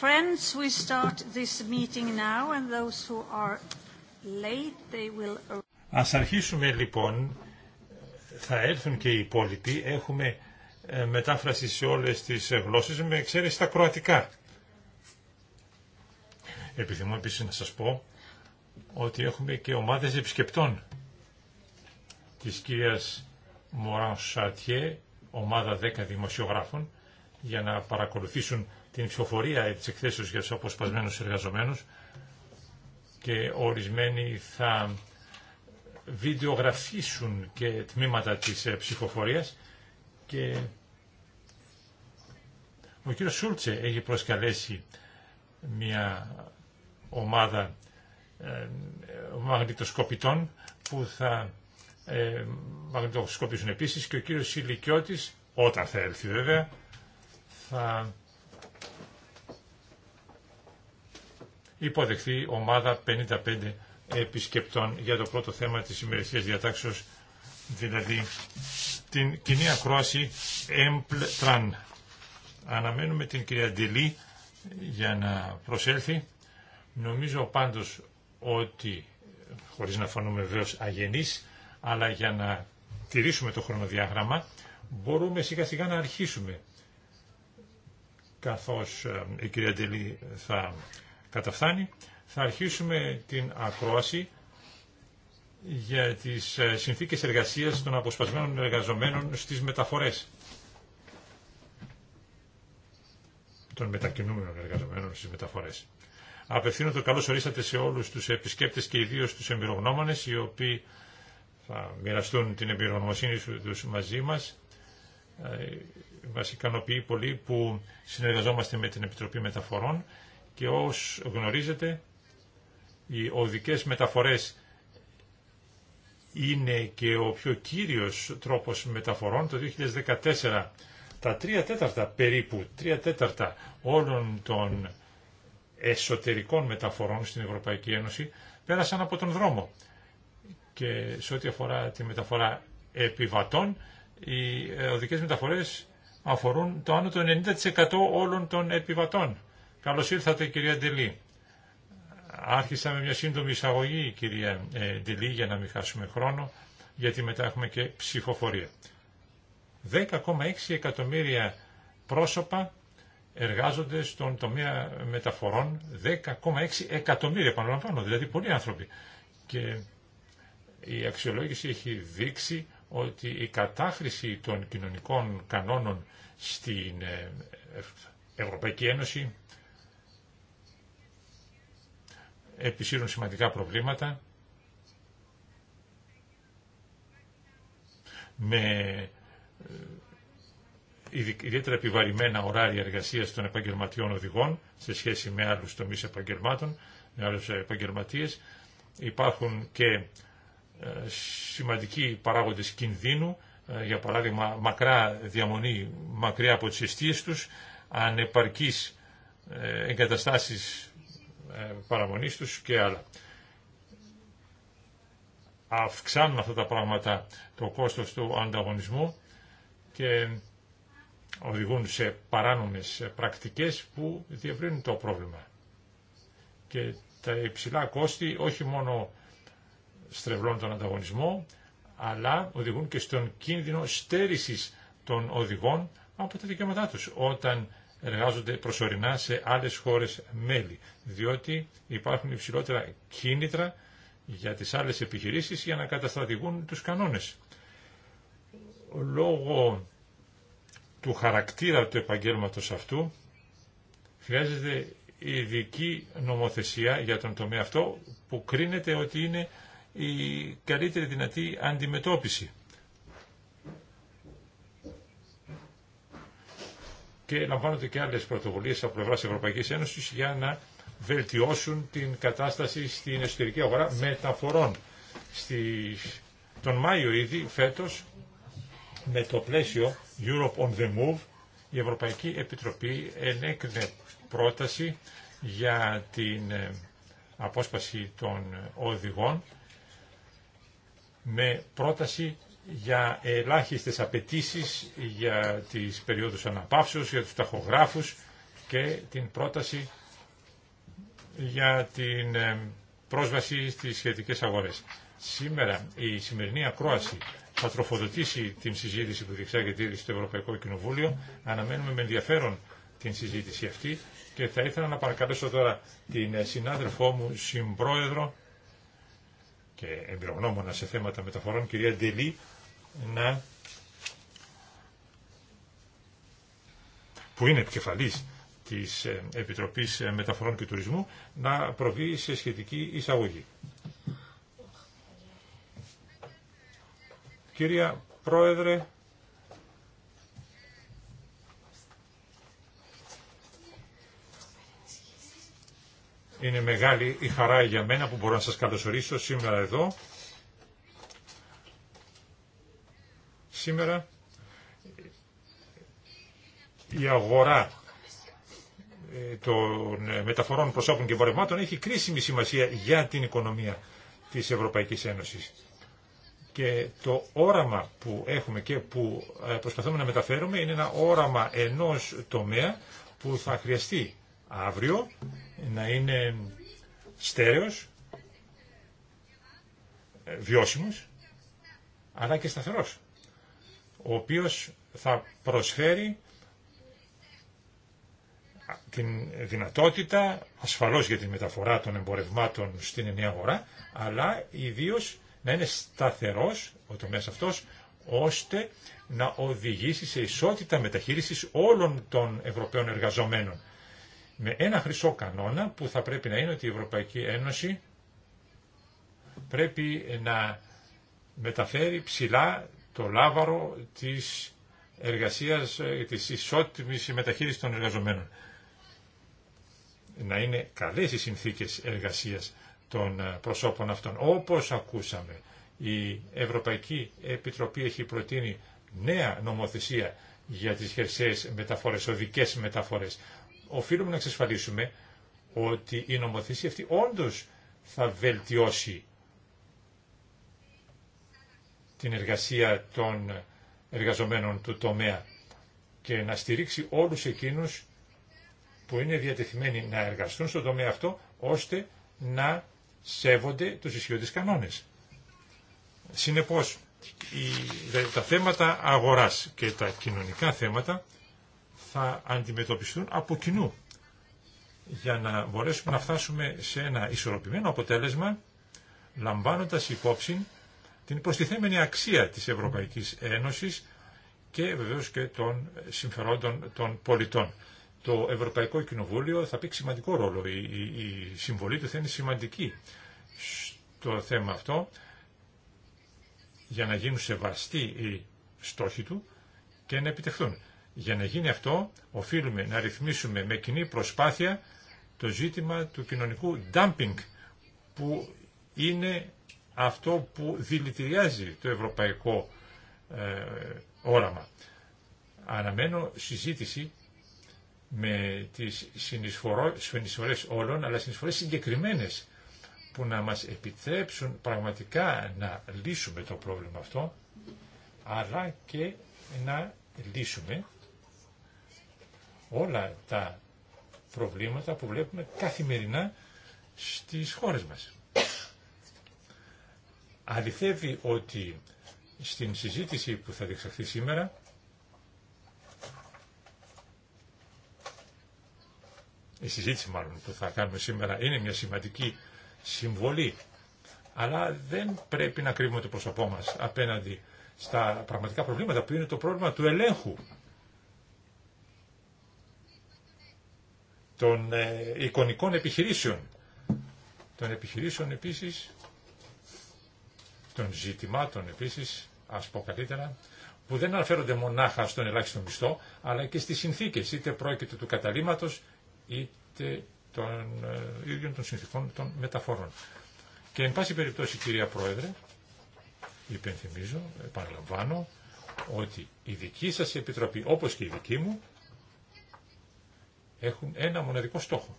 Friends, this αρχίσουμε λοιπόν, θα έρθουν και οι υπόλοιποι, έχουμε ε, μετάφραση σε όλες τις ε, γλώσσες με εξαίρεση τα κροατικά. Επιθυμώ επίσης να σας πω ότι έχουμε και ομάδες επισκεπτών της κυρίας Μωράν Σατιέ ομάδα 10 δημοσιογράφων, για να παρακολουθήσουν την ψηφοφορία της εκθέσεως για τους αποσπασμένους εργαζομένους και ορισμένοι θα βιντεογραφήσουν και τμήματα της ε, ψηφοφορίας και ο κύριος Σούλτσε έχει προσκαλέσει μια ομάδα ε, μαγνητοσκοπητών που θα ε, μαγνητοσκοπήσουν επίσης και ο κύριος Σιλικιώτης, όταν θα έρθει βέβαια, θα υποδεχθεί ομάδα 55 επισκεπτών για το πρώτο θέμα της ημερησίας διατάξεως, δηλαδή την κοινή ακρόαση Εμπλτραν. Αναμένουμε την κυρία Ντελή για να προσέλθει. Νομίζω πάντως ότι, χωρίς να φανούμε βεβαίω αγενείς, αλλά για να τηρήσουμε το χρονοδιάγραμμα, μπορούμε σιγά σιγά να αρχίσουμε καθώς ε, η κυρία Ντελή θα καταφθάνει, θα αρχίσουμε την ακρόαση για τις ε, συνθήκες εργασίας των αποσπασμένων εργαζομένων στις μεταφορές. Των μετακινούμενων εργαζομένων στις μεταφορές. Απευθύνω το καλώς ορίσατε σε όλους τους επισκέπτες και ιδίως τους εμπειρογνώμονες, οι οποίοι θα μοιραστούν την εμπειρογνωμοσύνη τους μαζί μας. Ε, μας ικανοποιεί πολύ που συνεργαζόμαστε με την Επιτροπή Μεταφορών και ως γνωρίζετε οι οδικές μεταφορές είναι και ο πιο κύριος τρόπος μεταφορών. Το 2014 τα τρία τέταρτα περίπου, τρία τέταρτα όλων των εσωτερικών μεταφορών στην Ευρωπαϊκή Ένωση πέρασαν από τον δρόμο. Και σε ό,τι αφορά τη μεταφορά επιβατών, οι ε, οδικές μεταφορές αφορούν το άνω των 90% όλων των επιβατών. Καλώς ήρθατε κυρία Ντελή. Άρχισα με μια σύντομη εισαγωγή κυρία ε, Ντελή για να μην χάσουμε χρόνο γιατί μετά έχουμε και ψηφοφορία. 10,6 εκατομμύρια πρόσωπα εργάζονται στον τομέα μεταφορών, 10,6 εκατομμύρια επαναλαμβάνω, δηλαδή πολλοί άνθρωποι. Και η αξιολόγηση έχει δείξει ότι η κατάχρηση των κοινωνικών κανόνων στην ε, Ευρωπαϊκή Ένωση επισύρουν σημαντικά προβλήματα με ε, ιδιαίτερα επιβαρημένα ωράρια εργασίας των επαγγελματιών οδηγών σε σχέση με άλλους τομείς επαγγελμάτων, με άλλους επαγγελματίες. Υπάρχουν και ε, σημαντικοί παράγοντες κινδύνου, ε, για παράδειγμα μακρά διαμονή μακριά από τις αιστείες τους, ανεπαρκείς εγκαταστάσεις ε, παραμονή του και άλλα. Αυξάνουν αυτά τα πράγματα το κόστος του ανταγωνισμού και οδηγούν σε παράνομες πρακτικές που διευρύνουν το πρόβλημα. Και τα υψηλά κόστη όχι μόνο στρεβλώνουν τον ανταγωνισμό, αλλά οδηγούν και στον κίνδυνο στέρησης των οδηγών από τα δικαιώματά τους, όταν εργάζονται προσωρινά σε άλλες χώρες μέλη, διότι υπάρχουν υψηλότερα κίνητρα για τις άλλες επιχειρήσεις για να καταστρατηγούν τους κανόνες. Λόγω του χαρακτήρα του επαγγέλματος αυτού χρειάζεται ειδική νομοθεσία για τον τομέα αυτό που κρίνεται ότι είναι η καλύτερη δυνατή αντιμετώπιση. και λαμβάνονται και άλλες πρωτοβουλίες από πλευράς Ευρωπαϊκής Ένωσης για να βελτιώσουν την κατάσταση στην εσωτερική αγορά μεταφορών. Στη... Τον Μάιο ήδη φέτος με το πλαίσιο Europe on the Move η Ευρωπαϊκή Επιτροπή ενέκρινε πρόταση για την ε, απόσπαση των ε, οδηγών με πρόταση για ελάχιστες απαιτήσει για τις περιόδους αναπαύσεως, για τους ταχογράφους και την πρόταση για την ε, πρόσβαση στις σχετικές αγορές. Σήμερα η σημερινή ακρόαση θα τροφοδοτήσει την συζήτηση που διεξάγεται ήδη στο Ευρωπαϊκό Κοινοβούλιο. Αναμένουμε με ενδιαφέρον την συζήτηση αυτή και θα ήθελα να παρακαλέσω τώρα την ε, συνάδελφό μου, συμπρόεδρο και εμπειρογνώμονα σε θέματα μεταφορών, κυρία Ντελή, να... που είναι επικεφαλής της ε, Επιτροπής ε, Μεταφορών και Τουρισμού, να προβεί σε σχετική εισαγωγή. Κυρία Πρόεδρε, Είναι μεγάλη η χαρά για μένα που μπορώ να σας καλωσορίσω σήμερα εδώ. Σήμερα η αγορά ε, των ε, μεταφορών προσώπων και εμπορευμάτων έχει κρίσιμη σημασία για την οικονομία της Ευρωπαϊκής Ένωσης. Και το όραμα που έχουμε και που ε, προσπαθούμε να μεταφέρουμε είναι ένα όραμα ενός τομέα που θα χρειαστεί αύριο να είναι στέρεος, ε, βιώσιμος, αλλά και σταθερός, ο οποίος θα προσφέρει την δυνατότητα ασφαλώς για τη μεταφορά των εμπορευμάτων στην ενιαία αγορά, αλλά ιδίως να είναι σταθερός ο τομέας αυτός, ώστε να οδηγήσει σε ισότητα μεταχείρισης όλων των Ευρωπαίων εργαζομένων με ένα χρυσό κανόνα που θα πρέπει να είναι ότι η Ευρωπαϊκή Ένωση πρέπει να μεταφέρει ψηλά το λάβαρο της εργασίας, ε, της ισότιμης μεταχείρισης των εργαζομένων. Να είναι καλές οι συνθήκες εργασίας των ε, προσώπων αυτών. Όπως ακούσαμε, η Ευρωπαϊκή Επιτροπή έχει προτείνει νέα νομοθεσία για τις χερσαίες μεταφορές, οδικές μεταφορές οφείλουμε να εξασφαλίσουμε ότι η νομοθεσία αυτή όντως θα βελτιώσει την εργασία των εργαζομένων του τομέα και να στηρίξει όλους εκείνους που είναι διατεθειμένοι να εργαστούν στον τομέα αυτό, ώστε να σέβονται τους ισχυώδεις κανόνες. Συνεπώς, τα θέματα αγοράς και τα κοινωνικά θέματα θα αντιμετωπιστούν από κοινού για να μπορέσουμε να φτάσουμε σε ένα ισορροπημένο αποτέλεσμα λαμβάνοντας υπόψη την προστιθέμενη αξία της Ευρωπαϊκής Ένωσης και βεβαίως και των συμφερόντων των πολιτών. Το Ευρωπαϊκό Κοινοβούλιο θα πει σημαντικό ρόλο. Η, η συμβολή του θα είναι σημαντική στο θέμα αυτό για να γίνουν σεβαστοί οι στόχοι του και να επιτευχθούν. Για να γίνει αυτό, οφείλουμε να ρυθμίσουμε με κοινή προσπάθεια το ζήτημα του κοινωνικού dumping, που είναι αυτό που δηλητηριάζει το ευρωπαϊκό ε, όραμα. Αναμένω συζήτηση με τις συνεισφορές όλων, αλλά συνεισφορές συγκεκριμένες που να μας επιτρέψουν πραγματικά να λύσουμε το πρόβλημα αυτό, αλλά και να λύσουμε όλα τα προβλήματα που βλέπουμε καθημερινά στις χώρες μας. Αληθεύει ότι στην συζήτηση που θα διεξαχθεί σήμερα η συζήτηση μάλλον που θα κάνουμε σήμερα είναι μια σημαντική συμβολή αλλά δεν πρέπει να κρύβουμε το πρόσωπό μας απέναντι στα πραγματικά προβλήματα που είναι το πρόβλημα του ελέγχου των ε, εικονικών επιχειρήσεων. Των επιχειρήσεων επίσης, των ζητημάτων επίσης, ας πω καλύτερα, που δεν αναφέρονται μονάχα στον ελάχιστο μισθό, αλλά και στις συνθήκες, είτε πρόκειται του καταλήμματος, είτε των ε, ίδιων των συνθήκων των μεταφορών. Και εν πάση περιπτώσει, κυρία Πρόεδρε, υπενθυμίζω, επαναλαμβάνω, ότι η δική σας επιτροπή, όπως και η δική μου, έχουν ένα μοναδικό στόχο.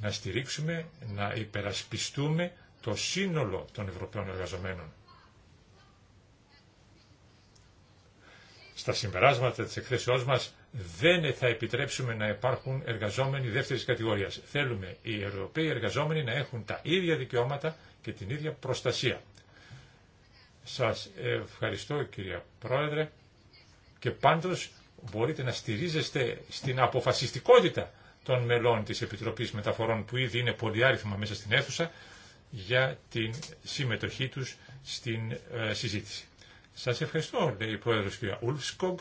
Να στηρίξουμε, να υπερασπιστούμε το σύνολο των Ευρωπαίων εργαζομένων. Στα συμπεράσματα της εκθέσεώς μας δεν θα επιτρέψουμε να υπάρχουν εργαζόμενοι δεύτερης κατηγορίας. Θέλουμε οι Ευρωπαίοι εργαζόμενοι να έχουν τα ίδια δικαιώματα και την ίδια προστασία. Σας ευχαριστώ κυρία Πρόεδρε και πάντως μπορείτε να στηρίζεστε στην αποφασιστικότητα των μελών της Επιτροπής Μεταφορών που ήδη είναι πολυάριθμα μέσα στην αίθουσα για την συμμετοχή τους στην ε, συζήτηση. Σας ευχαριστώ, λέει η Πρόεδρος κυρία Ουλφσκογκ,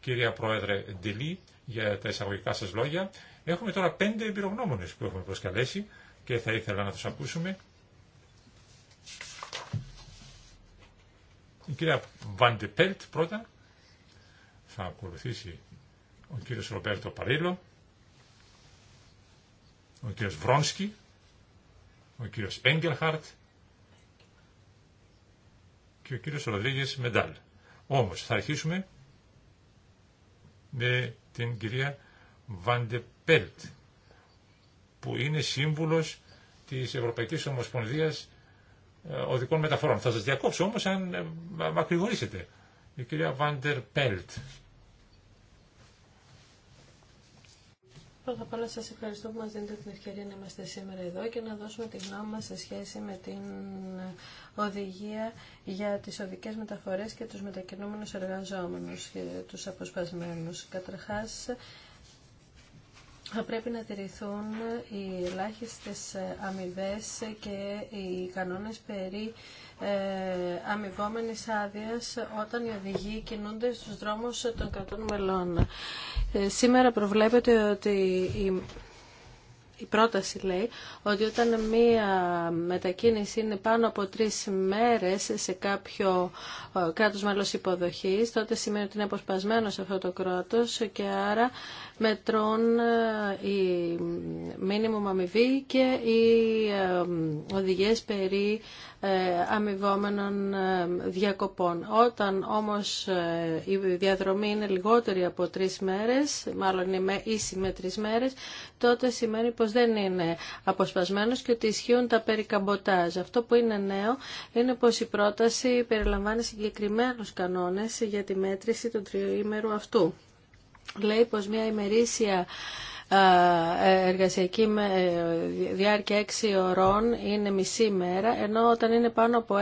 κυρία Πρόεδρε Ντελή, για τα εισαγωγικά σας λόγια. Έχουμε τώρα πέντε εμπειρογνώμονες που έχουμε προσκαλέσει και θα ήθελα να τους ακούσουμε. Η κυρία Βαντεπέλτ πρώτα θα ακολουθήσει ο κύριος Ρομπέρτο Παρίλο, ο κύριος Βρόνσκι, ο κύριος Έγκελχαρτ και ο κύριος Ροδρίγε Μεντάλ. Όμως θα αρχίσουμε με την κυρία Βαντεπέλτ που είναι σύμβουλος της Ευρωπαϊκής Ομοσπονδίας ε, Οδικών Μεταφορών. Θα σας διακόψω όμως αν ε, μακρηγορήσετε. Η κυρία Βάντερ Πέλτ. Πρώτα απ' όλα σας ευχαριστώ που μας δίνετε την ευκαιρία να είμαστε σήμερα εδώ και να δώσουμε τη γνώμη μας σε σχέση με την οδηγία για τις οδικές μεταφορές και τους μετακινούμενους εργαζόμενους, ε, τους αποσπασμένους. Καταρχάς, θα πρέπει να τηρηθούν οι ελάχιστε αμοιβέ και οι κανόνες περί ε, αμοιβόμενη άδεια όταν οι οδηγοί κινούνται στους δρόμους των κρατών μελών. Ε, σήμερα προβλέπεται ότι η η πρόταση λέει ότι όταν μία μετακίνηση είναι πάνω από τρεις μέρες σε κάποιο ε, κράτος μέλος υποδοχής, τότε σημαίνει ότι είναι αποσπασμένο αυτό το κράτος και άρα μετρών ε, η μήνυμο αμοιβή και οι ε, οδηγίες περί ε, αμοιβόμενων διακοπών. Όταν όμως η διαδρομή είναι λιγότερη από τρεις μέρες, μάλλον είναι ίση με τρεις μέρες, τότε σημαίνει πως δεν είναι αποσπασμένος και ότι ισχύουν τα περί καμποτάζ. Αυτό που είναι νέο είναι πως η πρόταση περιλαμβάνει συγκεκριμένους κανόνες για τη μέτρηση του τριήμερου αυτού λέει πως μια ημερήσια εργασιακή διάρκεια έξι ωρών είναι μισή μέρα, ενώ όταν είναι πάνω από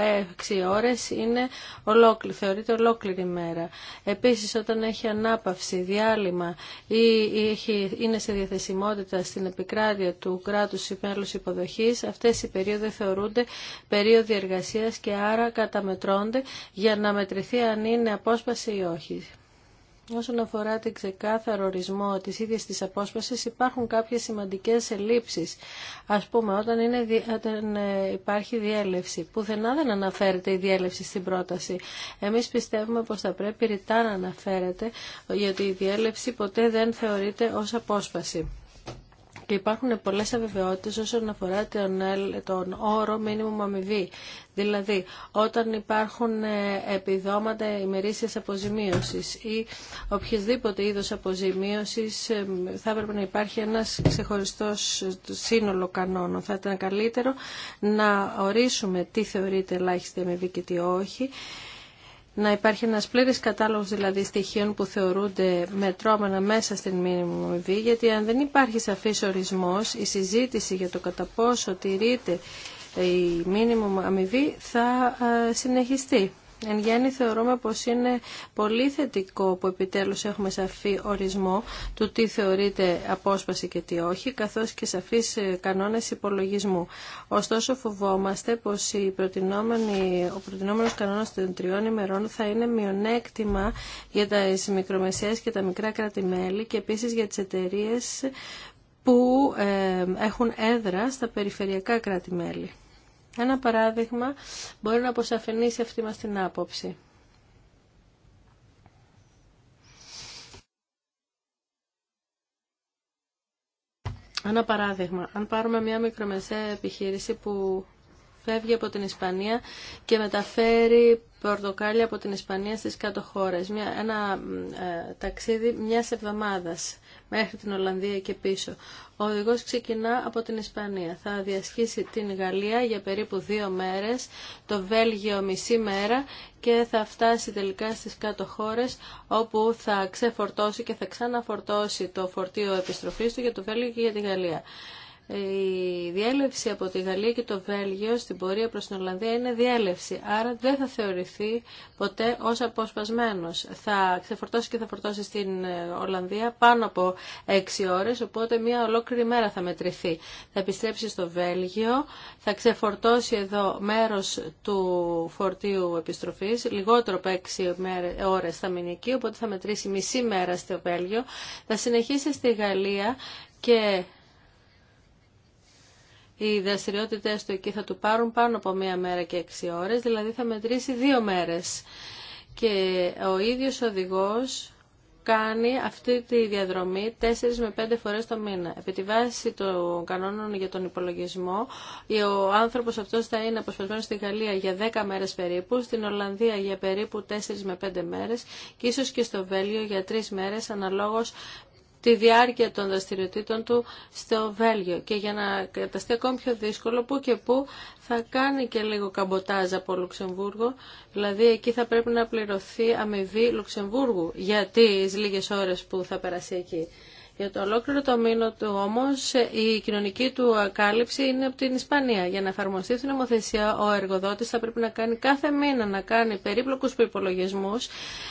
6 ώρες είναι ολόκληρη, θεωρείται ολόκληρη μέρα. Επίσης όταν έχει ανάπαυση, διάλειμμα ή έχει, είναι σε διαθεσιμότητα στην επικράτεια του κράτους ή μέλους υποδοχής, αυτές οι περίοδοι θεωρούνται περίοδοι εργασίας και άρα καταμετρώνται για να μετρηθεί αν είναι απόσπαση ή όχι. Όσον αφορά την ξεκάθαρο ορισμό της ίδιας της απόσπασης υπάρχουν κάποιες σημαντικές ελλείψεις. Ας πούμε όταν, είναι, όταν ε, υπάρχει διέλευση. Πουθενά δεν αναφέρεται η διέλευση στην πρόταση. Εμείς πιστεύουμε πως θα πρέπει ρητά να αναφέρεται γιατί η διέλευση ποτέ δεν θεωρείται ως απόσπαση και υπάρχουν πολλές αβεβαιότητες όσον αφορά τον, τον όρο μήνυμου αμοιβή. Δηλαδή, όταν υπάρχουν ε, επιδόματα ημερήσιας αποζημίωσης ή οποιασδήποτε είδος αποζημίωσης, ε, θα έπρεπε να υπάρχει ένας ξεχωριστός σύνολο κανόνων. Θα ήταν καλύτερο να ορίσουμε τι θεωρείται ελάχιστη αμοιβή και τι όχι να υπάρχει ένας πλήρης κατάλογος δηλαδή στοιχείων που θεωρούνται μετρώμενα μέσα στην μήνυμη αμοιβή, γιατί αν δεν υπάρχει σαφής ορισμός, η συζήτηση για το κατά πόσο τηρείται η μήνυμη αμοιβή θα ε, συνεχιστεί. Εν γέννη θεωρούμε πως είναι πολύ θετικό που επιτέλους έχουμε σαφή ορισμό του τι θεωρείται απόσπαση και τι όχι, καθώς και σαφείς ε, κανόνες υπολογισμού. Ωστόσο φοβόμαστε πως η ο προτινόμενος κανόνας των τριών ημερών θα είναι μειονέκτημα για τα μικρομεσαίες και τα μικρά και επίσης για τις εταιρείε που ε, έχουν έδρα στα περιφερειακά κράτη-μέλη. Ένα παράδειγμα μπορεί να αποσαφηνίσει αυτή μας την άποψη. Ένα παράδειγμα, αν πάρουμε μια μικρομεσαία επιχείρηση που φεύγει από την Ισπανία και μεταφέρει πορτοκάλια από την Ισπανία στις κάτω χώρες. Μια, ένα ε, ταξίδι μιας εβδομάδας μέχρι την Ολλανδία και πίσω. Ο οδηγό ξεκινά από την Ισπανία. Θα διασχίσει την Γαλλία για περίπου δύο μέρε, το Βέλγιο μισή μέρα και θα φτάσει τελικά στι κάτω χώρε όπου θα ξεφορτώσει και θα ξαναφορτώσει το φορτίο επιστροφή του για το Βέλγιο και για τη Γαλλία η διέλευση από τη Γαλλία και το Βέλγιο στην πορεία προς την Ολλανδία είναι διέλευση, άρα δεν θα θεωρηθεί ποτέ ως αποσπασμένος. Θα ξεφορτώσει και θα φορτώσει στην ε, Ολλανδία πάνω από 6 ώρες, οπότε μια ολόκληρη μέρα θα μετρηθεί. Θα επιστρέψει στο Βέλγιο, θα ξεφορτώσει εδώ μέρος του φορτίου επιστροφής, λιγότερο από 6 ώρες θα μείνει εκεί, οπότε θα μετρήσει μισή μέρα στο Βέλγιο, θα συνεχίσει στη Γαλλία και οι δραστηριότητε του εκεί θα του πάρουν πάνω από μία μέρα και έξι ώρες, δηλαδή θα μετρήσει δύο μέρες. Και ο ίδιος οδηγός κάνει αυτή τη διαδρομή 4 με πέντε φορές το μήνα. Επί τη βάση των κανόνων για τον υπολογισμό, ο άνθρωπος αυτός θα είναι αποσπασμένος στη Γαλλία για 10 μέρες περίπου, στην Ολλανδία για περίπου 4 με 5 μέρες και ίσως και στο Βέλιο για 3 μέρες αναλόγως τη διάρκεια των δραστηριοτήτων του στο Βέλγιο. Και για να καταστεί ακόμη πιο δύσκολο, που και που θα κάνει και λίγο καμποτάζ από Λουξεμβούργο, δηλαδή εκεί θα πρέπει να πληρωθεί αμοιβή Λουξεμβούργου για τις λίγες ώρες που θα περάσει εκεί. Για το ολόκληρο το μήνο του όμως η κοινωνική του ακάλυψη είναι από την Ισπανία. Για να εφαρμοστεί αυτή η νομοθεσία ο εργοδότης θα πρέπει να κάνει κάθε μήνα να κάνει περίπλοκους προπολογισμού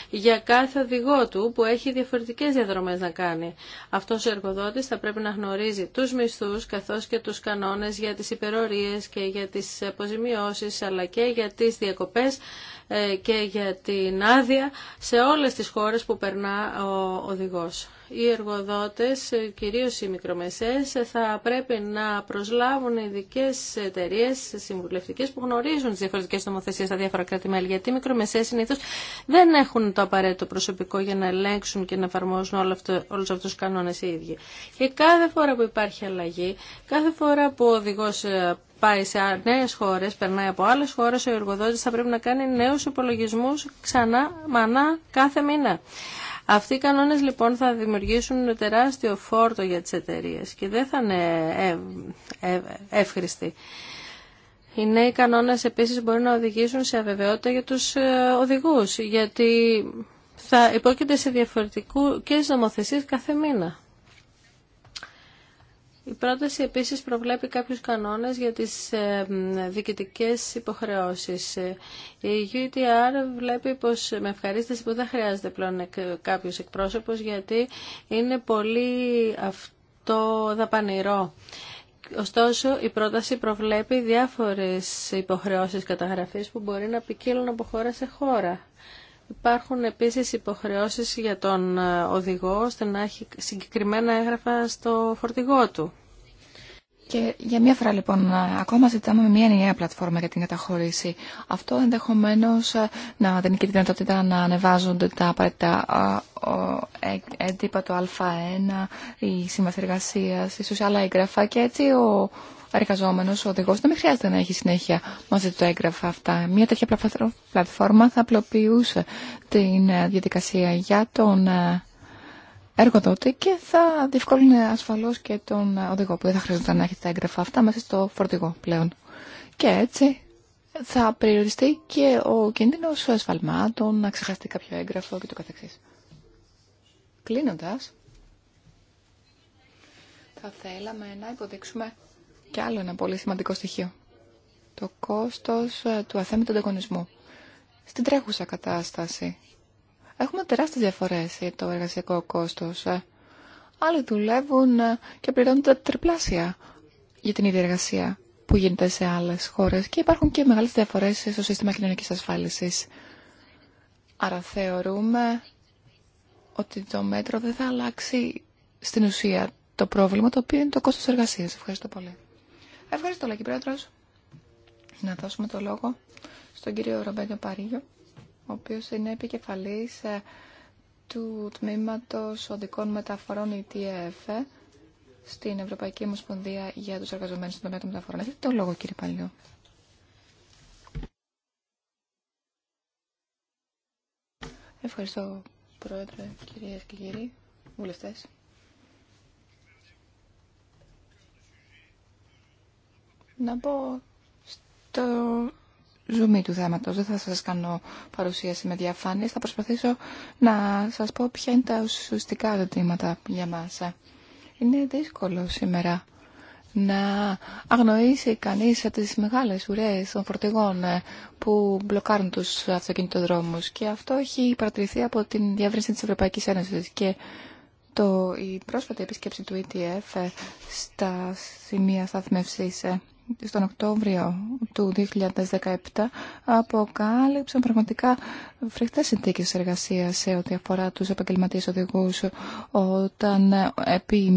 για κάθε οδηγό του που έχει διαφορετικές διαδρομές να κάνει. Αυτός ο εργοδότης θα πρέπει να γνωρίζει τους μισθούς καθώς και τους κανόνες για τις υπερορίες και για τις αποζημιώσεις αλλά και για τις διακοπές ε, και για την άδεια σε όλες τις χώρες που περνά ο οδηγός. Οι εργοδότες, ε, κυρίως οι μικρομεσαίες, ε, θα πρέπει να προσλάβουν ειδικέ εταιρείε συμβουλευτικές που γνωρίζουν τις διαφορετικές νομοθεσίες στα διάφορα κράτη-μέλη, γιατί οι μικρομεσαίες συνήθως δεν έχουν το απαραίτητο προσωπικό για να ελέγξουν και να εφαρμόσουν όλο αυτό, όλους αυτούς τους κανόνες οι ίδιοι. Και κάθε φορά που υπάρχει αλλαγή, κάθε φορά που ο οδηγός πάει σε νέε χώρε, περνάει από άλλε χώρε, ο εργοδότη θα πρέπει να κάνει νέου υπολογισμού ξανά, μανά, κάθε μήνα. Αυτοί οι κανόνες λοιπόν θα δημιουργήσουν τεράστιο φόρτο για τις εταιρείε και δεν θα είναι ε, ε, εύχρηστοι. Οι νέοι κανόνες επίσης μπορεί να οδηγήσουν σε αβεβαιότητα για τους ε, οδηγούς, γιατί θα υπόκειται σε διαφορετικού και νομοθεσίες κάθε μήνα. Η πρόταση επίσης προβλέπει κάποιους κανόνες για τις ε, διοικητικές υποχρεώσεις. Η UTR βλέπει πως με ευχαρίστηση που δεν χρειάζεται πλέον κάποιος εκπρόσωπος γιατί είναι πολύ αυτό δαπανηρό. Ωστόσο, η πρόταση προβλέπει διάφορες υποχρεώσεις καταγραφής που μπορεί να ποικίλουν από χώρα σε χώρα. Υπάρχουν επίσης υποχρεώσεις για τον ε, οδηγό ώστε να έχει συγκεκριμένα έγγραφα στο φορτηγό του. Και για μια φορά λοιπόν ε, ακόμα ζητάμε μια νέα πλατφόρμα για την καταχώρηση. Αυτό ενδεχομένω ε, να δίνει και τη δυνατότητα να ανεβάζονται τα απαραίτητα έντυπα, το Α1, η σύμβαση εργασία, ίσω άλλα έγγραφα και έτσι ο εργαζόμενο, ο οδηγό. Δεν χρειάζεται να έχει συνέχεια μαζί του έγγραφα αυτά. Μια τέτοια πλατφόρμα θα απλοποιούσε την ε, διαδικασία για τον ε, εργοδότη και θα διευκόλυνε ασφαλώ και τον ε, οδηγό που δεν θα χρειαζόταν να έχει τα έγγραφα αυτά μέσα στο φορτηγό πλέον. Και έτσι θα περιοριστεί και ο κίνδυνο ασφαλμάτων, να ξεχαστεί κάποιο έγγραφο και το θα θέλαμε να υποδείξουμε και άλλο ένα πολύ σημαντικό στοιχείο. Το κόστος ε, του αθέμητου ανταγωνισμού. Στην τρέχουσα κατάσταση. Έχουμε τεράστιες διαφορές για το εργασιακό κόστος. Ε. Άλλοι δουλεύουν ε, και πληρώνουν τριπλάσια για την ίδια εργασία που γίνεται σε άλλες χώρες και υπάρχουν και μεγάλες διαφορές στο σύστημα κοινωνικής ασφάλισης. Άρα θεωρούμε ότι το μέτρο δεν θα αλλάξει στην ουσία το πρόβλημα το οποίο είναι το κόστος εργασίας. Ευχαριστώ πολύ. Ευχαριστώ, Λάκη Πρόεδρος. Να δώσουμε το λόγο στον κύριο Ρομπένιο Παρίγιο, ο οποίος είναι επικεφαλής ε, του Τμήματος Οδικών Μεταφορών ETF στην Ευρωπαϊκή Ομοσπονδία για τους εργαζομένους στον τομέα των μεταφορών. Έχετε το λόγο, κύριε Παλιό. Ευχαριστώ, Πρόεδρε, κυρίες και κύριοι, βουλευτές. Να πω στο ζουμί του θέματος. Δεν θα σας κάνω παρουσίαση με διαφάνειες. Θα προσπαθήσω να σας πω ποια είναι τα ουσιαστικά ζητήματα για μας. Είναι δύσκολο σήμερα να αγνοήσει κανείς τις μεγάλες ουρές των φορτηγών ε, που μπλοκάρουν τους αυτοκινητοδρόμους και αυτό έχει παρατηρηθεί από την διεύρυνση της Ευρωπαϊκής Ένωσης και το, η πρόσφατη επίσκεψη του ETF ε, στα σημεία σταθμευσής ε, στον Οκτώβριο του 2017 αποκάλυψαν πραγματικά φρικτές συνθήκες εργασία σε ό,τι αφορά τους επαγγελματίες οδηγούς όταν επί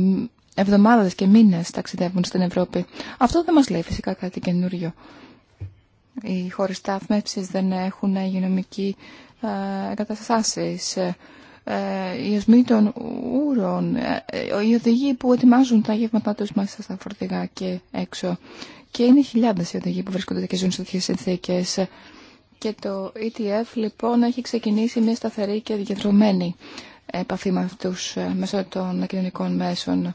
εβδομάδες και μήνες ταξιδεύουν στην Ευρώπη. Αυτό δεν μας λέει φυσικά κάτι καινούριο. Οι χώρες δεν έχουν υγειονομική ε, εγκαταστάσεις ε, ε, οι οσμοί των ούρων, ε, ε, οι οδηγοί που ετοιμάζουν τα γεύματά τους μέσα στα φορτηγά και έξω. Και είναι χιλιάδες οι οδηγοί που βρίσκονται και ζουν σε τέτοιες συνθήκες. Και το ETF λοιπόν έχει ξεκινήσει μια σταθερή και διαδρομένη επαφή με αυτούς μέσω των κοινωνικών μέσων.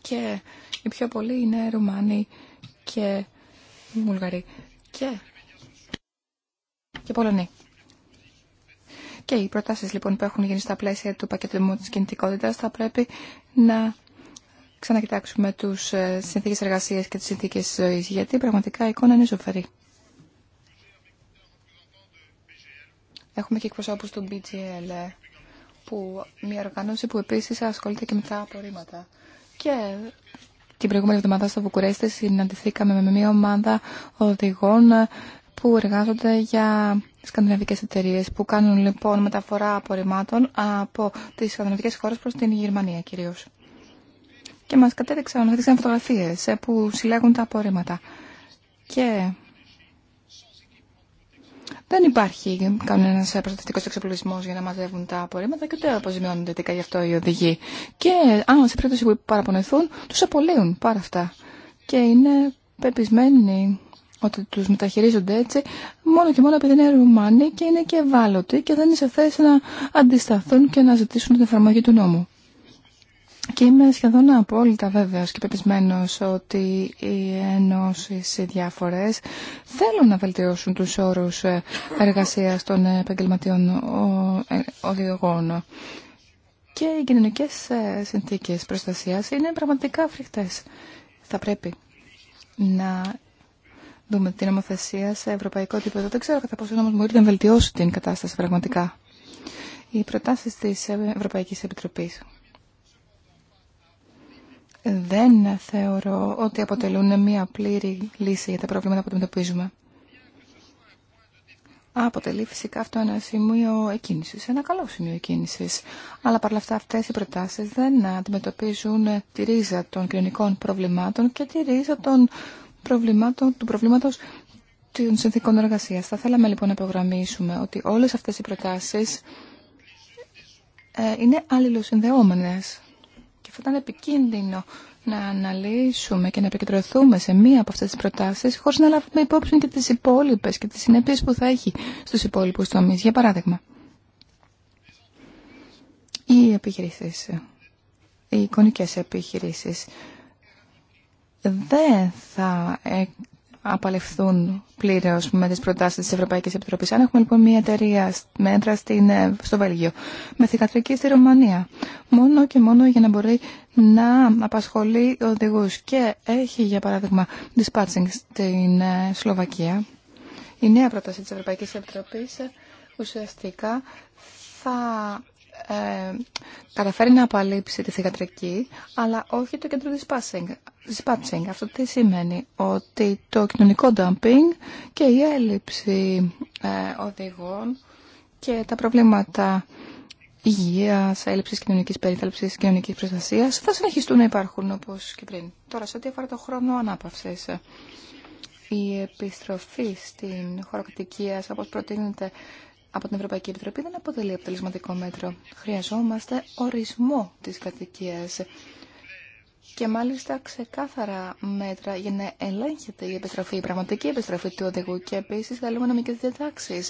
Και οι πιο πολλοί είναι Ρουμάνοι και Βουλγαροί και, και και οι προτάσεις λοιπόν που έχουν γίνει στα πλαίσια του πακέτου της κινητικότητας θα πρέπει να ξανακοιτάξουμε τους ε, συνθήκες εργασίας και τις συνθήκες ζωής, γιατί πραγματικά η εικόνα είναι ζωφερή. Έχουμε και εκπροσώπους του BGL, που, μια οργάνωση που επίσης ασχολείται και με τα απορρίμματα. Και την προηγούμενη εβδομάδα στο Βουκουρέστη συναντηθήκαμε με μια ομάδα οδηγών που εργάζονται για σκανδιναβικέ εταιρείε που κάνουν λοιπόν μεταφορά απορριμμάτων από τι σκανδιναβικέ χώρε προ την Γερμανία κυρίω. Και μας κατέδειξαν, δείξαν φωτογραφίες ε, που συλλέγουν τα απορρίμματα. Και δεν υπάρχει κανένα ε, προστατευτικό εξοπλισμό για να μαζεύουν τα απορρίμματα και ούτε αποζημιώνονται τελικά γι' αυτό οι οδηγοί. Και αν σε περίπτωση που παραπονεθούν, του απολύουν πάρα αυτά. Και είναι πεπισμένοι ότι του μεταχειρίζονται έτσι μόνο και μόνο επειδή είναι Ρουμάνοι και είναι και ευάλωτοι και δεν είναι σε θέση να αντισταθούν και να ζητήσουν την εφαρμογή του νόμου. Και είμαι σχεδόν απόλυτα βέβαιος και πεπισμένος ότι οι ενώσεις οι διάφορες θέλουν να βελτιώσουν τους όρους ε, εργασίας των επαγγελματιών ε, οδηγών. Και οι κοινωνικές ε, συνθήκες προστασίας είναι πραγματικά φρικτές. Θα πρέπει να δούμε την νομοθεσία σε ευρωπαϊκό επίπεδο. Δεν ξέρω κατά πόσο όμως μπορείτε να βελτιώσει την κατάσταση πραγματικά. Οι προτάσεις της Ευρωπαϊκής Επιτροπής δεν θεωρώ ότι αποτελούν μια πλήρη λύση για τα προβλήματα που αντιμετωπίζουμε. Αποτελεί φυσικά αυτό ένα σημείο εκκίνησης, ένα καλό σημείο εκκίνησης. Αλλά παρ' αυτά αυτές οι προτάσεις δεν αντιμετωπίζουν τη ρίζα των κοινωνικών προβλημάτων και τη ρίζα των προβλημάτων, του προβλήματος των συνθήκων εργασία. Θα θέλαμε λοιπόν να υπογραμμίσουμε ότι όλες αυτές οι προτάσεις ε, είναι αλληλοσυνδεόμενε. Και θα ήταν επικίνδυνο να αναλύσουμε και να επικεντρωθούμε σε μία από αυτές τις προτάσεις χωρίς να λάβουμε υπόψη και τις υπόλοιπε και τις συνέπειες που θα έχει στου υπόλοιπου τομεί. Για παράδειγμα, οι επιχειρήσεις, οι εικονικές επιχειρήσεις δεν θα ε, απαλληφθούν πλήρως με τις προτάσεις της Ευρωπαϊκής Επιτροπής. Αν έχουμε λοιπόν μια εταιρεία μέτρα στην, ε, στο Βέλγιο, με θηγατρική στη Ρουμανία, μόνο και μόνο για να μπορεί να απασχολεί οδηγού και έχει για παράδειγμα dispatching στην ε, Σλοβακία, η νέα πρόταση της Ευρωπαϊκής Επιτροπής ουσιαστικά θα ε, καταφέρει να απαλείψει τη θηγατρική, αλλά όχι το κέντρο dispatching. Αυτό τι σημαίνει, ότι το κοινωνικό dumping και η έλλειψη ε, οδηγών και τα προβλήματα υγείας, έλλειψης κοινωνικής περίθαλψης, κοινωνικής προστασίας θα συνεχιστούν να υπάρχουν όπως και πριν. Τώρα, σε ό,τι αφορά το χρόνο ανάπαυση, η επιστροφή στην χωροκατοικία, όπως προτείνεται από την Ευρωπαϊκή Επιτροπή δεν αποτελεί αποτελεσματικό μέτρο. Χρειαζόμαστε ορισμό της κατοικία και μάλιστα ξεκάθαρα μέτρα για να ελέγχεται η επιστροφή, η πραγματική επιστροφή του οδηγού και επίση θέλουμε νομικέ διατάξει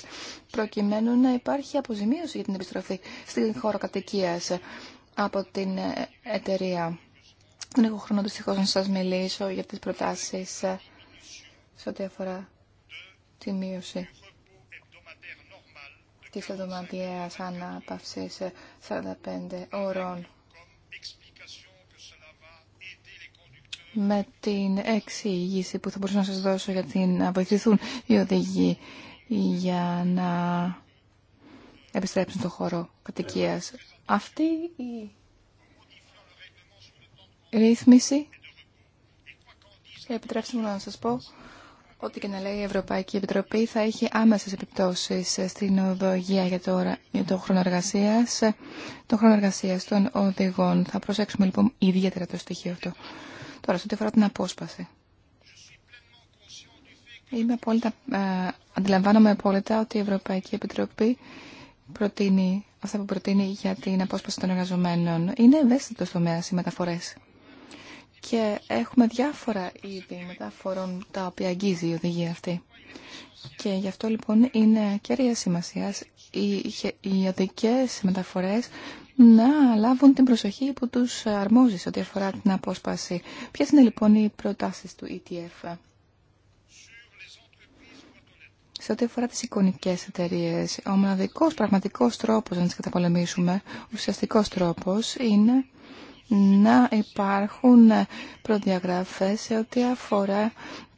προκειμένου να υπάρχει αποζημίωση για την επιστροφή στην χώρα κατοικία από την εταιρεία. Δεν έχω χρόνο δυστυχώ να σα μιλήσω για τι προτάσει σε ό,τι αφορά τη μείωση της εβδομαδιαίας ανάπαυσης 45 ώρων. Με την εξήγηση που θα μπορούσα να σας δώσω για την, να βοηθηθούν οι οδηγοί για να επιστρέψουν στον χώρο κατοικίας. Αυτή η ρύθμιση, επιτρέψτε μου να σας πω, Ό,τι και να λέει η Ευρωπαϊκή Επιτροπή θα έχει άμεσες επιπτώσεις στην οδογία για το, για το χρόνο εργασίας, το χρόνο εργασίας των οδηγών. Θα προσέξουμε λοιπόν ιδιαίτερα το στοιχείο αυτό. Τώρα, σε ό,τι αφορά την απόσπαση. Είμαι απόλυτα, ε, αντιλαμβάνομαι απόλυτα ότι η Ευρωπαϊκή Επιτροπή προτείνει αυτά που προτείνει για την απόσπαση των εργαζομένων. Είναι ευαίσθητο τομέα οι μεταφορές και έχουμε διάφορα είδη μεταφορών τα οποία αγγίζει η οδηγία αυτή. Και γι' αυτό λοιπόν είναι κέρια σημασία οι, οι οδικέ μεταφορές να λάβουν την προσοχή που τους αρμόζει σε ό,τι αφορά την απόσπαση. Ποιε είναι λοιπόν οι προτάσει του ETF. Σε ό,τι αφορά τις εικονικές εταιρείε, ο μοναδικός πραγματικός τρόπος να τις καταπολεμήσουμε, ουσιαστικός τρόπος, είναι να υπάρχουν προδιαγραφές σε ό,τι αφορά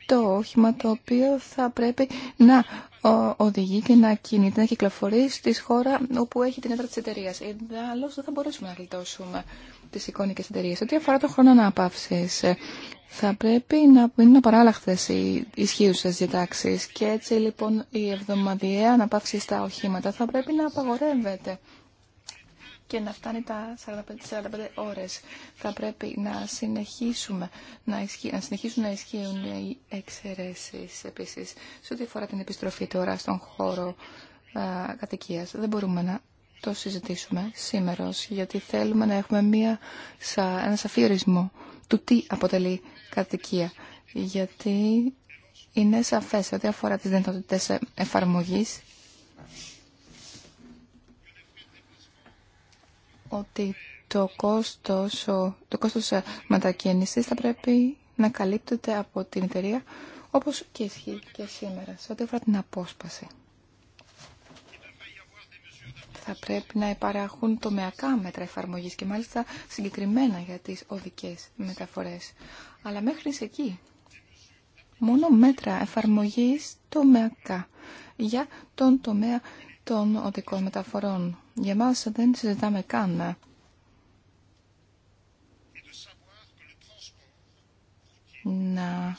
το όχημα το οποίο θα πρέπει να οδηγεί και να κινείται, να κυκλοφορεί στη χώρα όπου έχει την έδρα τη εταιρεία. Ιδάλω δεν θα μπορέσουμε να γλιτώσουμε τι εικόνικε εταιρείε. Ό,τι αφορά το χρόνο ανάπαυση, θα πρέπει να είναι απαράλλαχτε οι ισχύουσε διατάξει. Και έτσι λοιπόν η εβδομαδιαία αναπαύση στα οχήματα θα πρέπει να απαγορεύεται και να φτάνει τα 45, 45 ώρες. Θα πρέπει να, συνεχίσουμε, να, να συνεχίσουν να ισχύουν οι εξαιρέσεις επίσης. Σε ό,τι αφορά την επιστροφή τώρα στον χώρο α, κατοικίας, δεν μπορούμε να το συζητήσουμε σήμερα, γιατί θέλουμε να έχουμε μία, σα, ένα σαφή ορισμό του τι αποτελεί κατοικία. Γιατί είναι σαφές ότι αφορά τις δυνατότητες εφαρμογής ότι το κόστος, το κόστος ε, μετακίνησης θα πρέπει να καλύπτεται από την εταιρεία όπως και ισχύει και σήμερα σε ό,τι αφορά την απόσπαση. Θα πρέπει να υπαρχούν τομεακά μέτρα εφαρμογής και μάλιστα συγκεκριμένα για τις οδικές μεταφορές. Αλλά μέχρι εκεί μόνο μέτρα εφαρμογής τομεακά για τον τομέα των οδικών μεταφορών για μας δεν συζητάμε καν. Ναι. Να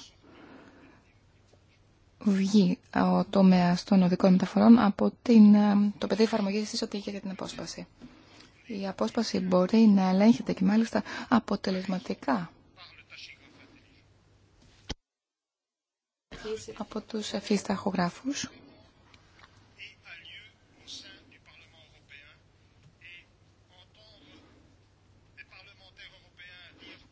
βγει ο τομέα των οδικών μεταφορών από την, ε, το πεδίο εφαρμογή τη είχε για την απόσπαση. Η απόσπαση μπορεί να ελέγχεται και μάλιστα αποτελεσματικά από τους εφείς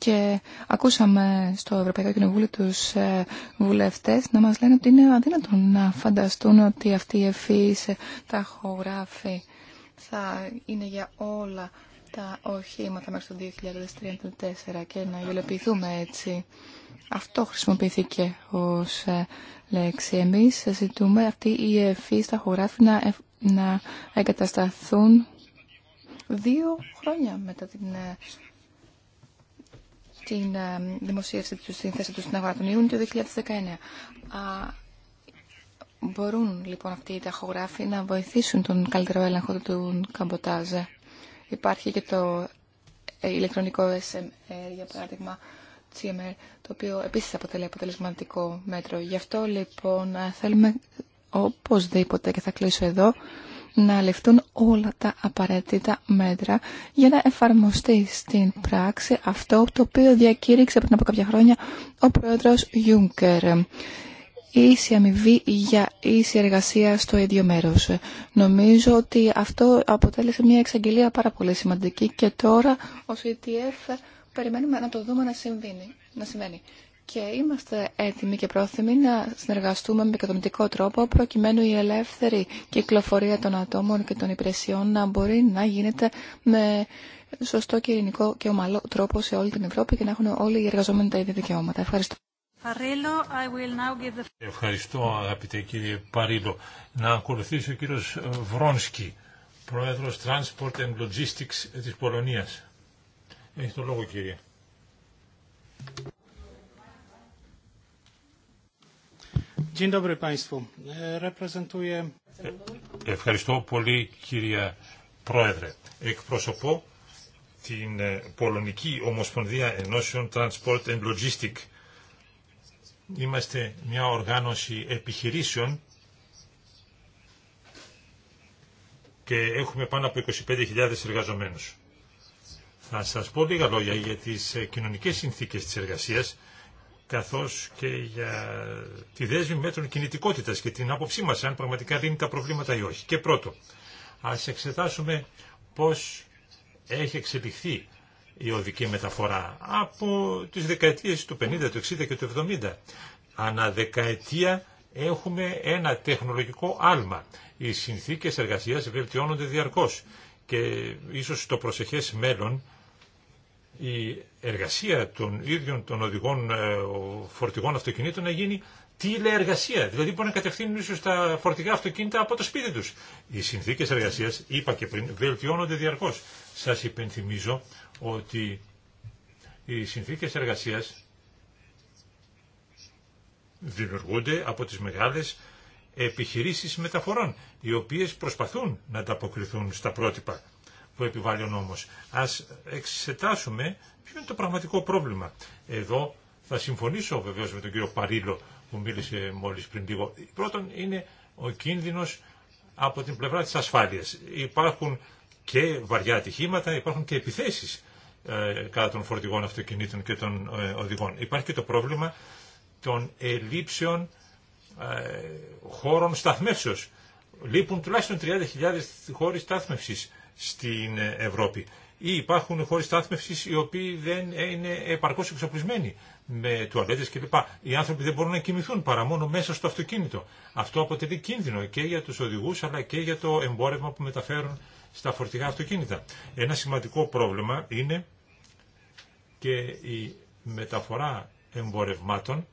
Και ακούσαμε στο Ευρωπαϊκό Κοινοβούλιο τους ε, βουλευτές να μας λένε ότι είναι αδύνατο να φανταστούν ότι αυτή η τα ε, ταχογράφη θα είναι για όλα τα οχήματα μέχρι το 2034 και να υλοποιηθούμε έτσι. Αυτό χρησιμοποιήθηκε ως ε, λέξη. Εμείς ζητούμε αυτοί οι τα τα να, να εγκατασταθούν δύο χρόνια μετά την την ε, δημοσίευση του στην θέση του στην αγορά τον Ιούνιο του 2019. Μπορούν λοιπόν αυτοί οι ταχογράφοι να βοηθήσουν τον καλύτερο έλεγχο του Καμποτάζε. Υπάρχει και το ε, ηλεκτρονικό SMR, για παράδειγμα, CMR, το οποίο επίσης αποτελεί αποτελεσματικό μέτρο. Γι' αυτό λοιπόν ε, θέλουμε οπωσδήποτε, και θα κλείσω εδώ, να ληφθούν όλα τα απαραίτητα μέτρα για να εφαρμοστεί στην πράξη αυτό το οποίο διακήρυξε πριν από κάποια χρόνια ο πρόεδρος Γιούγκερ. Ίση αμοιβή για ίση εργασία στο ίδιο μέρος. Νομίζω ότι αυτό αποτέλεσε μια εξαγγελία πάρα πολύ σημαντική και τώρα ο ETF περιμένουμε να το δούμε να Να συμβαίνει και είμαστε έτοιμοι και πρόθυμοι να συνεργαστούμε με κατανοητικό τρόπο προκειμένου η ελεύθερη κυκλοφορία των ατόμων και των υπηρεσιών να μπορεί να γίνεται με σωστό και ειρηνικό και ομαλό τρόπο σε όλη την Ευρώπη και να έχουν όλοι οι εργαζόμενοι τα ίδια δικαιώματα. Ευχαριστώ. Ευχαριστώ αγαπητέ κύριε Παρίλο. Να ακολουθήσει ο κύριος Βρόνσκι, πρόεδρος Transport and Logistics της Πολωνίας. Έχει το λόγο κύριε. E, Ευχαριστώ πολύ κύριε Πρόεδρε. Εκπροσωπώ την ε, Πολωνική Ομοσπονδία Ενώσεων Transport and Logistics. Είμαστε μια οργάνωση επιχειρήσεων και έχουμε πάνω από 25.000 εργαζομένους. Θα σας πω λίγα λόγια για τις ε, κοινωνικές συνθήκες της εργασίας καθώς και για τη δέσμη μέτρων κινητικότητας και την άποψή μας, αν πραγματικά λύνει τα προβλήματα ή όχι. Και πρώτο, ας εξετάσουμε πώς έχει εξελιχθεί η οδική μεταφορά από τις δεκαετίες του 50, του 60 και του 70. Ανά δεκαετία έχουμε ένα τεχνολογικό άλμα. Οι συνθήκες εργασίας βελτιώνονται διαρκώς και ίσως στο προσεχές μέλλον η εργασία των ίδιων των οδηγών ε, φορτηγών αυτοκινήτων να γίνει τηλεεργασία. Δηλαδή μπορεί να κατευθύνουν ίσω τα φορτηγά αυτοκίνητα από το σπίτι του. Οι συνθήκε εργασία, είπα και πριν, βελτιώνονται διαρκώ. Σα υπενθυμίζω ότι οι συνθήκε εργασία δημιουργούνται από τις μεγάλες επιχειρήσεις μεταφορών, οι οποίες προσπαθούν να ανταποκριθούν στα πρότυπα που επιβάλλει ο νόμος. Ας εξετάσουμε ποιο είναι το πραγματικό πρόβλημα. Εδώ θα συμφωνήσω βεβαίως με τον κύριο Παρίλο που μίλησε μόλις πριν λίγο. Πρώτον είναι ο κίνδυνος από την πλευρά της ασφάλειας. Υπάρχουν και βαριά ατυχήματα, υπάρχουν και επιθέσεις ε, κατά των φορτηγών αυτοκινήτων και των ε, οδηγών. Υπάρχει και το πρόβλημα των ελλείψεων ε, χώρων σταθμεύσεως. Λείπουν τουλάχιστον 30.000 χώροι στάθμευσης στην Ευρώπη. Ή υπάρχουν χώρε στάθμευσης οι οποίοι δεν είναι επαρκώς εξοπλισμένοι με τουαλέτες κλπ. Οι άνθρωποι δεν μπορούν να κοιμηθούν παρά μόνο μέσα στο αυτοκίνητο. Αυτό αποτελεί κίνδυνο και για τους οδηγούς αλλά και για το εμπόρευμα που μεταφέρουν στα φορτηγά αυτοκίνητα. Ένα σημαντικό πρόβλημα είναι και η μεταφορά εμπορευμάτων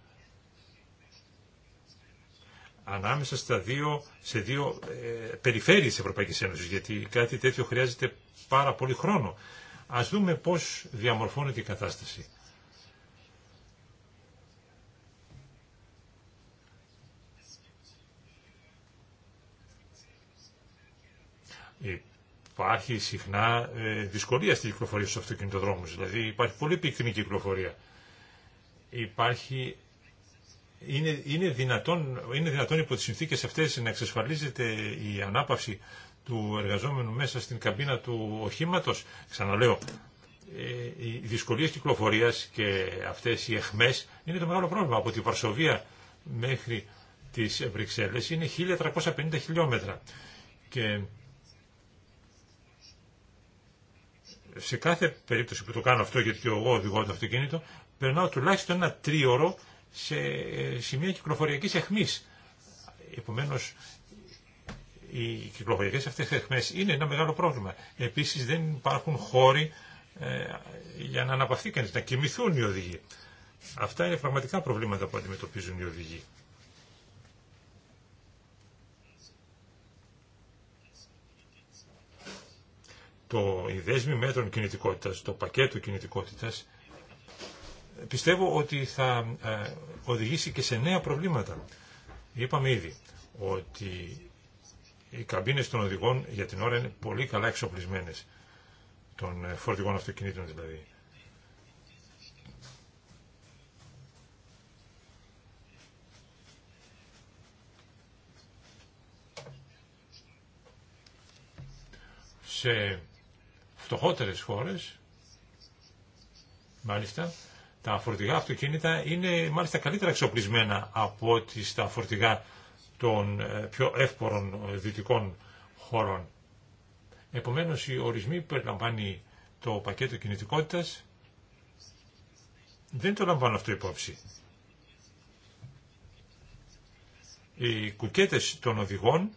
ανάμεσα στα δύο, σε δύο ε, περιφέρειες της Ευρωπαϊκής Ένωσης, γιατί κάτι τέτοιο χρειάζεται πάρα πολύ χρόνο. Ας δούμε πώς διαμορφώνεται η κατάσταση. Υπάρχει συχνά ε, δυσκολία στην κυκλοφορία στους αυτοκινητοδρόμους, δηλαδή υπάρχει πολύ πυκνή κυκλοφορία. Υπάρχει είναι, είναι, δυνατόν, είναι δυνατόν υπό τις συνθήκες αυτές να εξασφαλίζεται η ανάπαυση του εργαζόμενου μέσα στην καμπίνα του οχήματος. Ξαναλέω, ε, οι δυσκολίες κυκλοφορίας και αυτές οι εχμές είναι το μεγάλο πρόβλημα. Από τη Βαρσοβία μέχρι τις Βρυξέλλες είναι 1350 χιλιόμετρα. Και σε κάθε περίπτωση που το κάνω αυτό, γιατί εγώ οδηγώ το αυτοκίνητο, περνάω τουλάχιστον ένα τρίωρο σε ε, σημεία κυκλοφοριακής αιχμής. Επομένως, οι κυκλοφοριακές αυτές αιχμές είναι ένα μεγάλο πρόβλημα. Επίσης, δεν υπάρχουν χώροι ε, για να αναπαυθεί κανείς, να κοιμηθούν οι οδηγοί. Αυτά είναι πραγματικά προβλήματα που αντιμετωπίζουν οι οδηγοί. Το, οι μέτρων κινητικότητας, το πακέτο κινητικότητας πιστεύω ότι θα ε, οδηγήσει και σε νέα προβλήματα. Είπαμε ήδη ότι οι καμπίνες των οδηγών για την ώρα είναι πολύ καλά εξοπλισμένες, των ε, φορτηγών αυτοκινήτων δηλαδή. Σε φτωχότερες χώρες, μάλιστα, τα φορτηγά αυτοκίνητα είναι μάλιστα καλύτερα εξοπλισμένα από ότι στα φορτηγά των ε, πιο εύπορων ε, δυτικών χωρών. Επομένως, οι ορισμοί που περιλαμβάνει το πακέτο κινητικότητας δεν το λαμβάνουν αυτό υπόψη. Οι κουκέτες των οδηγών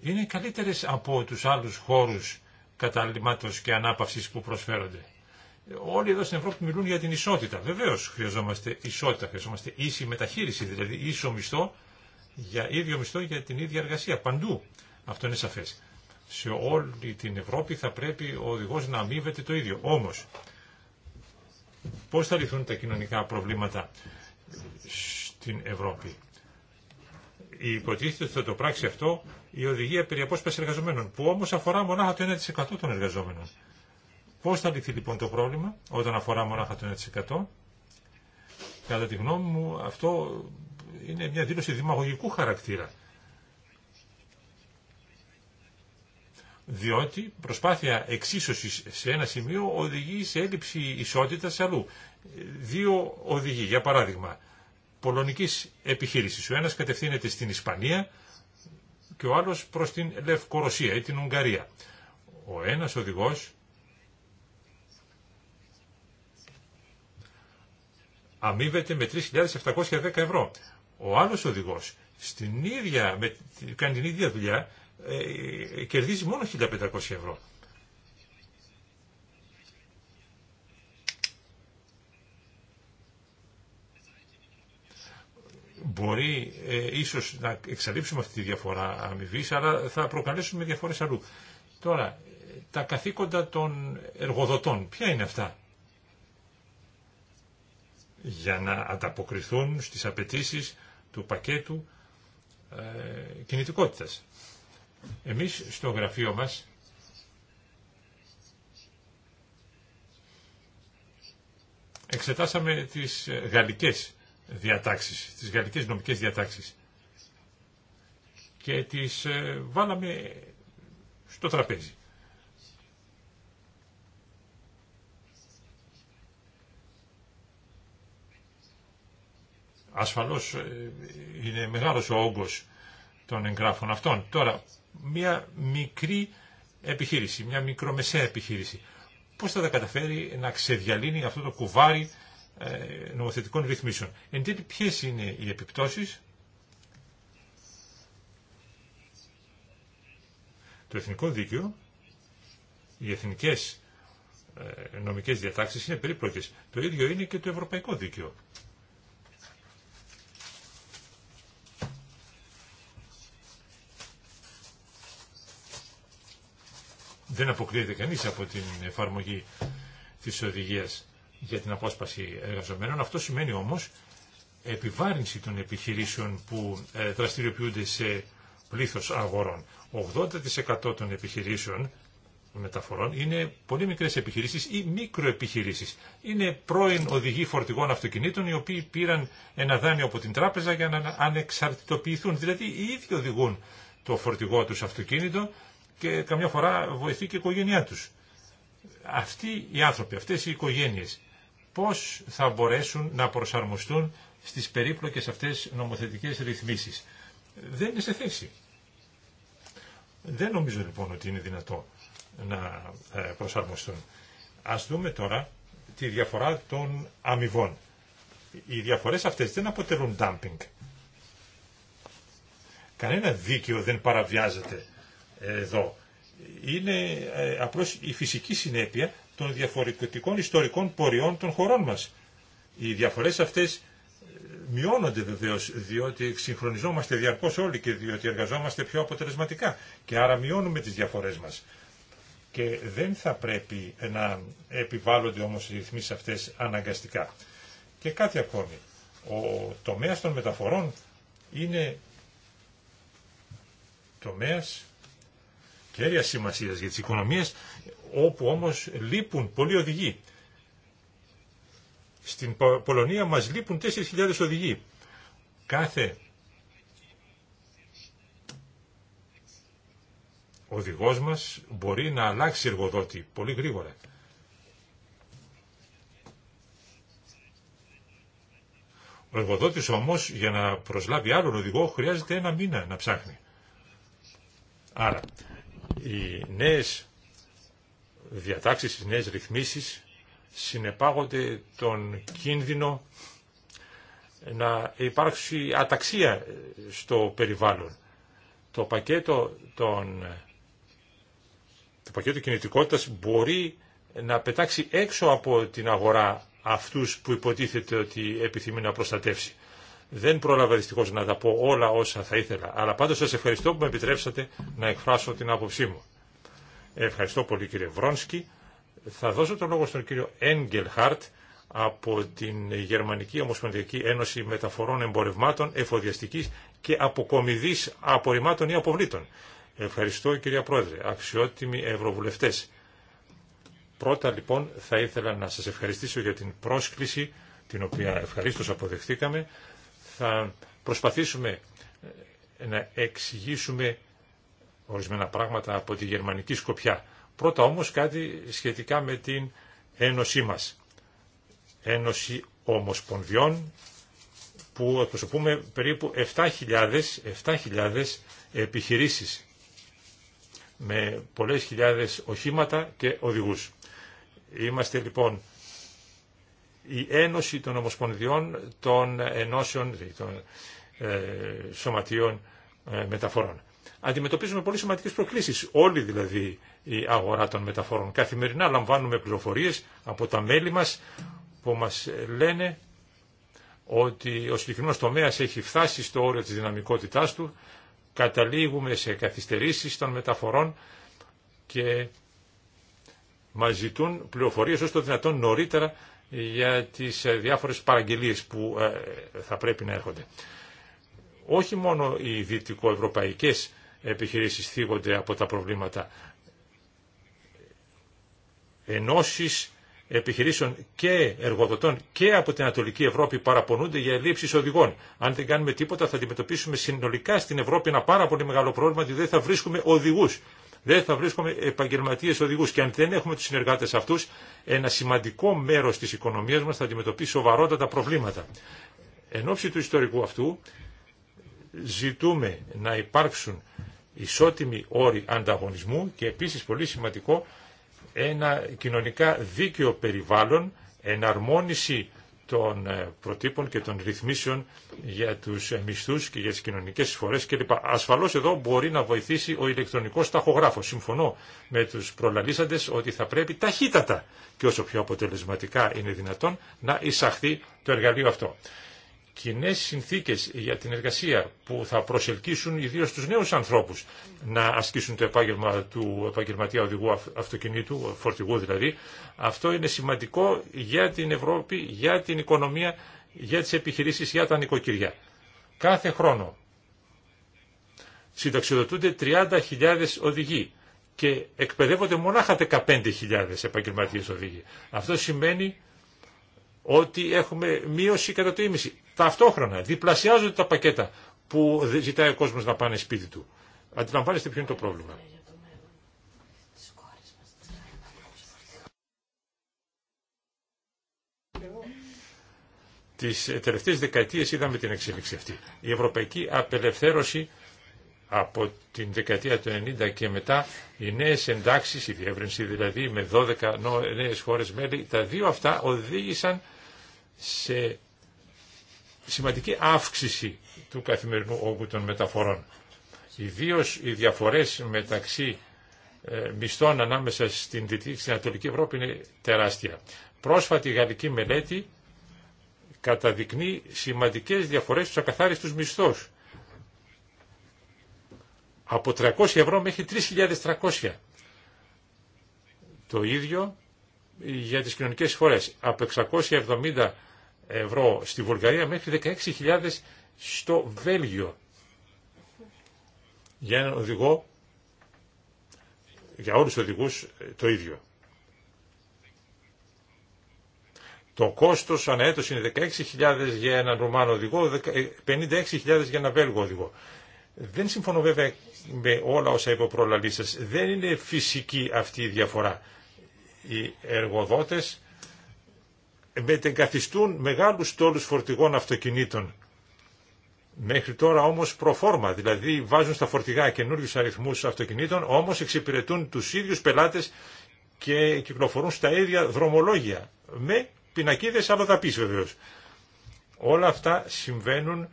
είναι καλύτερες από τους άλλους χώρους καταλήμματος και ανάπαυσης που προσφέρονται. Όλοι εδώ στην Ευρώπη μιλούν για την ισότητα. Βεβαίω χρειαζόμαστε ισότητα, χρειαζόμαστε ίση μεταχείριση, δηλαδή ίσο μισθό για ίδιο μισθό για την ίδια εργασία. Παντού. Αυτό είναι σαφέ. Σε όλη την Ευρώπη θα πρέπει ο οδηγό να αμείβεται το ίδιο. Όμω, πώ θα λυθούν τα κοινωνικά προβλήματα στην Ευρώπη. Υποτίθεται ότι θα το πράξει αυτό η οδηγία περί απόσπαση εργαζομένων, που όμω αφορά μονάχα το 1% των εργαζόμενων. Πώς θα λυθεί λοιπόν το πρόβλημα όταν αφορά μονάχα το 1%. Κατά τη γνώμη μου αυτό είναι μια δήλωση δημαγωγικού χαρακτήρα. διότι προσπάθεια εξίσωσης σε ένα σημείο οδηγεί σε έλλειψη ισότητας αλλού. Δύο οδηγεί, για παράδειγμα, πολωνικής επιχείρησης. Ο ένας κατευθύνεται στην Ισπανία και ο άλλος προς την Λευκορωσία ή την Ουγγαρία. Ο ένας οδηγός αμείβεται με 3.710 ευρώ. Ο άλλος οδηγός στην ίδια, με, κάνει την ίδια δουλειά, ε, ε κερδίζει μόνο 1.500 ευρώ. Μπορεί ε, ίσως να εξαλείψουμε αυτή τη διαφορά αμοιβή, αλλά θα προκαλέσουμε διαφορές αλλού. Τώρα, τα καθήκοντα των εργοδοτών, ποια είναι αυτά για να ανταποκριθούν στις απαιτήσεις του πακέτου ε, κινητικότητας. Εμείς στο γραφείο μας εξετάσαμε τις γαλλικές διατάξεις, τις γαλλικές νομικές διατάξεις και τις ε, βάλαμε στο τραπέζι. Ασφαλώς ε, είναι μεγάλος ο όγκος των εγγράφων αυτών. Τώρα, μια μικρή επιχείρηση, μια μικρομεσαία επιχείρηση, πώς θα τα καταφέρει να ξεδιαλύνει αυτό το κουβάρι ε, νομοθετικών ρυθμίσεων. Εν τέλει, ποιες είναι οι επιπτώσεις Το εθνικό δίκαιο, οι εθνικές ε, νομικές διατάξεις είναι περίπλοκες. Το ίδιο είναι και το ευρωπαϊκό δίκαιο. δεν αποκλείεται κανείς από την εφαρμογή της οδηγίας για την απόσπαση εργαζομένων. Αυτό σημαίνει όμως επιβάρυνση των επιχειρήσεων που ε, δραστηριοποιούνται σε πλήθος αγορών. 80% των επιχειρήσεων μεταφορών είναι πολύ μικρές επιχειρήσεις ή μικροεπιχειρήσεις. Είναι πρώην οδηγοί φορτηγών αυτοκινήτων οι οποίοι πήραν ένα δάνειο από την τράπεζα για να ανεξαρτητοποιηθούν. Δηλαδή οι ίδιοι οδηγούν το φορτηγό τους αυτοκίνητο και καμιά φορά βοηθεί και η οικογένειά τους. Αυτοί οι άνθρωποι, αυτές οι οικογένειες, πώς θα μπορέσουν να προσαρμοστούν στις περίπλοκες αυτές νομοθετικές ρυθμίσεις. Δεν είναι σε θέση. Δεν νομίζω λοιπόν ότι είναι δυνατό να ε, προσαρμοστούν. Ας δούμε τώρα τη διαφορά των αμοιβών. Οι διαφορές αυτές δεν αποτελούν dumping. Κανένα δίκαιο δεν παραβιάζεται εδώ. Είναι ε, απλώς η φυσική συνέπεια των διαφορετικών ιστορικών ποριών των χωρών μας. Οι διαφορές αυτές ε, μειώνονται βεβαίω, διότι συγχρονιζόμαστε διαρκώ όλοι και διότι εργαζόμαστε πιο αποτελεσματικά. Και άρα μειώνουμε τι διαφορέ μα. Και δεν θα πρέπει να επιβάλλονται όμω οι ρυθμίσει αυτέ αναγκαστικά. Και κάτι ακόμη. Ο τομέα των μεταφορών είναι τομέας κέρια σημασία για τις οικονομίες, όπου όμως λείπουν πολλοί οδηγοί. Στην Πολωνία μας λείπουν 4.000 οδηγοί. Κάθε οδηγός μας μπορεί να αλλάξει εργοδότη πολύ γρήγορα. Ο εργοδότης όμως για να προσλάβει άλλον οδηγό χρειάζεται ένα μήνα να ψάχνει. Άρα οι νέες διατάξεις, οι νέες ρυθμίσεις συνεπάγονται τον κίνδυνο να υπάρξει αταξία στο περιβάλλον. Το πακέτο, των, το πακέτο κινητικότητας μπορεί να πετάξει έξω από την αγορά αυτούς που υποτίθεται ότι επιθυμεί να προστατεύσει. Δεν πρόλαβα δυστυχώ να τα πω όλα όσα θα ήθελα, αλλά πάντως σα ευχαριστώ που με επιτρέψατε να εκφράσω την άποψή μου. Ευχαριστώ πολύ κύριε Βρόνσκι. Θα δώσω τον λόγο στον κύριο Χαρτ από την Γερμανική Ομοσπονδιακή Ένωση Μεταφορών Εμπορευμάτων, Εφοδιαστικής και Αποκομιδής Απορριμμάτων ή Αποβλήτων. Ευχαριστώ κύριε Πρόεδρε, αξιότιμοι Ευρωβουλευτές. Πρώτα λοιπόν θα ήθελα να σας ευχαριστήσω για την πρόσκληση την οποία ευχαρίστως αποδεχτήκαμε θα προσπαθήσουμε ε, να εξηγήσουμε ορισμένα πράγματα από τη γερμανική σκοπιά. Πρώτα όμως κάτι σχετικά με την ένωσή μας. Ένωση Ομοσπονδιών που εκπροσωπούμε περίπου 7.000, 7.000 επιχειρήσεις με πολλές χιλιάδες οχήματα και οδηγούς. Είμαστε λοιπόν η Ένωση των Ομοσπονδιών των Ενώσεων, των ε, Σωματείων ε, Μεταφορών. Αντιμετωπίζουμε πολύ σωματικές προκλήσεις, όλη δηλαδή η αγορά των μεταφορών. Καθημερινά λαμβάνουμε πληροφορίες από τα μέλη μας που μας λένε ότι ο συγκεκριμένος τομέας έχει φτάσει στο όριο της δυναμικότητάς του, καταλήγουμε σε καθυστερήσεις των μεταφορών και μας ζητούν πληροφορίες όσο το δυνατόν νωρίτερα για τις ε, διάφορες παραγγελίες που ε, θα πρέπει να έρχονται. Όχι μόνο οι δυτικοευρωπαϊκές επιχειρήσεις θίγονται από τα προβλήματα. Ενώσεις επιχειρήσεων και εργοδοτών και από την Ανατολική Ευρώπη παραπονούνται για ελλείψεις οδηγών. Αν δεν κάνουμε τίποτα θα αντιμετωπίσουμε συνολικά στην Ευρώπη ένα πάρα πολύ μεγάλο πρόβλημα ότι δεν θα βρίσκουμε οδηγούς δεν θα βρίσκουμε επαγγελματίες οδηγού Και αν δεν έχουμε τους συνεργάτε αυτούς, ένα σημαντικό μέρος τη οικονομία μας θα αντιμετωπίσει σοβαρότατα προβλήματα. Εν ώψη του ιστορικού αυτού, ζητούμε να υπάρξουν ισότιμοι όροι ανταγωνισμού και επίσης πολύ σημαντικό ένα κοινωνικά δίκαιο περιβάλλον, εναρμόνιση των ε, προτύπων και των ρυθμίσεων για τους ε, μισθού και για τι κοινωνικέ εισφορέ κλπ. Ασφαλώς εδώ μπορεί να βοηθήσει ο ηλεκτρονικός ταχογράφος. Συμφωνώ με τους προλαλήσαντες ότι θα πρέπει ταχύτατα και όσο πιο αποτελεσματικά είναι δυνατόν να εισαχθεί το εργαλείο αυτό κοινέ συνθήκες για την εργασία που θα προσελκύσουν ιδίω τους νέους ανθρώπους να ασκήσουν το επάγγελμα του επαγγελματία οδηγού αυτοκινήτου, φορτηγού δηλαδή. Αυτό είναι σημαντικό για την Ευρώπη, για την οικονομία, για τις επιχειρήσεις, για τα νοικοκυριά. Κάθε χρόνο συνταξιοδοτούνται 30.000 οδηγοί και εκπαιδεύονται μονάχα 15.000 επαγγελματίες οδηγοί. Αυτό σημαίνει ότι έχουμε μείωση κατά το ίμιση. Ταυτόχρονα διπλασιάζονται τα πακέτα που ζητάει ο κόσμος να πάνε σπίτι του. Αντιλαμβάνεστε ποιο είναι το πρόβλημα. Τις τελευταίες δεκαετίες είδαμε την εξέλιξη αυτή. Η ευρωπαϊκή απελευθέρωση από την δεκαετία του 90 και μετά οι νέες εντάξεις, η διεύρυνση δηλαδή με 12 νέες χώρες μέλη, τα δύο αυτά οδήγησαν σε σημαντική αύξηση του καθημερινού όγκου των μεταφορών. Ιδίω οι διαφορέ μεταξύ ε, μισθών ανάμεσα στην στην Ανατολική Ευρώπη είναι τεράστια. Πρόσφατη γαλλική μελέτη καταδεικνύει σημαντικές διαφορές στους ακαθάριστους μισθού. Από 300 ευρώ μέχρι 3.300. Το ίδιο για τις κοινωνικέ φορές. Από 670 ευρώ στη Βουλγαρία μέχρι 16.000 στο Βέλγιο. Για έναν οδηγό, για όλους τους οδηγούς ε, το ίδιο. Το κόστος ανά είναι 16.000 για έναν Ρουμάνο οδηγό, 56.000 ε, για έναν Βέλγο οδηγό. Δεν συμφωνώ βέβαια με όλα όσα είπε ο προλαλής σας. Δεν είναι φυσική αυτή η διαφορά. Οι εργοδότες μετεγκαθιστούν μεγάλους τόλους φορτηγών αυτοκινήτων. Μέχρι τώρα όμως προφόρμα, δηλαδή βάζουν στα φορτηγά καινούριου αριθμούς αυτοκινήτων, όμως εξυπηρετούν τους ίδιους πελάτες και κυκλοφορούν στα ίδια δρομολόγια, με πινακίδες αλλοδαπής βεβαίω. Όλα αυτά συμβαίνουν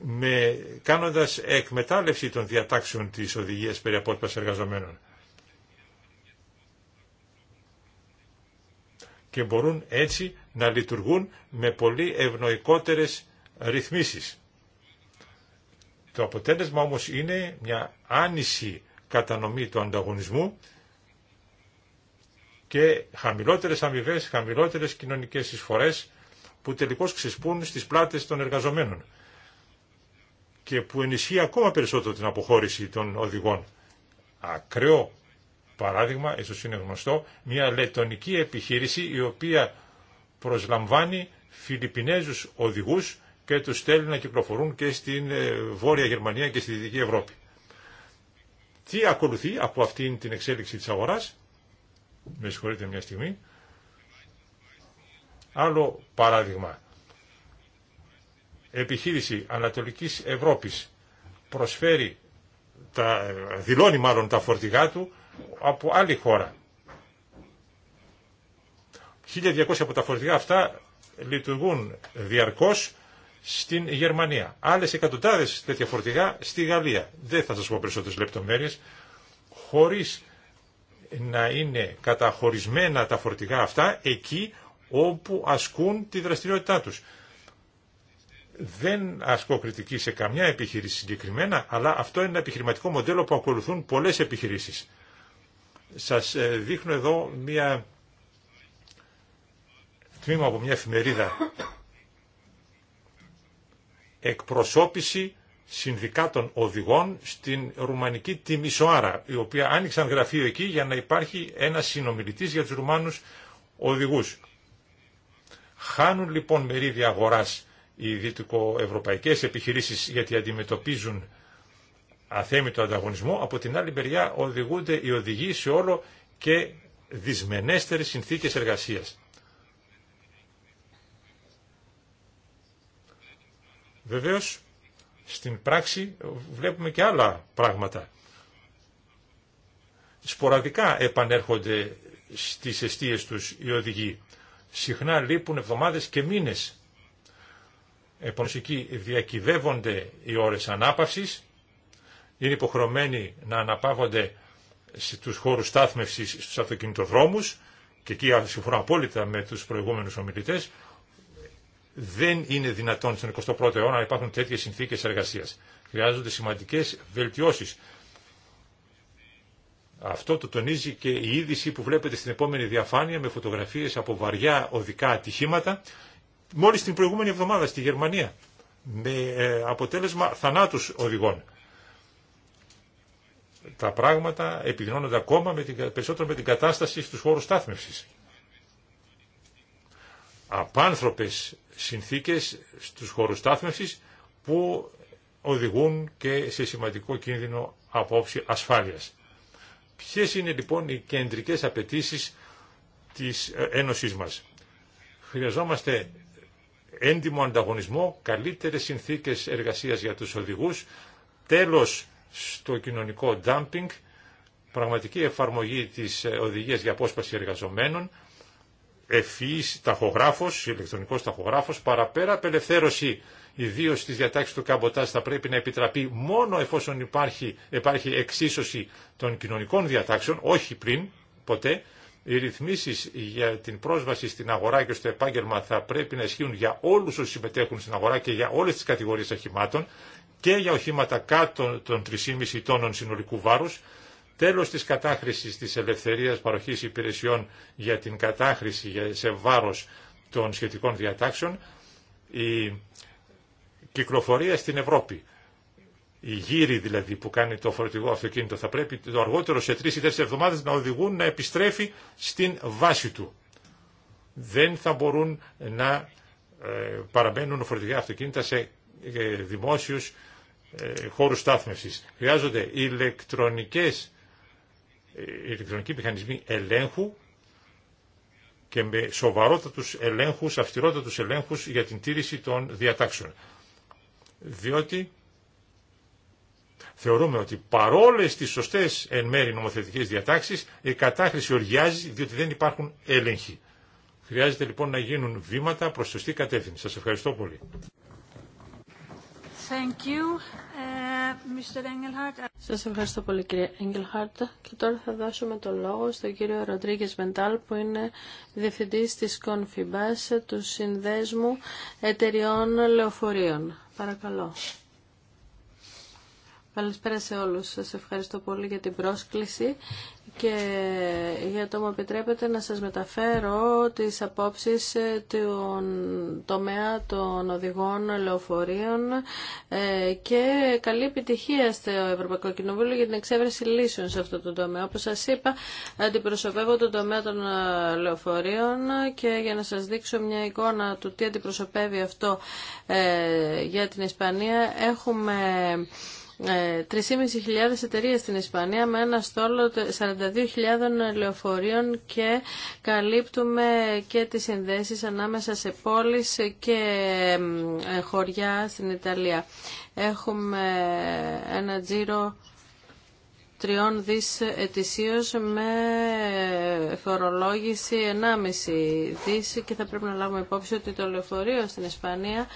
με, κάνοντας εκμετάλλευση των διατάξεων της οδηγίας περί εργαζομένων. και μπορούν έτσι να λειτουργούν με πολύ ευνοϊκότερες ρυθμίσεις. Το αποτέλεσμα όμως είναι μια άνηση κατανομή του ανταγωνισμού και χαμηλότερες αμοιβέ, χαμηλότερες κοινωνικές εισφορές που τελικώς ξεσπούν στις πλάτες των εργαζομένων και που ενισχύει ακόμα περισσότερο την αποχώρηση των οδηγών. Ακραίο παράδειγμα, ίσως είναι γνωστό, μια λετονική επιχείρηση η οποία προσλαμβάνει Φιλιππινέζους οδηγούς και τους στέλνει να κυκλοφορούν και στην ε, Βόρεια Γερμανία και στη Δυτική Ευρώπη. Τι ακολουθεί από αυτήν την εξέλιξη της αγοράς, με συγχωρείτε μια στιγμή, άλλο παράδειγμα, επιχείρηση Ανατολικής Ευρώπης προσφέρει, τα, ε, δηλώνει μάλλον τα φορτηγά του από άλλη χώρα. 1.200 από τα φορτηγά αυτά λειτουργούν διαρκώς στην Γερμανία. Άλλες εκατοντάδες τέτοια φορτηγά στη Γαλλία. Δεν θα σας πω περισσότερες λεπτομέρειες. Χωρίς να είναι καταχωρισμένα τα φορτηγά αυτά εκεί όπου ασκούν τη δραστηριότητά τους. Δεν ασκώ κριτική σε καμιά επιχείρηση συγκεκριμένα, αλλά αυτό είναι ένα επιχειρηματικό μοντέλο που ακολουθούν πολλές επιχειρήσεις. Σας ε, δείχνω εδώ μια τμήμα από μια εφημερίδα. Εκπροσώπηση συνδικάτων οδηγών στην ρουμανική Τιμισοάρα, η οποία άνοιξαν γραφείο εκεί για να υπάρχει ένα συνομιλητής για τους Ρουμάνους οδηγούς. Χάνουν λοιπόν μερίδια αγοράς οι δυτικοευρωπαϊκές επιχειρήσεις γιατί αντιμετωπίζουν αθέμητο ανταγωνισμό, από την άλλη μεριά οδηγούνται οι οδηγοί σε όλο και δυσμενέστερες συνθήκες εργασίας. Βεβαίως, στην πράξη βλέπουμε και άλλα πράγματα. Σποραδικά επανέρχονται στις αιστείες τους οι οδηγοί. Συχνά λείπουν εβδομάδες και μήνες. Επομένως εκεί διακυβεύονται οι ώρες ανάπαυσης είναι υποχρεωμένοι να αναπαύονται στους χώρους στάθμευσης στους αυτοκινητοδρόμους και εκεί συμφωνώ απόλυτα με τους προηγούμενους ομιλητές δεν είναι δυνατόν στον 21ο αιώνα να υπάρχουν τέτοιες συνθήκες εργασίας. Χρειάζονται σημαντικές βελτιώσεις. Αυτό το τονίζει και η είδηση που βλέπετε στην επόμενη διαφάνεια με φωτογραφίες από βαριά οδικά ατυχήματα μόλις την προηγούμενη εβδομάδα στη Γερμανία με ε, αποτέλεσμα θανάτους οδηγών τα πράγματα επιδεινώνονται ακόμα με την, περισσότερο με την κατάσταση στους χώρους στάθμευσης. Απάνθρωπες συνθήκες στους χώρους στάθμευσης που οδηγούν και σε σημαντικό κίνδυνο απόψη ασφάλειας. Ποιες είναι λοιπόν οι κεντρικές απαιτήσει της ε, Ένωσης μας. Χρειαζόμαστε έντιμο ανταγωνισμό, καλύτερες συνθήκες εργασίας για τους οδηγούς, τέλος στο κοινωνικό dumping, πραγματική εφαρμογή της ε, οδηγίας για απόσπαση εργαζομένων, ευφυής ταχογράφος, ηλεκτρονικός ταχογράφος, παραπέρα απελευθέρωση ιδίως στις διατάξεις του Καμποτάζ θα πρέπει να επιτραπεί μόνο εφόσον υπάρχει, υπάρχει εξίσωση των κοινωνικών διατάξεων, όχι πριν, ποτέ. Οι ρυθμίσεις για την πρόσβαση στην αγορά και στο επάγγελμα θα πρέπει να ισχύουν για όλους όσους συμμετέχουν στην αγορά και για όλες τις κατηγορίες αχημάτων και για οχήματα κάτω των 3,5 τόνων συνολικού βάρους, τέλος της κατάχρησης της ελευθερίας παροχής υπηρεσιών για την κατάχρηση σε βάρος των σχετικών διατάξεων, η κυκλοφορία στην Ευρώπη. η γύρι δηλαδή που κάνει το φορτηγό αυτοκίνητο θα πρέπει το αργότερο σε τρει ή τέσσερι εβδομάδε να οδηγούν να επιστρέφει στην βάση του. Δεν θα μπορούν να ε, παραμένουν φορτηγά αυτοκίνητα σε ε, δημόσιους ε, χώρους στάθμευσης. Χρειάζονται ηλεκτρονικές, ε, ηλεκτρονικοί μηχανισμοί ελέγχου και με σοβαρότατους ελέγχους, αυστηρότατους ελέγχους για την τήρηση των διατάξεων. Διότι θεωρούμε ότι παρόλες τις σωστές εν μέρη νομοθετικές διατάξεις, η κατάχρηση οργιάζει διότι δεν υπάρχουν έλεγχοι. Χρειάζεται λοιπόν να γίνουν βήματα προς σωστή κατεύθυνση. Σας ευχαριστώ πολύ. Uh, uh, Σας ευχαριστώ πολύ κύριε Engelhardt και τώρα θα δώσουμε το λόγο στον κύριο Ροντρίγκε Μεντάλ που είναι διευθυντής της Confibas του Συνδέσμου Εταιριών Λεωφορείων. Παρακαλώ. Καλησπέρα σε όλους. Σας ευχαριστώ πολύ για την πρόσκληση και για το μου επιτρέπετε να σας μεταφέρω τις απόψεις ε, του τομέα των οδηγών λεωφορείων ε, και καλή επιτυχία στο Ευρωπαϊκό Κοινοβούλιο για την εξέβρεση λύσεων σε αυτό το τομέα. Όπως σας είπα, αντιπροσωπεύω τον τομέα των ε, λεωφορείων και για να σας δείξω μια εικόνα του τι αντιπροσωπεύει αυτό για την Ισπανία, έχουμε 3.500 ε, εταιρείε στην Ισπανία με ένα στόλο 42.000 λεωφορείων και καλύπτουμε και τις συνδέσεις ανάμεσα σε πόλεις και ε, χωριά στην Ιταλία. Έχουμε ένα τζίρο τριών δις ετησίως με ε, φορολόγηση 1,5 δις και θα πρέπει να λάβουμε υπόψη ότι το λεωφορείο στην Ισπανία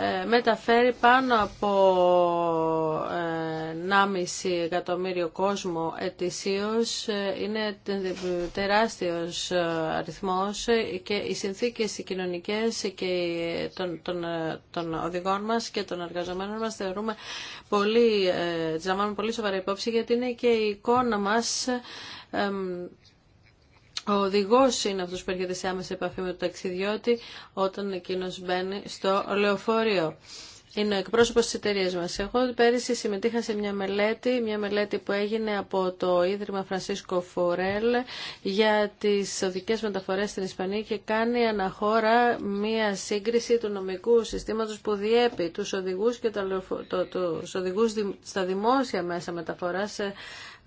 ε, μεταφέρει πάνω από 1,5 ε, εκατομμύριο κόσμο ετησίως ε, είναι τεράστιος αριθμός και οι συνθήκες οι κοινωνικές και των, οδηγών μας και των εργαζομένων μας θεωρούμε πολύ, ε, πολύ σοβαρά υπόψη γιατί είναι και η εικόνα μας ο οδηγό είναι αυτός που έρχεται σε άμεση επαφή με το ταξιδιώτη όταν εκείνος μπαίνει στο λεωφορείο. Είναι ο εκπρόσωπο τη εταιρεία μα. Εγώ πέρυσι συμμετείχα σε μια μελέτη, μια μελέτη που έγινε από το Ίδρυμα Φρανσίσκο Φορέλ για τι οδικέ μεταφορέ στην Ισπανία και κάνει αναχώρα μια σύγκριση του νομικού συστήματο που διέπει του οδηγού και του οδηγού στα δημόσια μέσα μεταφορά ε,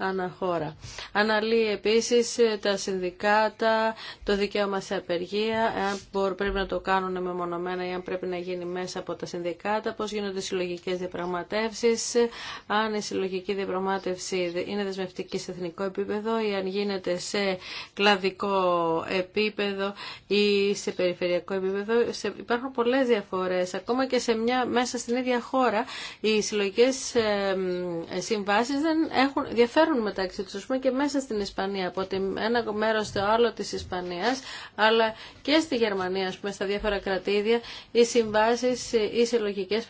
αναχώρα. Αναλύει επίσης ε, τα συνδικάτα, το δικαίωμα σε απεργία, αν πρέπει να το κάνουν μεμονωμένα ή αν πρέπει να γίνει μέσα από τα συνδικάτα, πώς γίνονται συλλογικές διαπραγματεύσεις, αν η συλλογική διαπραγμάτευση είναι δεσμευτική σε εθνικό επίπεδο ή αν γίνεται σε κλαδικό επίπεδο ή σε περιφερειακό επίπεδο. Υπάρχουν πολλές διαφορές, ακόμα και σε μια, μέσα στην ίδια χώρα οι συλλογικές συμβάσεις δεν έχουν, διαφέρουν διαφέρουν μεταξύ τους, πούμε και μέσα στην Ισπανία, από ένα μέρος στο άλλο της Ισπανίας, αλλά και στη Γερμανία, πούμε, στα διάφορα κρατήδια, οι συμβάσει, οι συλλογικέ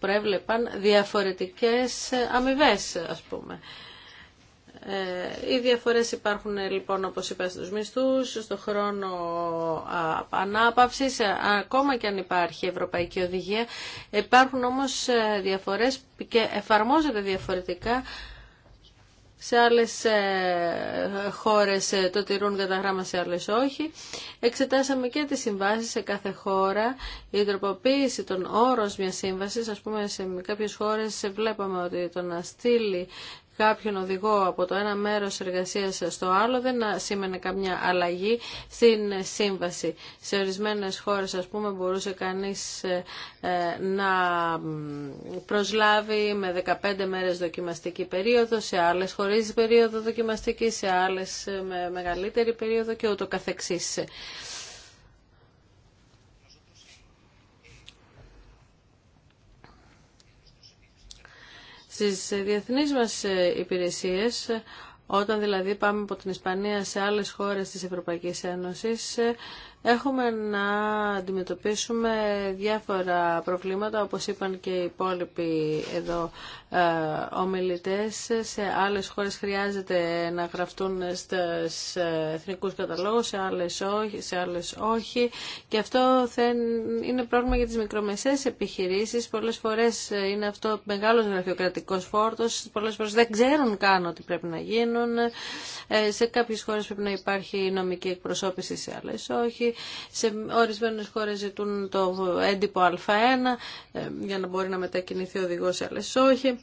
προέβλεπαν διαφορετικές αμοιβέ, ας πούμε. Ε, οι διαφορές υπάρχουν λοιπόν όπως είπα στους μισθούς, στο χρόνο ανάπαυσης, ε, ακόμα και αν υπάρχει ευρωπαϊκή οδηγία. Υπάρχουν όμως ε, διαφορές και εφαρμόζονται διαφορετικά σε άλλες ε, χώρες ε, το τηρούν κατά γράμμα, σε άλλες όχι. Εξετάσαμε και τις συμβάσεις σε κάθε χώρα. Η τροποποίηση των όρων μιας σύμβασης, ας πούμε σε κάποιες χώρες βλέπαμε ότι το να στείλει κάποιον οδηγό από το ένα μέρος εργασίας στο άλλο δεν σήμαινε καμιά αλλαγή στην σύμβαση. Σε ορισμένες χώρες ας πούμε μπορούσε κανείς ε, ε, να προσλάβει με 15 μέρες δοκιμαστική περίοδο, σε άλλες χωρίς περίοδο δοκιμαστική, σε άλλες ε, με μεγαλύτερη περίοδο και ούτω καθεξής. Στις διεθνείς μας ε, υπηρεσίες, όταν δηλαδή πάμε από την Ισπανία σε άλλες χώρες της Ευρωπαϊκής Ένωσης, ε, έχουμε να αντιμετωπίσουμε διάφορα προβλήματα, όπως είπαν και οι υπόλοιποι εδώ ε, ομιλητές. Σε άλλες χώρες χρειάζεται να γραφτούν στους ε, εθνικούς καταλόγους, σε άλλες όχι, σε άλλες όχι. Και αυτό είναι πρόβλημα για τις μικρομεσαίες επιχειρήσεις. Πολλές φορές ε, είναι αυτό μεγάλος γραφειοκρατικός φόρτος. Πολλές φορές δεν ξέρουν καν ότι πρέπει να γίνουν. Σε κάποιες χώρες πρέπει να υπάρχει νομική εκπροσώπηση, σε άλλες όχι. Σε ορισμένες χώρες ζητούν το έντυπο α1 για να μπορεί να μετακινηθεί ο οδηγός, σε άλλες όχι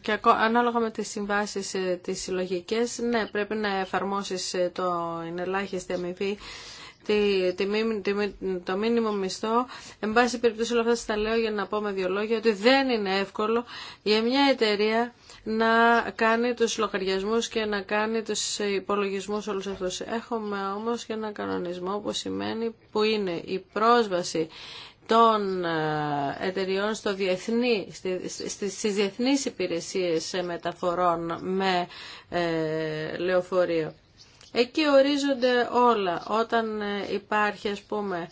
και ανάλογα με τις συμβάσεις ε, τις συλλογικέ, ναι, πρέπει να εφαρμόσεις ε, το ελάχιστη αμοιβή το μήνυμο μισθό. Εν πάση περιπτώσει όλα αυτά τα λέω για να πω με δύο λόγια ότι δεν είναι εύκολο για μια εταιρεία να κάνει τους λογαριασμούς και να κάνει τους υπολογισμούς όλους αυτούς. Έχουμε όμως και ένα κανονισμό που σημαίνει που είναι η πρόσβαση των ε, εταιριών στο διεθνή, στις διεθνείς υπηρεσίες μεταφορών με ε, λεωφορείο. Εκεί ορίζονται όλα. Όταν ε, υπάρχει, ας πούμε,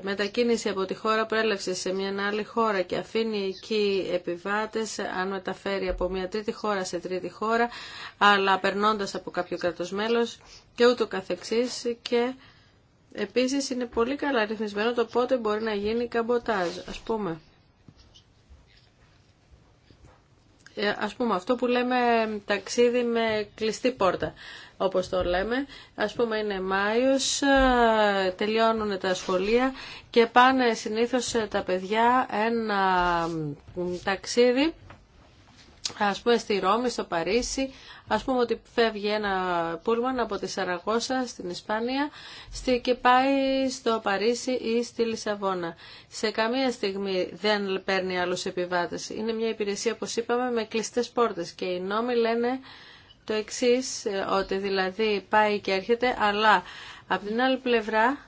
μετακίνηση από τη χώρα προέλευσης σε μια άλλη χώρα και αφήνει εκεί επιβάτες, αν μεταφέρει από μια τρίτη χώρα σε τρίτη χώρα, αλλά περνώντας από κάποιο κράτος και ούτω καθεξής και Επίσης είναι πολύ καλά ρυθμισμένο το πότε μπορεί να γίνει καμποτάζ. Ας πούμε, ε, ας πούμε αυτό που λέμε ταξίδι με κλειστή πόρτα, όπως το λέμε. Ας πούμε είναι Μάιος, ε, τελειώνουν τα σχολεία και πάνε συνήθως ε, τα παιδιά ένα ταξίδι Ας πούμε στη Ρώμη, στο Παρίσι, ας πούμε ότι φεύγει ένα πούλμαν από τη Σαραγώσα στην Ισπάνια και πάει στο Παρίσι ή στη Λισαβόνα. Σε καμία στιγμή δεν παίρνει άλλους επιβάτες. Είναι μια υπηρεσία, όπως είπαμε, με κλειστές πόρτες και οι νόμοι λένε το εξής, ε, ότι δηλαδή πάει και έρχεται, αλλά από την άλλη πλευρά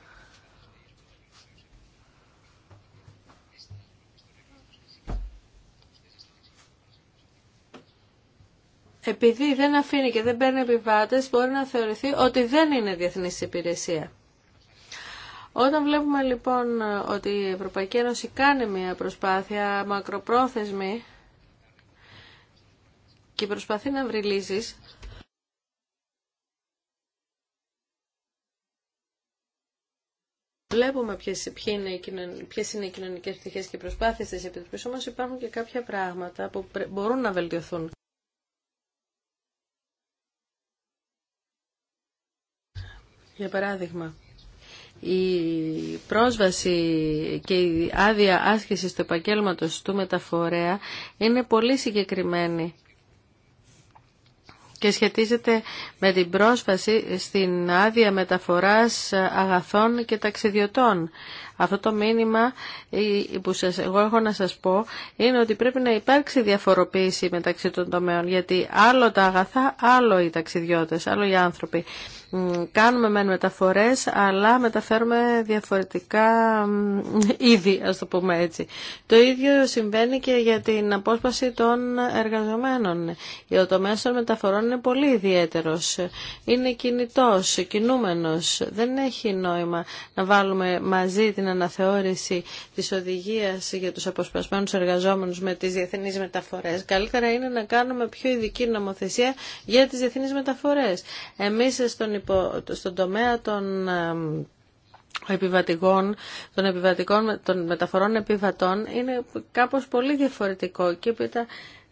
επειδή δεν αφήνει και δεν παίρνει επιβάτες, μπορεί να θεωρηθεί ότι δεν είναι διεθνής υπηρεσία. Όταν βλέπουμε λοιπόν ότι η Ευρωπαϊκή Ένωση κάνει μια προσπάθεια μακροπρόθεσμη και προσπαθεί να βρει λύσεις, Βλέπουμε ποιε είναι οι κοινωνικέ πτυχέ και προσπάθειε τη της όμω υπάρχουν και κάποια πράγματα που μπορούν να βελτιωθούν. Για παράδειγμα, η πρόσβαση και η άδεια άσκηση του επαγγέλματο του μεταφορέα είναι πολύ συγκεκριμένη και σχετίζεται με την πρόσβαση στην άδεια μεταφοράς αγαθών και ταξιδιωτών. Αυτό το μήνυμα που σας, εγώ έχω να σας πω είναι ότι πρέπει να υπάρξει διαφοροποίηση μεταξύ των τομέων γιατί άλλο τα αγαθά, άλλο οι ταξιδιώτες, άλλο οι άνθρωποι. Κάνουμε μεν μεταφορές αλλά μεταφέρουμε διαφορετικά είδη ας το πούμε έτσι. Το ίδιο συμβαίνει και για την απόσπαση των εργαζομένων. Ο τομέας των μεταφορών είναι πολύ ιδιαίτερος. Είναι κινητός, κινούμενος. Δεν έχει νόημα να βάλουμε μαζί την αναθεώρηση της οδηγίας για τους αποσπασμένους εργαζόμενους με τις διεθνείς μεταφορές. Καλύτερα είναι να κάνουμε πιο ειδική νομοθεσία για τις διεθνείς μεταφορές. Εμείς στον, υπο... στον τομέα των επιβατικών, των, επιβατικών, των μεταφορών επιβατών είναι κάπως πολύ διαφορετικό και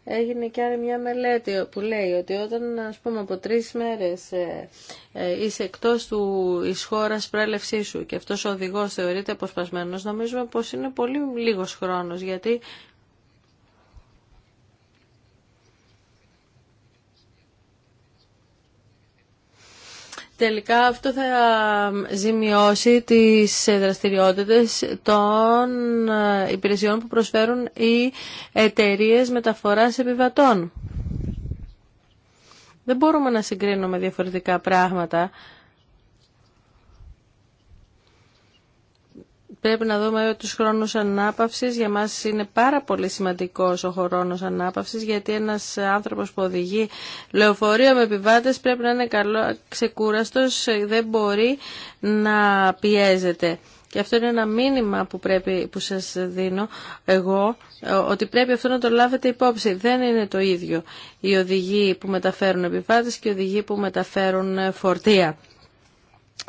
έγινε και άλλη μια μελέτη που λέει ότι όταν ας πούμε από τρεις μέρες ε, ε, είσαι εκτός του, χώρα χώρας πρέλευσή σου και αυτός ο οδηγός θεωρείται αποσπασμένος, νομίζουμε πως είναι πολύ λίγος χρόνος γιατί Τελικά αυτό θα ζημιώσει τις δραστηριότητες των ε, υπηρεσιών που προσφέρουν οι εταιρείε μεταφοράς επιβατών. Δεν μπορούμε να συγκρίνουμε διαφορετικά πράγματα. πρέπει να δούμε τους χρόνους ανάπαυσης. Για μας είναι πάρα πολύ σημαντικός ο χρόνος ανάπαυσης γιατί ένας άνθρωπος που οδηγεί λεωφορείο με επιβάτες πρέπει να είναι καλό, ξεκούραστος, δεν μπορεί να πιέζεται. Και αυτό είναι ένα μήνυμα που, πρέπει, που σας δίνω εγώ, ότι πρέπει αυτό να το λάβετε υπόψη. Δεν είναι το ίδιο οι οδηγοί που μεταφέρουν επιβάτες και οι οδηγοί που μεταφέρουν φορτία.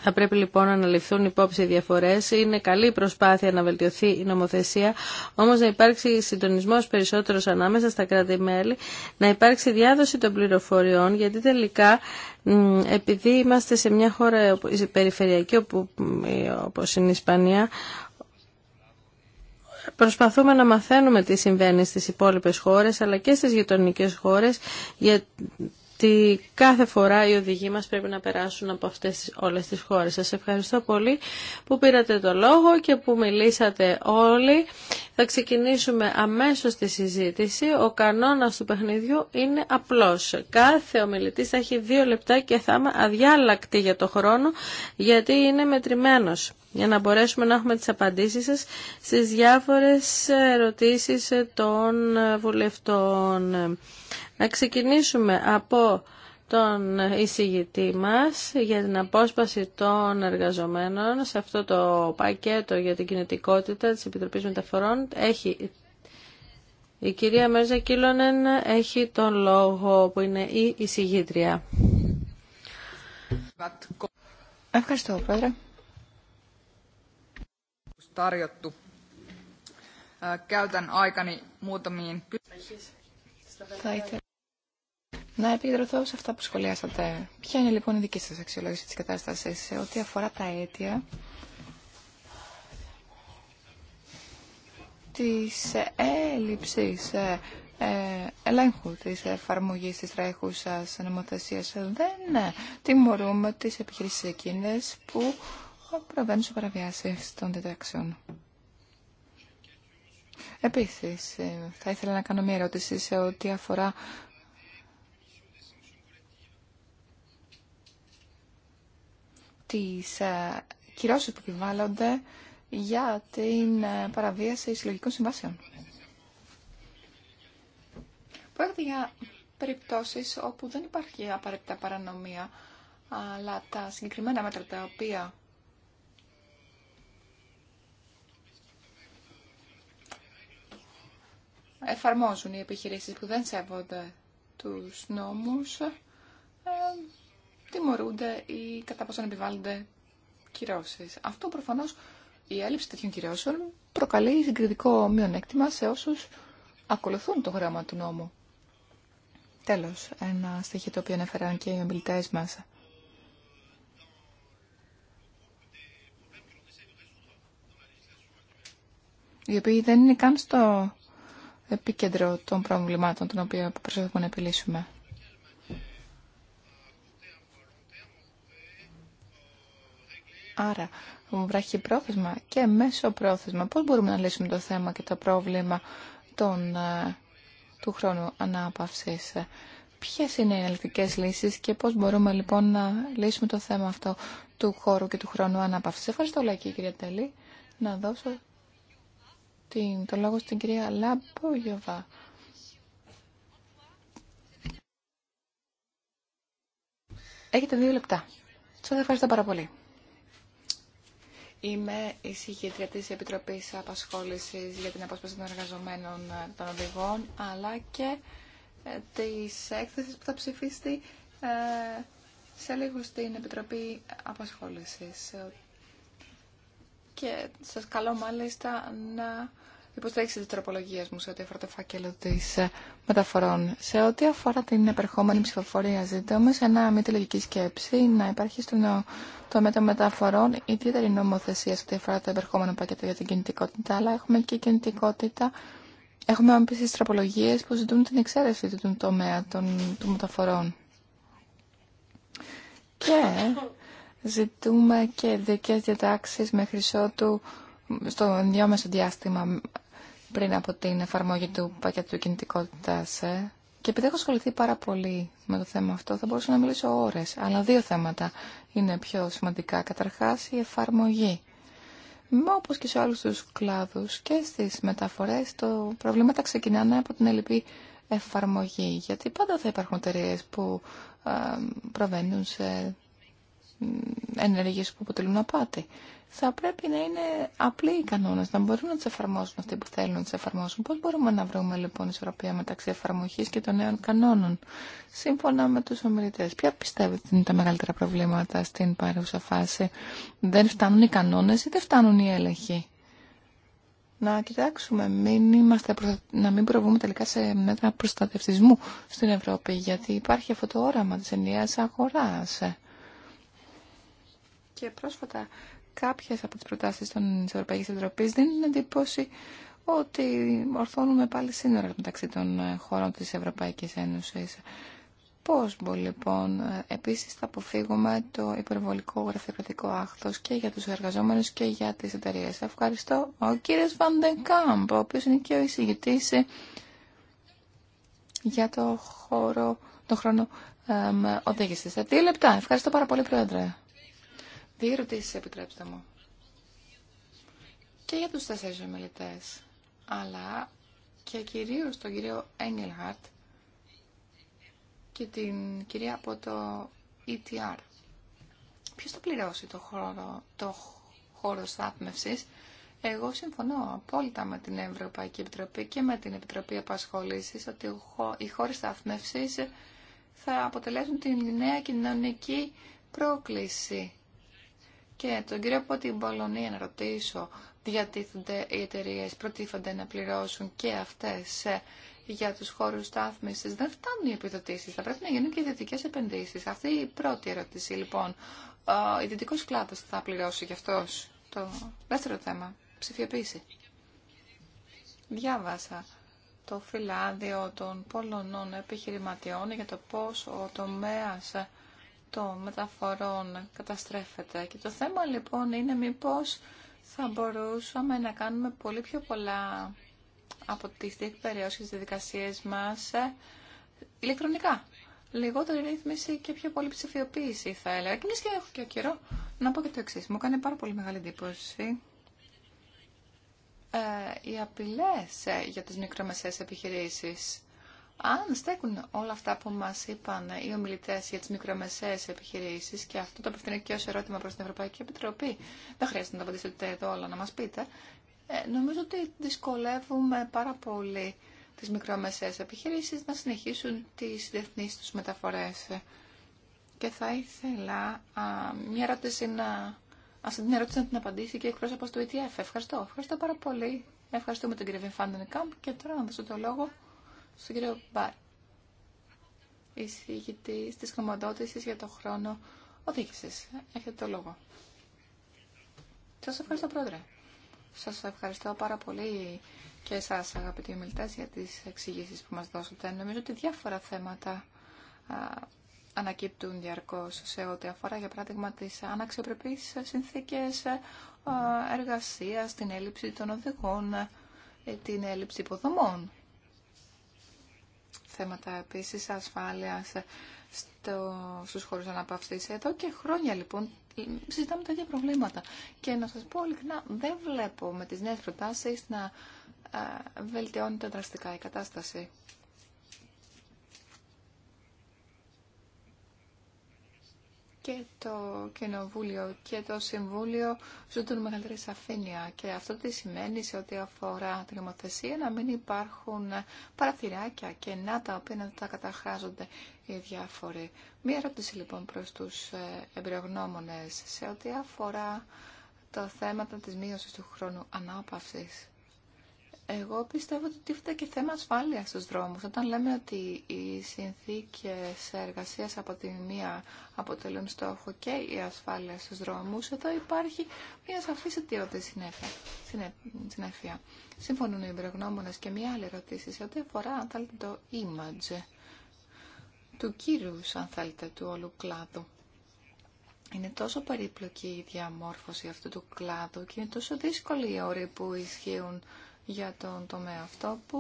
Θα πρέπει λοιπόν να αναλυφθούν υπόψη οι διαφορές. Είναι καλή προσπάθεια να βελτιωθεί η νομοθεσία, όμως να υπάρξει συντονισμό περισσότερο ανάμεσα στα κράτη-μέλη, να υπάρξει διάδοση των πληροφοριών, γιατί τελικά επειδή είμαστε σε μια χώρα περιφερειακή όπω είναι η Ισπανία, προσπαθούμε να μαθαίνουμε τι συμβαίνει στις υπόλοιπες χώρες αλλά και στις γειτονικές χώρες για ότι κάθε φορά οι οδηγοί μας πρέπει να περάσουν από αυτές όλες τις χώρες. Σας ευχαριστώ πολύ που πήρατε το λόγο και που μιλήσατε όλοι. Θα ξεκινήσουμε αμέσως τη συζήτηση. Ο κανόνας του παιχνιδιού είναι απλός. Κάθε ομιλητής θα έχει δύο λεπτά και θα είμαι αδιάλακτη για το χρόνο γιατί είναι μετρημένος για να μπορέσουμε να έχουμε τις απαντήσεις σας στις διάφορες ερωτήσεις των βουλευτών. Να ξεκινήσουμε από τον εισηγητή μας για την απόσπαση των εργαζομένων σε αυτό το πακέτο για την κινητικότητα της Επιτροπής Μεταφορών. Έχει η κυρία Μέρζα Κίλωνεν έχει τον λόγο που είναι η εισηγήτρια. Ευχαριστώ, Πρόεδρε tarjottu. Äh, käytän aikani muutamiin kysymyksiin. Να επικεντρωθώ σε αυτά που σχολιάσατε. Ποια είναι λοιπόν η δική σας αξιολόγηση της κατάστασης σε ό,τι αφορά τα αίτια της έλλειψης ε, ε, ελέγχου της εφαρμογής της τρέχουσας νομοθεσίας. Δεν τιμωρούμε τις επιχειρήσεις εκείνες που προβαίνουν σε παραβιάσει των διδάξεων. Επίσης, ε, θα ήθελα να κάνω μια ερώτηση σε ό,τι αφορά τις ε, κυρώσεις που επιβάλλονται για την ε, παραβίαση συλλογικών συμβάσεων. Πρόκειται για περιπτώσεις όπου δεν υπάρχει απαραίτητα παρανομία, αλλά τα συγκεκριμένα μέτρα τα οποία εφαρμόζουν οι επιχειρήσεις που δεν σέβονται τους νόμους, ε, τιμωρούνται ή κατά πόσον επιβάλλονται κυρώσεις. Αυτό προφανώς η έλλειψη τέτοιων κυρώσεων προκαλεί συγκριτικό μειονέκτημα σε όσους ακολουθούν το γράμμα του νόμου. Τέλος, ένα στοιχείο το οποίο ανέφεραν και οι ομιλητές μας. Οι οποίοι δεν είναι καν στο επίκεντρο των προβλημάτων των οποίων προσπαθούμε να επιλύσουμε. Άρα, βράχει πρόθεσμα και μέσο πρόθεσμα. Πώς μπορούμε να λύσουμε το θέμα και το πρόβλημα των, ε, του χρόνου ανάπαυσης. Ποιες είναι οι ελεκτικές λύσεις και πώς μπορούμε λοιπόν να λύσουμε το θέμα αυτό του χώρου και του χρόνου ανάπαυσης. Ευχαριστώ, Λαϊκή, κυρία Τέλη. Να δώσω την, το λόγο στην κυρία Λαμπόγιοβα. Έχετε δύο λεπτά. Σας ευχαριστώ πάρα πολύ. Είμαι η συγχύτρια της Επιτροπής Απασχόλησης για την Απόσπαση των Εργαζομένων ε, των Οδηγών, αλλά και ε, της έκθεσης που θα ψηφίσει ε, σε λίγο στην Επιτροπή Απασχόλησης και σας καλώ μάλιστα να υποστηρίξετε τις τροπολογίες μου σε ό,τι αφορά το φάκελο της ε, μεταφορών. Σε ό,τι αφορά την επερχόμενη ψηφοφορία ζητούμε σε ένα μη σκέψη να υπάρχει στον τομέα των μεταφορών ιδιαίτερη νομοθεσία σε ό,τι αφορά το επερχόμενο πακέτο για την κινητικότητα, αλλά έχουμε και κινητικότητα Έχουμε επίση τροπολογίε που ζητούν την εξαίρεση του τομέα των, των μεταφορών. Και ζητούμε και ειδικέ διατάξει μέχρι ότου στο ενδιάμεσο διάστημα πριν από την εφαρμογή του πακέτου κινητικότητας. Ε. Και επειδή έχω ασχοληθεί πάρα πολύ με το θέμα αυτό, θα μπορούσα να μιλήσω ώρες. Αλλά δύο θέματα είναι πιο σημαντικά. Καταρχάς, η εφαρμογή. Μα όπω και σε όλου του κλάδους και στις μεταφορές, το προβλήματα ξεκινάνε από την ελληπή εφαρμογή. Γιατί πάντα θα υπάρχουν εταιρείε που ε, προβαίνουν σε ενέργειες που αποτελούν απάτη. Θα πρέπει να είναι απλοί οι κανόνες, να μπορούν να τις εφαρμόσουν αυτοί που θέλουν να τις εφαρμόσουν. Πώς μπορούμε να βρούμε λοιπόν ισορροπία μεταξύ εφαρμογής και των νέων κανόνων, σύμφωνα με τους ομιλητές. Ποια πιστεύετε είναι τα μεγαλύτερα προβλήματα στην παρούσα φάση. Δεν φτάνουν οι κανόνες ή δεν φτάνουν οι έλεγχοι. Να κοιτάξουμε, μην να μην προβούμε τελικά σε μέτρα προστατευτισμού στην Ευρώπη, γιατί υπάρχει αυτό το όραμα της ενιαίας αγοράς και πρόσφατα κάποιες από τις προτάσεις των Ευρωπαϊκής δεν δίνουν εντύπωση ότι ορθώνουμε πάλι σύνορα μεταξύ των ε, χωρών της Ευρωπαϊκής Ένωσης. Πώς μπορεί λοιπόν ε, επίσης θα αποφύγουμε το υπερβολικό γραφειοκρατικό άχθος και για τους εργαζόμενους και για τις εταιρείες. Ευχαριστώ ο κύριος Βαντεκάμπ, ο οποίος είναι και ο εισηγητής ε, για το χώρο, το χρόνο ε, οδήγησης. δύο λεπτά. Ευχαριστώ πάρα πολύ, Πρόεδρε. Δύο ερωτήσει επιτρέψτε μου. Και για τους τέσσερι ομιλητέ. αλλά και κυρίως τον κύριο Έγγελχαρτ και την κυρία από το ETR. Ποιο θα πληρώσει το χώρο, το χώρο στάθμευσης. Εγώ συμφωνώ απόλυτα με την Ευρωπαϊκή Επιτροπή και με την Επιτροπή Απασχόληση ότι οι χώροι στάθμευση θα αποτελέσουν την νέα κοινωνική πρόκληση και τον κύριο από την Πολωνία να ρωτήσω, διατίθενται οι εταιρείε, προτίθενται να πληρώσουν και αυτέ ε, για του χώρου στάθμιση. Δεν φτάνουν οι επιδοτήσει. θα πρέπει να γίνουν και ιδιωτικέ επενδύσει. Αυτή η πρώτη ερώτηση λοιπόν. Ο ιδιωτικός κλάδος θα πληρώσει γι' αυτό. το δεύτερο θέμα, ψηφιοποίηση. Διάβασα το φυλάδιο των Πολωνών επιχειρηματιών για το πώς ο τομέας των μεταφορών καταστρέφεται. Και το θέμα λοιπόν είναι μήπως θα μπορούσαμε να κάνουμε πολύ πιο πολλά από τις διεκπαιρεώσεις διαδικασίες μας ε, ηλεκτρονικά. Λιγότερη ρύθμιση και πιο πολύ ψηφιοποίηση θα έλεγα. Και και έχω και καιρό να πω και το εξή. Μου κάνει πάρα πολύ μεγάλη εντύπωση ε, οι απειλές ε, για τις μικρομεσαίες επιχειρήσεις αν στέκουν όλα αυτά που μα είπαν οι ομιλητέ για τι μικρομεσαίε επιχειρήσει και αυτό το απευθύνω και ω ερώτημα προ την Ευρωπαϊκή Επιτροπή, δεν χρειάζεται να το απαντήσετε εδώ όλα να μα πείτε, ε, νομίζω ότι δυσκολεύουμε πάρα πολύ τις μικρομεσαίε επιχειρήσει να συνεχίσουν τι διεθνεί του μεταφορέ. Και θα ήθελα α, μια ερώτηση να... την ερώτηση να την απαντήσει και εκπρόσωπο του ETF. Ευχαριστώ. Ευχαριστώ πάρα πολύ. Ευχαριστούμε τον κύριο Βιμφάντεν Κάμπ και τώρα να δώσω το λόγο στον κύριο Μπάρ, εισηγητή τη χρηματοδότηση για το χρόνο οδήγηση. Έχετε το λόγο. Σα ευχαριστώ, Πρόεδρε. Σα ευχαριστώ πάρα πολύ και εσά, αγαπητοί ομιλητέ, για τι εξηγήσει που μα δώσατε. Νομίζω ότι διάφορα θέματα ανακύπτουν διαρκώ σε ό,τι αφορά για παράδειγμα τι αναξιοπρεπεί συνθήκες εργασία, την έλλειψη των οδηγών, ε, την έλλειψη υποδομών θέματα επίσης ασφάλειας στο, στους χώρους αναπαύσης. Εδώ και χρόνια λοιπόν συζητάμε τα ίδια προβλήματα. Και να σας πω ειλικρινά, δεν βλέπω με τις νέες προτάσεις να ε, βελτιώνεται δραστικά η κατάσταση. και το Κοινοβούλιο και το Συμβούλιο ζητούν μεγαλύτερη σαφήνεια και αυτό τι σημαίνει σε ό,τι αφορά την νομοθεσία να μην υπάρχουν παραθυράκια και να τα οποία τα καταχράζονται οι διάφοροι. Μία ερώτηση λοιπόν προς τους ε, εμπειρογνώμονες σε ό,τι αφορά το θέμα της μείωσης του χρόνου ανάπαυσης. Εγώ πιστεύω ότι τίθεται και θέμα ασφάλεια στους δρόμους. Όταν λέμε ότι οι συνθήκες εργασίας από τη μία αποτελούν στόχο και η ασφάλεια στους δρόμους, εδώ υπάρχει μια σαφή αιτιώδη συνέφεια. Συμφωνούν οι εμπειρογνώμονες και μια άλλη ερώτηση σε ό,τι αφορά αν θέλετε, το image του κύριου, αν θέλετε, του όλου κλάδου. Είναι τόσο περίπλοκη η διαμόρφωση αυτού του κλάδου και είναι τόσο δύσκολη η όροι που ισχύουν για τον τομέα αυτό που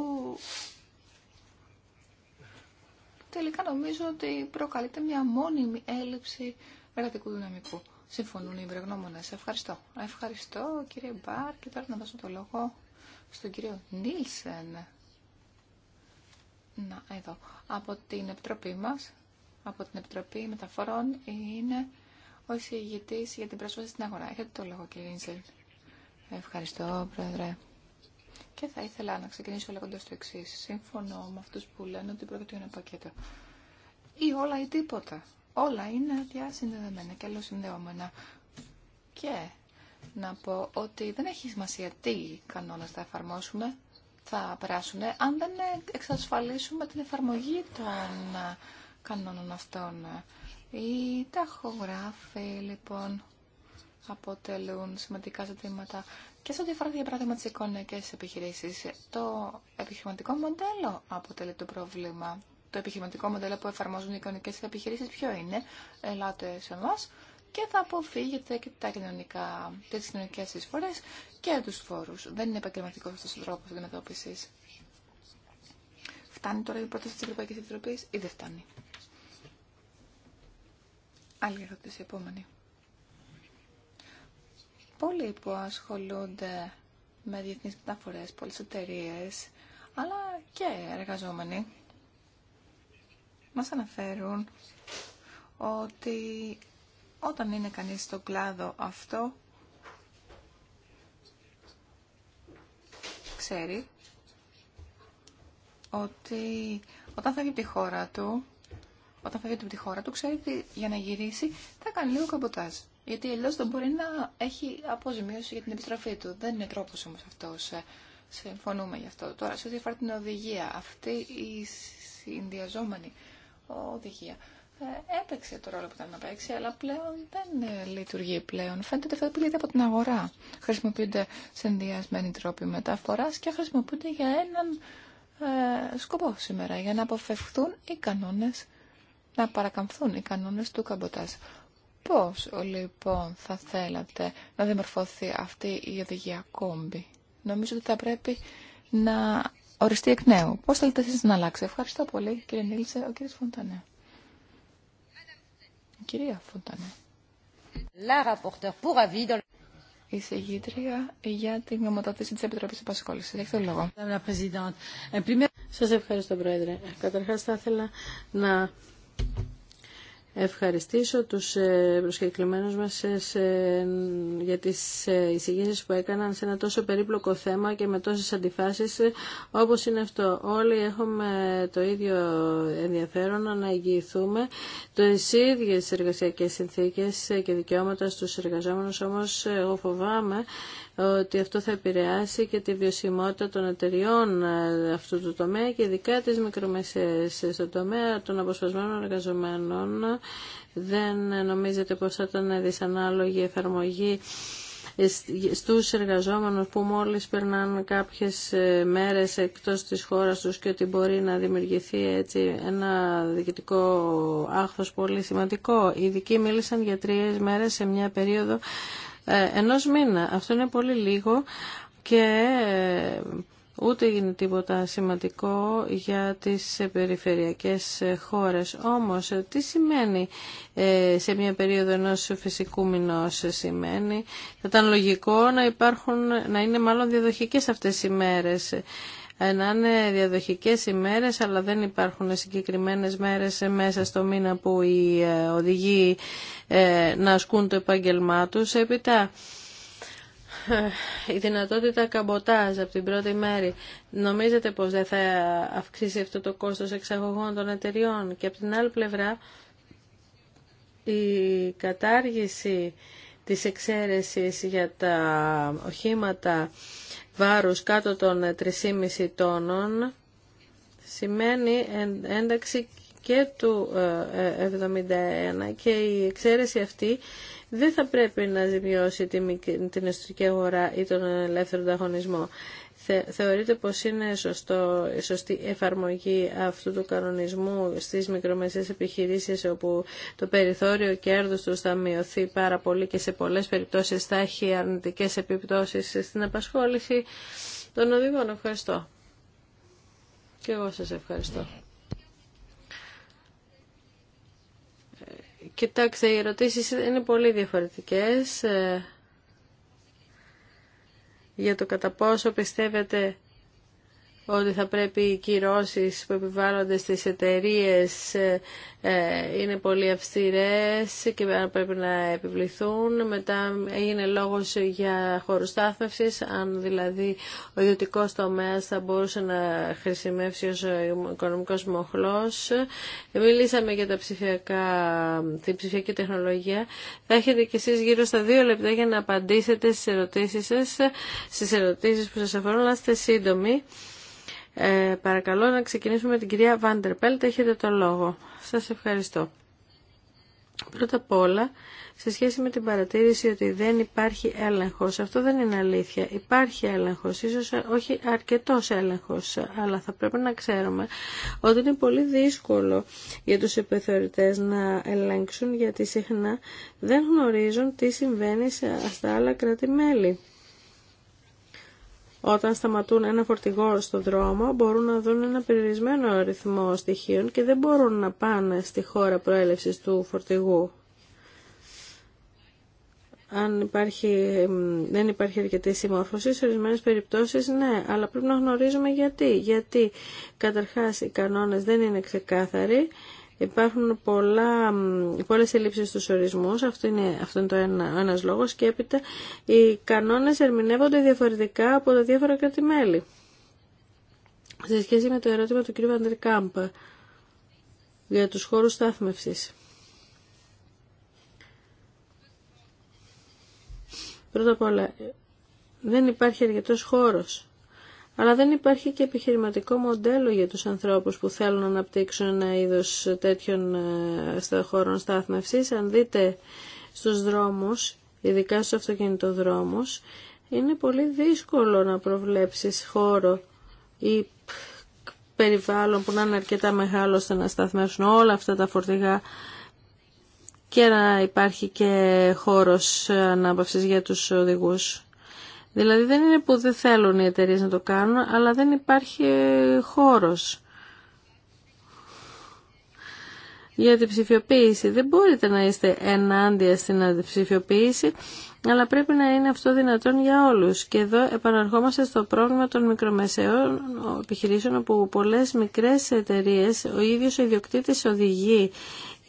τελικά νομίζω ότι προκαλείται μια μόνιμη έλλειψη εργατικού δυναμικού. Συμφωνούν οι υπεργνώμονε. Ευχαριστώ. Ευχαριστώ κύριε Μπάρ και τώρα να δώσω το λόγο στον κύριο Νίλσεν. Να, εδώ. Από την Επιτροπή μας, από την Επιτροπή Μεταφορών, είναι ο εισηγητής για την πρόσβαση στην αγορά. Έχετε το λόγο κύριε Νίλσεν. Ευχαριστώ πρόεδρε. Και θα ήθελα να ξεκινήσω λέγοντα το εξή. Σύμφωνο με αυτού που λένε ότι πρόκειται για ένα πακέτο. Ή όλα ή τίποτα. Όλα είναι διασυνδεδεμένα και αλλοσυνδεόμενα. Και να πω ότι δεν έχει σημασία τι κανόνε θα εφαρμόσουμε, θα περάσουν, αν δεν εξασφαλίσουμε την εφαρμογή των κανόνων αυτών. Οι ταχογράφοι, λοιπόν, αποτελούν σημαντικά ζητήματα και σε ό,τι αφορά για παράδειγμα τι εικονικέ επιχειρήσει, το επιχειρηματικό μοντέλο αποτελεί το πρόβλημα. Το επιχειρηματικό μοντέλο που εφαρμόζουν οι οικονομικέ επιχειρήσει ποιο είναι, ελάτε σε εμά και θα αποφύγετε και τα κοινωνικά, και τις κοινωνικές εισφορές και τους φόρους. Δεν είναι επαγγελματικό αυτό ο τρόπο αντιμετώπιση. Φτάνει τώρα η πρόταση τη Ευρωπαϊκή επιτροπή ή δεν φτάνει. Άλλη ερώτηση, επόμενη πολλοί που ασχολούνται με διεθνείς μεταφορές, πολλές εταιρείε, αλλά και εργαζόμενοι μας αναφέρουν ότι όταν είναι κανείς στον κλάδο αυτό ξέρει ότι όταν φεύγει από τη χώρα του όταν φεύγει από τη χώρα του ξέρει ότι για να γυρίσει θα κάνει λίγο καμποτάζ. Γιατί η δεν μπορεί να έχει αποζημίωση για την επιστροφή του. Δεν είναι τρόπο όμω αυτό. Ε, συμφωνούμε γι' αυτό. Τώρα, σε ό,τι αφορά την οδηγία, αυτή η συνδυαζόμενη οδηγία ε, έπαιξε το ρόλο που ήταν να παίξει, αλλά πλέον δεν ε, λειτουργεί πλέον. Φαίνεται ότι αυτό πηγαίνει από την αγορά. Χρησιμοποιούνται σε τρόποι μεταφορά και χρησιμοποιούνται για έναν σκοπό σήμερα, για να αποφευχθούν οι κανόνε, να παρακαμφθούν οι κανόνε του καμποτάζ. Πώς λοιπόν θα θέλατε να δημορφωθεί αυτή η οδηγία κόμπη. Νομίζω ότι θα πρέπει να οριστεί εκ νέου. Πώς θέλετε εσείς να αλλάξει. Ευχαριστώ πολύ κύριε Νίλσε, ο κύριος Φοντανέ. Η κυρία Φοντανέ. Η συγγήτρια για την γνωμοτότηση της Επιτροπής Επασχόλησης. Έχετε το λόγο. Σας ευχαριστώ Πρόεδρε. Καταρχάς θα ήθελα να ευχαριστήσω τους ε, προσκεκλημένους μας ε, για τις ε, εισηγήσει που έκαναν σε ένα τόσο περίπλοκο θέμα και με τόσες αντιφάσεις όπως είναι αυτό. Όλοι έχουμε το ίδιο ενδιαφέρον να εγγυηθούμε τις ίδιες εργασιακές συνθήκες και δικαιώματα στους εργαζόμενους, όμως εγώ φοβάμαι ότι αυτό θα επηρεάσει και τη βιωσιμότητα των εταιριών ε, αυτού του τομέα και ειδικά τις μικρομεσαίες στον τομέα των αποσπασμένων εργαζομένων. Δεν νομίζετε πως θα ήταν δυσανάλογη εφαρμογή στους εργαζόμενους που μόλις περνάνε κάποιες ε, μέρες εκτός της χώρας τους και ότι μπορεί να δημιουργηθεί έτσι ένα διοικητικό άχθος πολύ σημαντικό. Οι ειδικοί μίλησαν για τρεις μέρες σε μια περίοδο ε, ενός μήνα. Αυτό είναι πολύ λίγο και ε, ούτε γίνεται τίποτα σημαντικό για τις ε, περιφερειακές χώρες. Όμως, τι σημαίνει σε μια περίοδο ενός φυσικού μηνός σημαίνει. Θα ήταν λογικό να υπάρχουν, να είναι μάλλον διαδοχικές αυτές οι μέρες. Ε, να είναι διαδοχικές ημέρες αλλά δεν υπάρχουν συγκεκριμένες μέρες μέσα στο μήνα που οι ε, οδηγοί ε, να ασκούν το επάγγελμά τους. Έπειτα η δυνατότητα καμποτάζ από την πρώτη μέρη νομίζετε πως δεν θα αυξήσει αυτό το κόστος εξαγωγών των εταιριών και από την άλλη πλευρά η κατάργηση της εξαίρεσης για τα οχήματα βάρους κάτω των 3,5 ε, τόνων σημαίνει ένταξη και του 71 ε, ε, και η εξαίρεση αυτή δεν θα πρέπει να ζημιώσει την εσωτερική αγορά ή τον ελεύθερο ανταγωνισμό θεωρείτε πως είναι σωστό, σωστή εφαρμογή αυτού του κανονισμού στις μικρομεσαίες επιχειρήσεις όπου το περιθώριο κέρδους τους θα μειωθεί πάρα πολύ και σε πολλές περιπτώσεις θα έχει αρνητικές επιπτώσεις στην απασχόληση των οδηγών. Ευχαριστώ. Και εγώ σας ευχαριστώ. Ε, κοιτάξτε, οι ερωτήσεις είναι πολύ διαφορετικές. Ε, για το κατά πόσο πιστεύετε ότι θα πρέπει οι κυρώσεις που επιβάλλονται στις εταιρείες ε, ε, είναι πολύ αυστηρές και πρέπει να επιβληθούν. Μετά έγινε λόγος για χωροστάθμευσης, αν δηλαδή ο ιδιωτικό τομέα θα μπορούσε να χρησιμεύσει ως οικονομικός μοχλός. Μιλήσαμε για τα ψηφιακά, την ψηφιακή τεχνολογία. Θα έχετε κι εσείς γύρω στα δύο λεπτά για να απαντήσετε στις ερωτήσεις σας, στις ερωτήσεις που σας αφορούν, να είστε σύντομοι. Ε, παρακαλώ να ξεκινήσουμε με την κυρία Βάντερ Πέλτ. Έχετε το λόγο. Σας ευχαριστώ. Πρώτα απ' όλα, σε σχέση με την παρατήρηση ότι δεν υπάρχει έλεγχος, αυτό δεν είναι αλήθεια. Υπάρχει έλεγχος, ίσως όχι αρκετός έλεγχος, αλλά θα πρέπει να ξέρουμε ότι είναι πολύ δύσκολο για τους επιθεωρητές να ελέγξουν, γιατί συχνά δεν γνωρίζουν τι συμβαίνει στα άλλα κράτη-μέλη. Όταν σταματούν ένα φορτηγό στον δρόμο μπορούν να δουν ένα περιορισμένο αριθμό στοιχείων και δεν μπορούν να πάνε στη χώρα προέλευσης του φορτηγού. Αν υπάρχει, δεν υπάρχει αρκετή συμμόρφωση, σε ορισμένε περιπτώσει ναι, αλλά πρέπει να γνωρίζουμε γιατί. Γιατί καταρχάς, οι κανόνες δεν είναι ξεκάθαροι Υπάρχουν πολλά, πολλές ελλείψεις στους ορισμούς, αυτό είναι, αυτό είναι το ένα, ο ένας λόγος και έπειτα οι κανόνες ερμηνεύονται διαφορετικά από τα διάφορα κράτη-μέλη. Σε σχέση με το ερώτημα του κ. Βαντερκάμπ για τους χώρους στάθμευσης. Πρώτα απ' όλα, δεν υπάρχει αρκετός χώρος αλλά δεν υπάρχει και επιχειρηματικό μοντέλο για τους ανθρώπους που θέλουν να αναπτύξουν ένα είδος τέτοιων ε, χώρων στάθμευσης. Αν δείτε στους δρόμους, ειδικά στους αυτοκινητοδρόμους, είναι πολύ δύσκολο να προβλέψεις χώρο ή περιβάλλον που να είναι αρκετά μεγάλο ώστε να σταθμεύσουν όλα αυτά τα φορτηγά και να υπάρχει και χώρος ανάπαυσης για τους οδηγούς. Δηλαδή δεν είναι που δεν θέλουν οι εταιρείε να το κάνουν, αλλά δεν υπάρχει χώρος για την ψηφιοποίηση. Δεν μπορείτε να είστε ενάντια στην ψηφιοποίηση, αλλά πρέπει να είναι αυτό δυνατόν για όλους. Και εδώ επαναρχόμαστε στο πρόβλημα των μικρομεσαίων επιχειρήσεων, όπου πολλές μικρές εταιρείες, ο ίδιος ο ιδιοκτήτης οδηγεί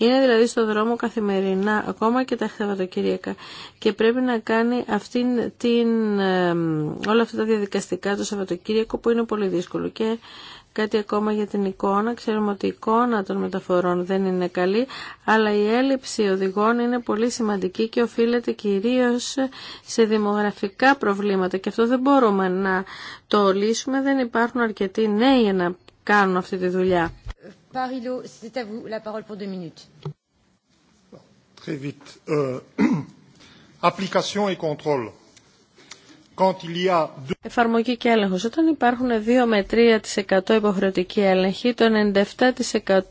είναι δηλαδή στο δρόμο καθημερινά, ακόμα και τα Σαββατοκύριακα. Και πρέπει να κάνει αυτήν την, όλα αυτά τα διαδικαστικά το Σαββατοκύριακο που είναι πολύ δύσκολο. Και Κάτι ακόμα για την εικόνα. Ξέρουμε ότι η εικόνα των μεταφορών δεν είναι καλή, αλλά η έλλειψη οδηγών είναι πολύ σημαντική και οφείλεται κυρίως σε δημογραφικά προβλήματα. Και αυτό δεν μπορούμε να το λύσουμε. Δεν υπάρχουν αρκετοί νέοι να κάνουν αυτή τη δουλειά. Εφαρμογή και έλεγχο. Όταν υπάρχουν 2 με 3% υποχρεωτική έλεγχη, το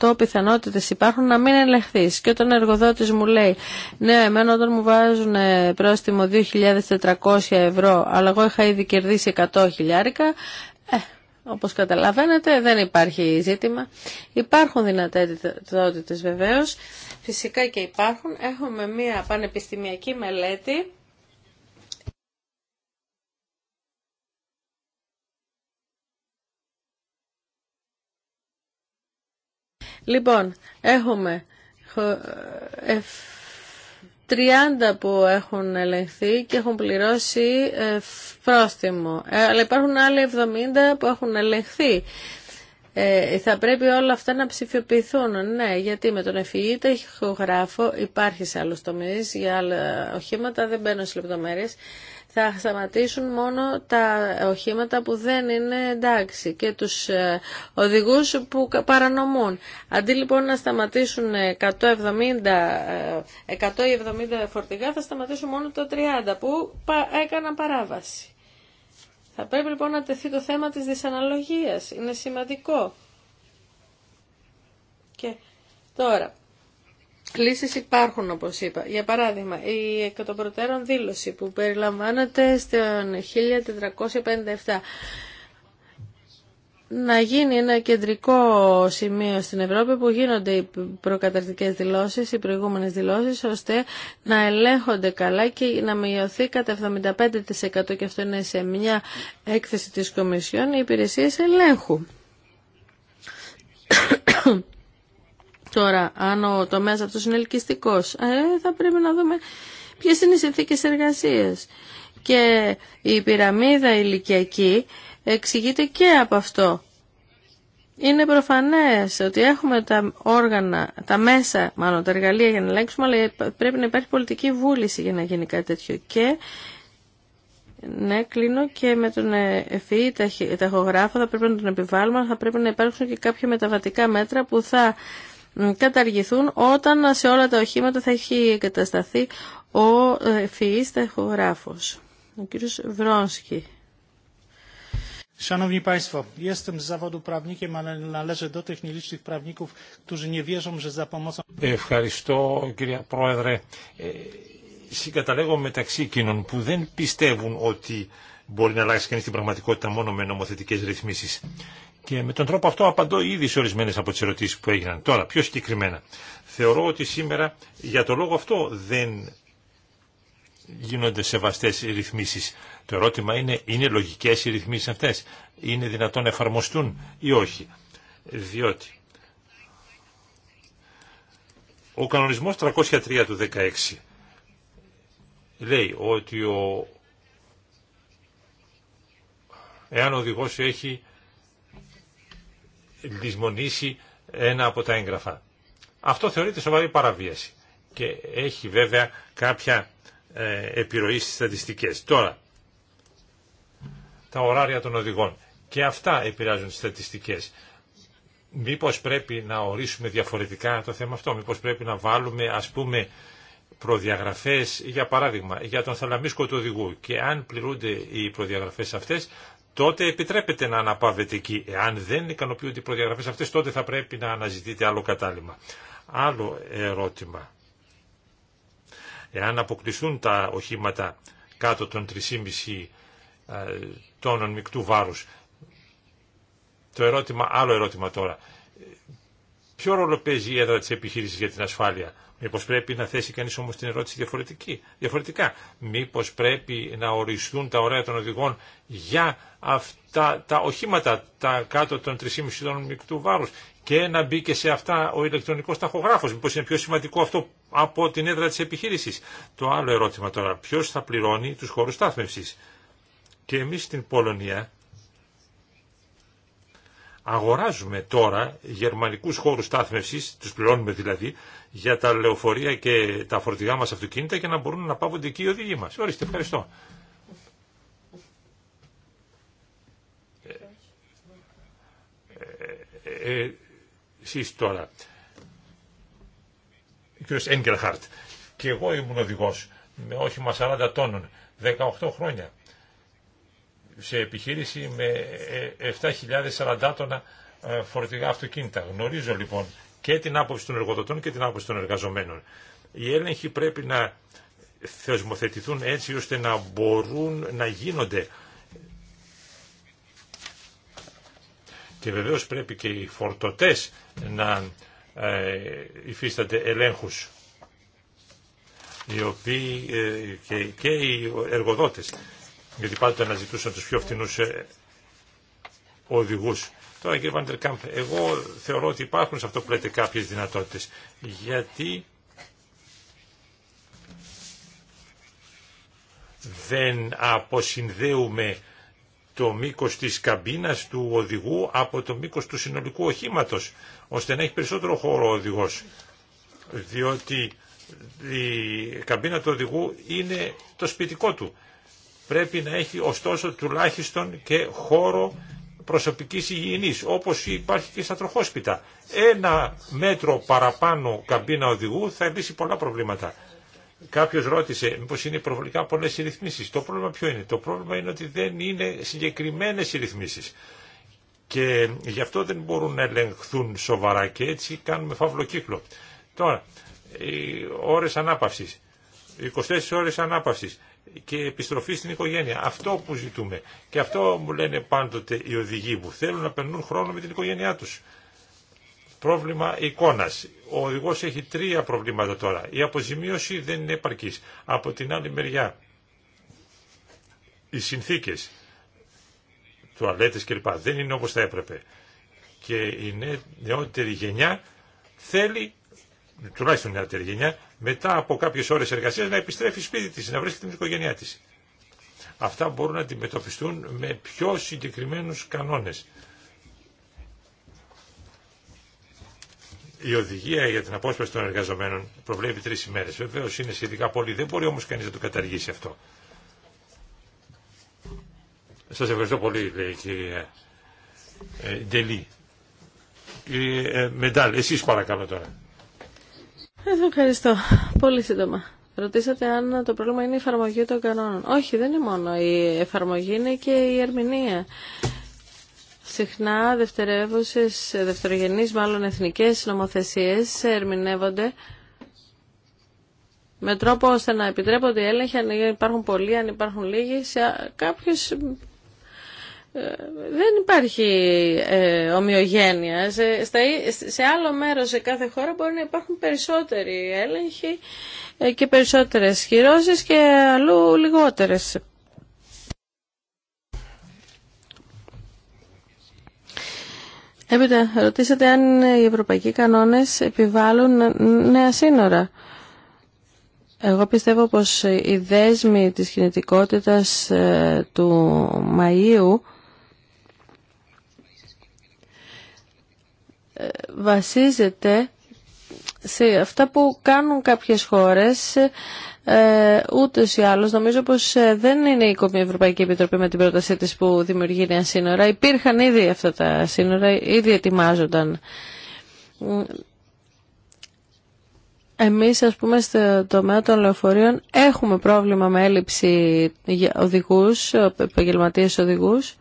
97% πιθανότητε υπάρχουν να μην ελεγχθεί. Και όταν ο εργοδότη μου λέει, Ναι, εμένα όταν μου βάζουν ε, πρόστιμο 2.400 ευρώ, αλλά εγώ είχα ήδη κερδίσει 100 χιλιάρικα, ε, όπως καταλαβαίνετε δεν υπάρχει ζήτημα. Υπάρχουν δυνατότητες βεβαίως. Φυσικά και υπάρχουν. Έχουμε μία πανεπιστημιακή μελέτη. Λοιπόν, έχουμε ε, 30 που έχουν ελεγχθεί και έχουν πληρώσει ε, πρόστιμο. Ε, αλλά υπάρχουν άλλοι 70 που έχουν ελεγχθεί. Ε, θα πρέπει όλα αυτά να ψηφιοποιηθούν. Ναι, γιατί με τον έχω e e γράφω, υπάρχει σε άλλου τομεί, για άλλα οχήματα, δεν μπαίνω σε λεπτομέρειε θα σταματήσουν μόνο τα οχήματα που δεν είναι εντάξει και τους ε, οδηγούς που παρανομούν. Αντί λοιπόν να σταματήσουν 170, 170 ε, φορτηγά θα σταματήσουν μόνο τα 30 που έκαναν παράβαση. Θα πρέπει λοιπόν να τεθεί το θέμα της δυσαναλογίας. Είναι σημαντικό. Και τώρα, Λύσεις υπάρχουν όπως είπα. Για παράδειγμα, η εκατοπροτέρων δήλωση που περιλαμβάνεται στον 1457 να γίνει ένα κεντρικό σημείο στην Ευρώπη που γίνονται οι προκαταρτικές δηλώσεις, οι προηγούμενες δηλώσεις, ώστε να ελέγχονται καλά και να μειωθεί κατά 75% και αυτό είναι σε μια έκθεση της Κομισιόν οι υπηρεσίες ελέγχου. Τώρα, αν το μέσα αυτό είναι ελκυστικό. ε, θα πρέπει να δούμε ποιε είναι οι συνθήκε εργασία. Και η πυραμίδα ηλικιακή εξηγείται και από αυτό. Είναι προφανές ότι έχουμε τα όργανα, τα μέσα, μάλλον τα εργαλεία για να ελέγξουμε, αλλά πρέπει να υπάρχει πολιτική βούληση για να γίνει κάτι τέτοιο. Και ναι, κλείνω και με τον ΕΦΗ, ταχογράφο, θα πρέπει να τον επιβάλλουμε, θα πρέπει να υπάρξουν και κάποια μεταβατικά μέτρα που θα καταργηθούν όταν σε όλα τα οχήματα θα έχει εγκατασταθεί ο ευφυής ταχογράφος. Ο κύριος Βρόνσκι. Szanowni Państwo, jestem z zawodu prawnikiem, ale należę do tych nielicznych prawników, którzy nie wierzą, że za pomocą... Ευχαριστώ, κύριε Πρόεδρε. Ε, συγκαταλέγω μεταξύ εκείνων που δεν πιστεύουν ότι μπορεί να αλλάξει κανείς την πραγματικότητα μόνο με νομοθετικές ρυθμίσεις. Και με τον τρόπο αυτό απαντώ ήδη σε ορισμένες από τις ερωτήσεις που έγιναν. Τώρα, πιο συγκεκριμένα, θεωρώ ότι σήμερα για το λόγο αυτό δεν γίνονται σεβαστές οι ρυθμίσεις. Το ερώτημα είναι, είναι λογικές οι ρυθμίσεις αυτές, είναι δυνατόν να εφαρμοστούν ή όχι. Διότι ο κανονισμός 303 του 16 λέει ότι ο, εάν ο οδηγός έχει λησμονήσει ένα από τα έγγραφα. Αυτό θεωρείται σοβαρή παραβίαση και έχει βέβαια κάποια ε, επιρροή στις στατιστικές. Τώρα, τα ωράρια των οδηγών και αυτά επηρεάζουν τις στατιστικές. Μήπως πρέπει να ορίσουμε διαφορετικά το θέμα αυτό, μήπως πρέπει να βάλουμε ας πούμε προδιαγραφές, για παράδειγμα, για τον θαλαμίσκο του οδηγού και αν πληρούνται οι προδιαγραφές αυτές τότε επιτρέπεται να αναπαύεται εκεί. Εάν δεν ικανοποιούνται οι προδιαγραφές αυτές, τότε θα πρέπει να αναζητείτε άλλο κατάλημα. Άλλο ερώτημα. Εάν αποκλειστούν τα οχήματα κάτω των 3,5 ε, τόνων μικτού βάρους, το ερώτημα, άλλο ερώτημα τώρα. Ποιο ρόλο παίζει η έδρα της επιχείρησης για την ασφάλεια. Μήπω πρέπει να θέσει κανεί όμω την ερώτηση διαφορετική, διαφορετικά. Μήπω πρέπει να οριστούν τα ωραία των οδηγών για αυτά τα οχήματα, τα κάτω των 3,5 τόνων μεικτού βάρους και να μπει και σε αυτά ο ηλεκτρονικός ταχογράφος. μήπω είναι πιο σημαντικό αυτό από την έδρα της επιχείρησης. Το άλλο ερώτημα τώρα, Ποιο θα πληρώνει του χώρου στάθμευση. Και εμεί στην Πολωνία αγοράζουμε τώρα γερμανικούς χώρους στάθμευσης, τους πληρώνουμε δηλαδή, για τα λεωφορεία και τα φορτηγά μας αυτοκίνητα για να μπορούν να πάβονται εκεί οι οδηγοί μας. Ορίστε, ευχαριστώ. Ε, ε, εσείς τώρα, ο κ. Έγκελχαρτ, και εγώ ήμουν οδηγός με όχημα 40 τόνων, 18 χρόνια σε επιχείρηση με 7.040 ε, άτομα ε, φορτηγά αυτοκίνητα. Γνωρίζω λοιπόν και την άποψη των εργοδοτών και την άποψη των εργαζομένων. Οι έλεγχοι πρέπει να θεσμοθετηθούν έτσι ώστε να μπορούν να γίνονται. Και βεβαίως πρέπει και οι φορτωτές να ε, υφίστανται ελέγχους οι οποίοι και, οι εργοδότες γιατί πάντοτε αναζητούσαν τους πιο φθηνούς ε, οδηγούς. Τώρα κύριε Βαντερκάμπ, εγώ θεωρώ ότι υπάρχουν σε αυτό που λέτε κάποιες δυνατότητες, γιατί δεν αποσυνδέουμε το μήκος της καμπίνας του οδηγού από το μήκος του συνολικού οχήματος, ώστε να έχει περισσότερο χώρο ο οδηγός. Διότι η καμπίνα του οδηγού είναι το σπιτικό του πρέπει να έχει ωστόσο τουλάχιστον και χώρο προσωπικής υγιεινής, όπως υπάρχει και στα τροχόσπιτα. Ένα μέτρο παραπάνω καμπίνα οδηγού θα λύσει πολλά προβλήματα. Κάποιος ρώτησε μήπως είναι προβολικά πολλές οι Το πρόβλημα ποιο είναι. Το πρόβλημα είναι ότι δεν είναι συγκεκριμένες οι Και γι' αυτό δεν μπορούν να ελεγχθούν σοβαρά και έτσι κάνουμε φαύλο κύκλο. Τώρα, οι ώρες ανάπαυσης. 24 ώρες ανάπαυσης και επιστροφή στην οικογένεια. Αυτό που ζητούμε. Και αυτό μου λένε πάντοτε οι οδηγοί μου. Θέλουν να περνούν χρόνο με την οικογένειά τους. Πρόβλημα εικόνας. Ο οδηγός έχει τρία προβλήματα τώρα. Η αποζημίωση δεν είναι επαρκής. Από την άλλη μεριά, οι συνθήκες, τουαλέτες κλπ. δεν είναι όπως θα έπρεπε. Και η νεότερη γενιά θέλει τουλάχιστον μια γενιά, μετά από κάποιε ώρες εργασίας να επιστρέφει σπίτι της, να βρίσκεται την οικογένειά τη. Αυτά μπορούν να αντιμετωπιστούν με πιο συγκεκριμένου κανόνες. Η οδηγία για την απόσπαση των εργαζομένων προβλέπει τρει ημέρε. Βεβαίω είναι σχετικά πολύ. Δεν μπορεί όμω κανεί να το καταργήσει αυτό. Σα ευχαριστώ πολύ, λέει η κυρία ε, Ντελή. Κύριε ε, Μεντάλ, εσεί παρακαλώ τώρα. Ευχαριστώ. Πολύ σύντομα. Ρωτήσατε αν το πρόβλημα είναι η εφαρμογή των κανόνων. Όχι, δεν είναι μόνο η εφαρμογή, είναι και η ερμηνεία. Συχνά δευτερεύουσες, δευτερογενείς μάλλον εθνικές νομοθεσίες ερμηνεύονται με τρόπο ώστε να επιτρέπονται οι έλεγχοι αν υπάρχουν πολλοί, αν υπάρχουν λίγοι, σε κάποιους ε, δεν υπάρχει ε, ομοιογένεια. Σε, στα, σε άλλο μέρος, σε κάθε χώρα μπορεί να υπάρχουν περισσότεροι έλεγχοι ε, και περισσότερες χειρώσεις και αλλού λιγότερες. Έπειτα, ρωτήσατε αν οι ευρωπαϊκοί κανόνες επιβάλλουν νέα σύνορα. Εγώ πιστεύω πως οι δέσμοι της κινητικότητας ε, του Μαΐου βασίζεται σε αυτά που κάνουν κάποιες χώρες ε, ούτε ή άλλως. νομίζω πω ε, δεν είναι η Ευρωπαϊκή Επιτροπή με την πρότασή τη που δημιουργεί νέα σύνορα. Υπήρχαν ήδη αυτά τα σύνορα, ήδη ετοιμάζονταν. Ε, εμείς, ας πούμε, στο τομέα των λεωφορείων έχουμε πρόβλημα με έλλειψη οδηγούς, επαγγελματίε οδηγούς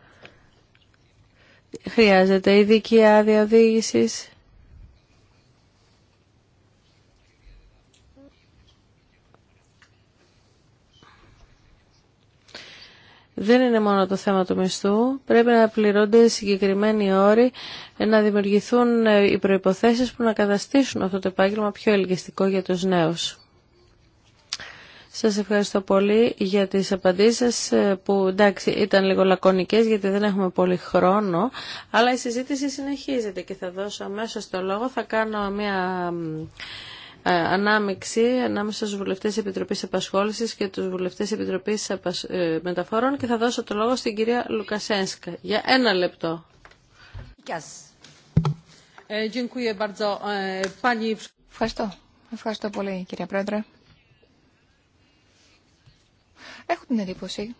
χρειάζεται ειδική άδεια οδήγησης. Δεν είναι μόνο το θέμα του μισθού, πρέπει να πληρώνται συγκεκριμένοι όροι, να δημιουργηθούν οι προϋποθέσεις που να καταστήσουν αυτό το επάγγελμα πιο ελκυστικό για τους νέους. Σας ευχαριστώ πολύ για τις απαντήσεις ε, που εντάξει ήταν λίγο λακωνικές γιατί δεν έχουμε πολύ χρόνο αλλά η συζήτηση συνεχίζεται και θα δώσω αμέσω το λόγο. Θα κάνω μια ε, ανάμειξη ανάμεσα στους βουλευτές Επιτροπής Επασχόλησης και τους βουλευτές Επιτροπής ε, Μεταφορών και θα δώσω το λόγο στην κυρία Λουκασένσκα για ένα λεπτό. Ευχαριστώ. Ευχαριστώ πολύ κυρία Πρόεδρε. Έχω την εντύπωση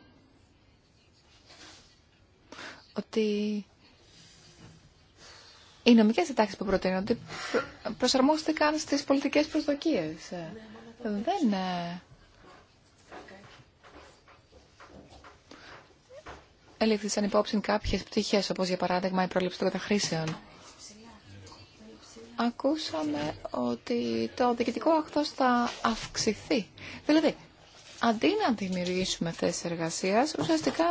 ότι οι νομικές συντάξεις που προτείνονται προσαρμόστηκαν στις πολιτικές προσδοκίες. Δεν... Ε, ελήφθησαν υπόψη κάποιες πτυχές, όπως για παράδειγμα η πρόληψη των καταχρήσεων. Ακούσαμε ότι το διοικητικό αυτό θα αυξηθεί. Δηλαδή, αντί να δημιουργήσουμε θέσει εργασίας, ουσιαστικά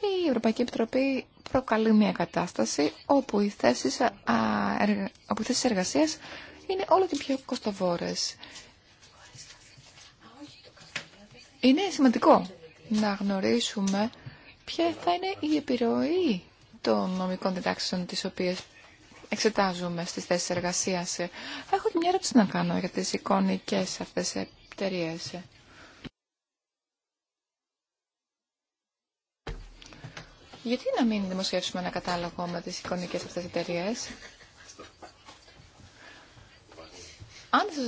η Ευρωπαϊκή Επιτροπή προκαλεί μια κατάσταση όπου οι θέσει είναι όλο και πιο κοστοβόρε. Είναι σημαντικό να γνωρίσουμε ποια θα είναι η επιρροή των νομικών διδάξεων τις οποίες εξετάζουμε στις θέσεις εργασίας. Έχω και μια ερώτηση να κάνω για τις εικόνικες αυτές εταιρείε. Γιατί να μην δημοσιεύσουμε ένα κατάλογο με τις εικονικές αυτές εταιρείε.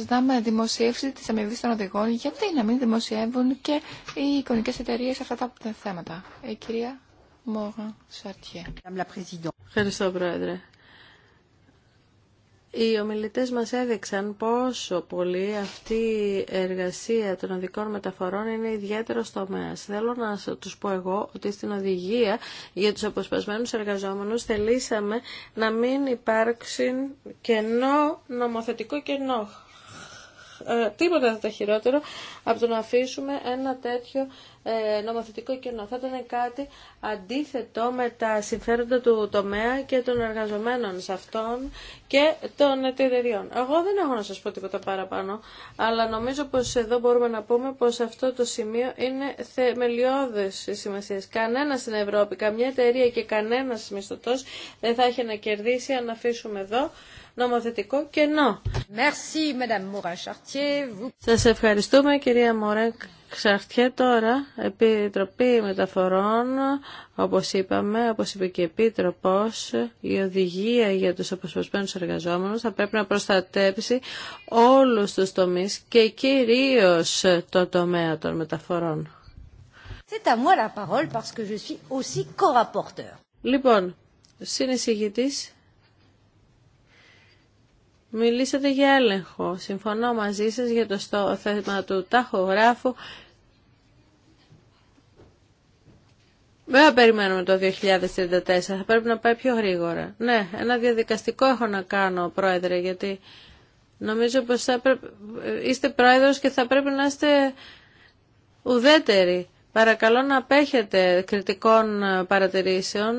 Αν να δημοσίευση τη αμοιβή των οδηγών, γιατί να μην δημοσιεύουν και οι εικονικέ εταιρείε αυτά τα θέματα. Η κυρία Μόγα Σαρτιέ. Ευχαριστώ, Πρόεδρε. Οι ομιλητές μας έδειξαν πόσο πολύ αυτή η εργασία των οδικών μεταφορών είναι ιδιαίτερο τομέα. Θέλω να τους πω εγώ ότι στην οδηγία για τους αποσπασμένους εργαζόμενους θελήσαμε να μην υπάρξει κενό, νομοθετικό κενό. Ε, τίποτα θα τα χειρότερο από το να αφήσουμε ένα τέτοιο ε, νομοθετικό κενό. Θα ήταν κάτι αντίθετο με τα συμφέροντα του τομέα και των εργαζομένων σε αυτόν και των εταιρεών. Εγώ δεν έχω να σας πω τίποτα παραπάνω, αλλά νομίζω πως εδώ μπορούμε να πούμε πως αυτό το σημείο είναι θεμελιώδες σημασία. Κανένα στην Ευρώπη, καμιά εταιρεία και κανένας μισθωτός δεν θα έχει να κερδίσει αν αφήσουμε εδώ νομοθετικό κενό. Σας ευχαριστούμε, κυρία Μωρέκ. Ξαρτιέ τώρα, Επιτροπή Μεταφορών, όπως είπαμε, όπως είπε και η Επίτροπος, η οδηγία για τους αποσπασμένους εργαζόμενους θα πρέπει να προστατέψει όλους τους τομείς και κυρίως το τομέα των μεταφορών. C'est Λοιπόν, συνεισηγητής Μιλήσατε για έλεγχο. Συμφωνώ μαζί σας για το θέμα του ταχογράφου. Βέβαια περιμένουμε το 2034, θα πρέπει να πάει πιο γρήγορα. Ναι, ένα διαδικαστικό έχω να κάνω, πρόεδρε, γιατί νομίζω πως είστε πρόεδρος και θα πρέπει να είστε ουδέτεροι. Παρακαλώ να απέχετε κριτικών παρατηρήσεων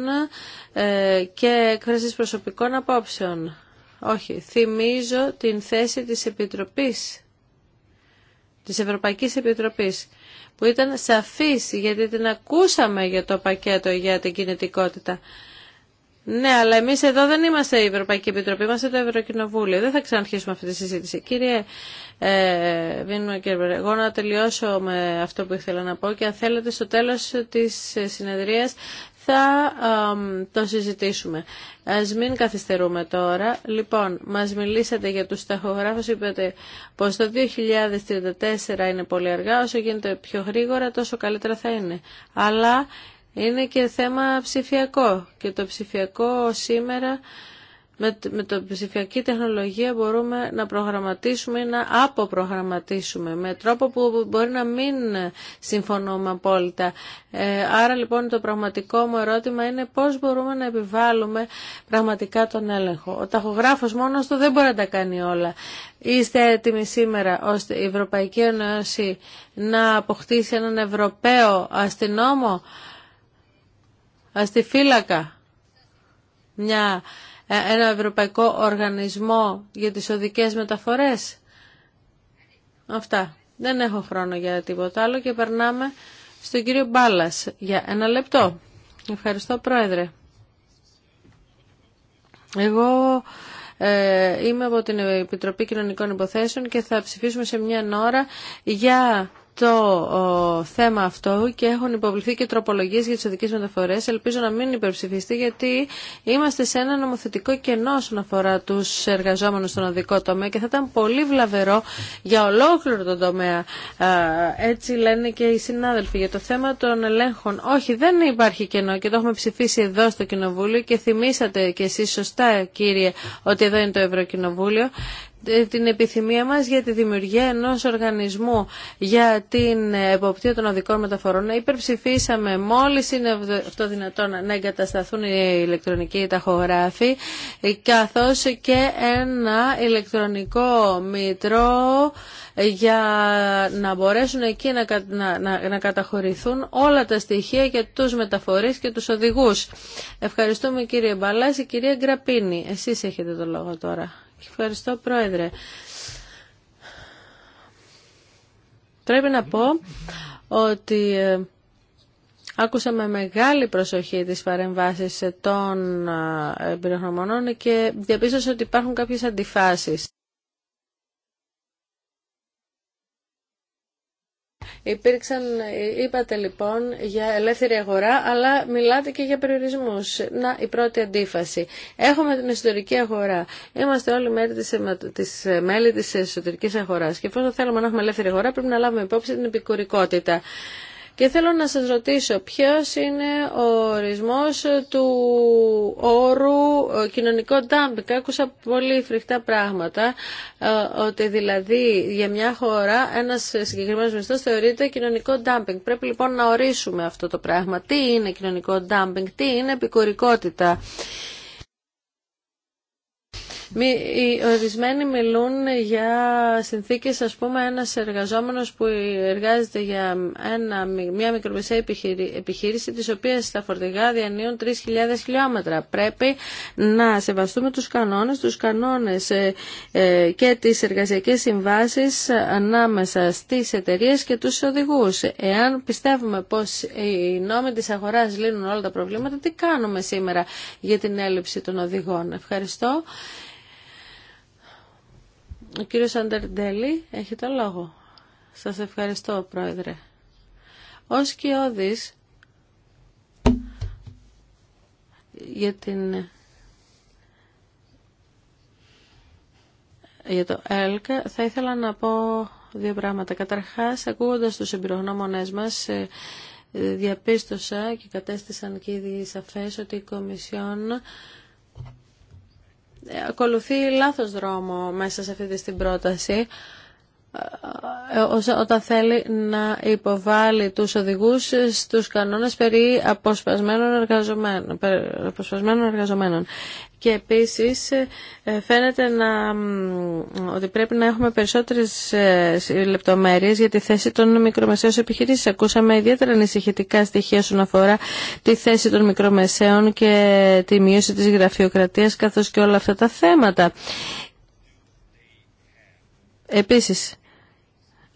ε, και έκφρασης προσωπικών απόψεων όχι, θυμίζω την θέση της Επιτροπής, της Ευρωπαϊκής Επιτροπής, που ήταν σαφής γιατί την ακούσαμε για το πακέτο για την κινητικότητα. Ναι, αλλά εμείς εδώ δεν είμαστε η Ευρωπαϊκή Επιτροπή, είμαστε το Ευρωκοινοβούλιο. Δεν θα ξαναρχίσουμε αυτή τη συζήτηση. Κύριε ε, Βίνου εγώ να τελειώσω με αυτό που ήθελα να πω και αν θέλετε στο τέλος της συνεδρίας θα το συζητήσουμε. Ας μην καθυστερούμε τώρα. Λοιπόν, μας μιλήσατε για τους ταχογράφους, είπατε πως το 2034 είναι πολύ αργά, όσο γίνεται πιο γρήγορα τόσο καλύτερα θα είναι. Αλλά είναι και θέμα ψηφιακό και το ψηφιακό σήμερα με, με την ψηφιακή τεχνολογία μπορούμε να προγραμματίσουμε ή να αποπρογραμματίσουμε με τρόπο που μπορεί να μην συμφωνούμε απόλυτα. Ε, άρα λοιπόν το πραγματικό μου ερώτημα είναι πώς μπορούμε να επιβάλλουμε πραγματικά τον έλεγχο. Ο ταχογράφος μόνος του δεν μπορεί να τα κάνει όλα. Είστε έτοιμοι σήμερα ώστε η Ευρωπαϊκή Ένωση να αποκτήσει έναν Ευρωπαίο αστυνόμο, αστυφύλακα μια ε, ένα ευρωπαϊκό οργανισμό για τις οδικές μεταφορές. Αυτά. Δεν έχω χρόνο για τίποτα άλλο και περνάμε στον κύριο Μπάλας για ένα λεπτό. Ευχαριστώ Πρόεδρε. Εγώ ε, είμαι από την Επιτροπή Κοινωνικών Υποθέσεων και θα ψηφίσουμε σε μια ώρα για το θέμα αυτό και έχουν υποβληθεί και τροπολογίες για τις οδικές μεταφορές. Ελπίζω να μην υπερψηφιστεί γιατί είμαστε σε ένα νομοθετικό κενό όσον αφορά τους εργαζόμενους στον οδικό τομέα και θα ήταν πολύ βλαβερό για ολόκληρο τον τομέα. Έτσι λένε και οι συνάδελφοι για το θέμα των ελέγχων. Όχι, δεν υπάρχει κενό και το έχουμε ψηφίσει εδώ στο Κοινοβούλιο και θυμήσατε και εσείς σωστά κύριε ότι εδώ είναι το Ευρωκοινοβούλιο την επιθυμία μας για τη δημιουργία ενός οργανισμού για την εποπτεία των οδικών μεταφορών. Υπερψηφίσαμε μόλις είναι αυτό δυνατόν να εγκατασταθούν οι ηλεκτρονικοί ταχογράφοι καθώς και ένα ηλεκτρονικό μητρό για να μπορέσουν εκεί να, να, καταχωρηθούν όλα τα στοιχεία για τους μεταφορείς και τους οδηγούς. Ευχαριστούμε κύριε Μπαλάς. Η κυρία Γκραπίνη, εσείς έχετε το λόγο τώρα. Ευχαριστώ, Πρόεδρε. Πρέπει να πω ότι ε, άκουσα με μεγάλη προσοχή τις παρεμβάσεις των ε, εμπειρογνωμονών και διαπίστωσα ότι υπάρχουν κάποιες αντιφάσεις. Υπήρξαν, είπατε λοιπόν, για ελεύθερη αγορά, αλλά μιλάτε και για περιορισμούς. Να, η πρώτη αντίφαση. Έχουμε την εσωτερική αγορά. Είμαστε όλοι μέλη της, ε, της, ε, μέλη της εσωτερικής αγοράς. Και εφόσον θέλουμε να έχουμε ελεύθερη αγορά, πρέπει να λάβουμε υπόψη την επικουρικότητα. Και θέλω να σας ρωτήσω ποιος είναι ο ορισμός του όρου κοινωνικό ντάμπικ. Άκουσα πολύ φρικτά πράγματα, ε, ότι δηλαδή για μια χώρα ένας συγκεκριμένος μισθός θεωρείται κοινωνικό ντάμπινγκ. Πρέπει λοιπόν να ορίσουμε αυτό το πράγμα. Τι είναι κοινωνικό ντάμπινγκ, τι είναι επικουρικότητα. Οι ορισμένοι μιλούν για συνθήκες, ας πούμε, ένας εργαζόμενος που εργάζεται για ένα, μια μικρομεσαία επιχείρηση, της οποίας τα φορτηγά διανύουν 3.000 χιλιόμετρα. Πρέπει να σεβαστούμε τους κανόνες, τους κανόνες ε, ε, και τις εργασιακές συμβάσεις ανάμεσα στις εταιρείε και τους οδηγούς. Εάν πιστεύουμε πως οι νόμοι της αγοράς λύνουν όλα τα προβλήματα, τι κάνουμε σήμερα για την έλλειψη των οδηγών. Ευχαριστώ. Ο κύριος Αντερντέλη έχει το λόγο. Σας ευχαριστώ, Πρόεδρε. Ως κοιόδης για την για το ΕΛΚ θα ήθελα να πω δύο πράγματα. Καταρχάς, ακούγοντας τους εμπειρογνώμονές μας, ε, διαπίστωσα και κατέστησαν και ήδη σαφές ότι η Κομισιόν ακολουθεί λάθος δρόμο μέσα σε αυτή την πρόταση. Ε, όταν θέλει να υποβάλει τους οδηγούς στους κανόνες περί αποσπασμένων εργαζομένων. Αποσπασμένων Και επίσης ε, φαίνεται να, ότι πρέπει να έχουμε περισσότερες ε, λεπτομέρειες για τη θέση των μικρομεσαίων επιχειρήσεων. Ακούσαμε ιδιαίτερα ανησυχητικά στοιχεία όσον αφορά τη θέση των μικρομεσαίων και τη μείωση της γραφειοκρατίας καθώς και όλα αυτά τα θέματα. Επίσης,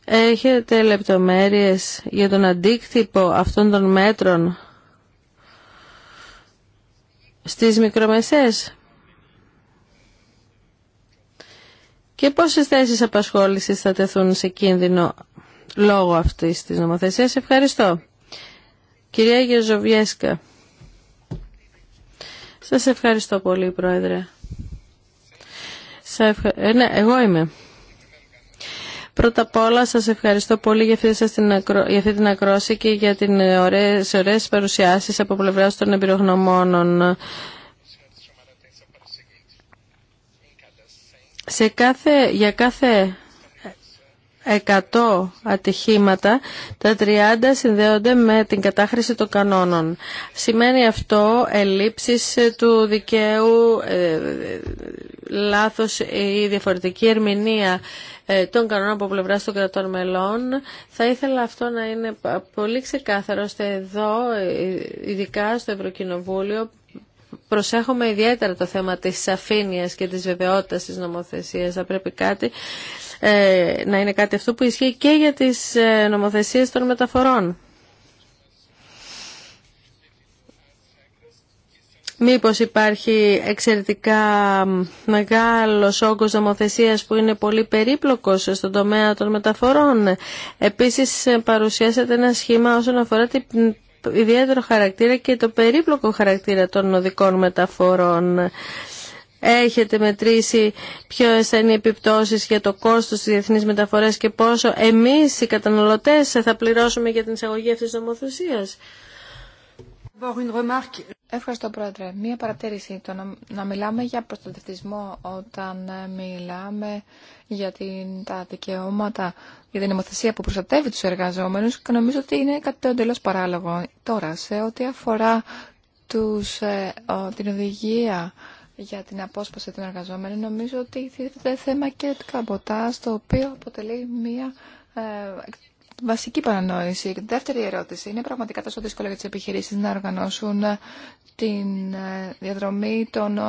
έχετε λεπτομέρειες για τον αντίκτυπο αυτών των μέτρων στις μικρομεσαίες και πόσες θέσεις απασχόλησης θα τεθούν σε κίνδυνο λόγω αυτής της νομοθεσίας. Ευχαριστώ. Κυρία Γεζοβιέσκα. Σας ευχαριστώ πολύ, Πρόεδρε. Ε, ναι, εγώ είμαι. Πρώτα απ' όλα σας ευχαριστώ πολύ για αυτή, την, ακρο... για την ακρόση και για ε, τις ωραίες, ωραίες παρουσιάσεις από πλευράς των εμπειρογνωμόνων. Σε κάθε, για κάθε 100 ατυχήματα, τα 30 συνδέονται με την κατάχρηση των κανόνων. Σημαίνει αυτό ελλείψεις ε, του δικαίου, ε, λάθος ή διαφορετική ερμηνεία ε, των κανόνων από πλευρά των κρατών μελών. Θα ήθελα αυτό να είναι πολύ ξεκάθαρο ώστε εδώ, ειδικά στο Ευρωκοινοβούλιο, προσέχουμε ιδιαίτερα το θέμα της σαφήνειας και της βεβαιότητας της νομοθεσίας. Θα πρέπει κάτι ε, να είναι κάτι αυτό που ισχύει και για τις ε, νομοθεσίες των μεταφορών. Μήπως υπάρχει εξαιρετικά μεγάλος όγκος νομοθεσία που είναι πολύ περίπλοκος στον τομέα των μεταφορών. Επίσης παρουσιάσατε ένα σχήμα όσον αφορά την ιδιαίτερο χαρακτήρα και το περίπλοκο χαρακτήρα των οδικών μεταφορών. Έχετε μετρήσει ποιο είναι οι επιπτώσει για το κόστο τη διεθνή μεταφορά και πόσο εμεί οι καταναλωτέ θα πληρώσουμε για την εισαγωγή αυτή τη νομοθεσία. Ευχαριστώ, Πρόεδρε. Μία παρατήρηση. Το να, μιλάμε για προστατευτισμό όταν ε, μιλάμε για την, τα δικαιώματα, για την νομοθεσία που προστατεύει τους εργαζόμενους, και νομίζω ότι είναι κάτι το παράλογο. Τώρα, σε ό,τι αφορά τους, ε, την οδηγία για την απόσπαση των εργαζόμενων, νομίζω ότι θίγεται θέμα και του στο το οποίο αποτελεί μία ε, βασική παρανόηση. δεύτερη ερώτηση είναι πραγματικά τόσο δύσκολο για τις επιχειρήσεις να οργανώσουν την ε, διαδρομή των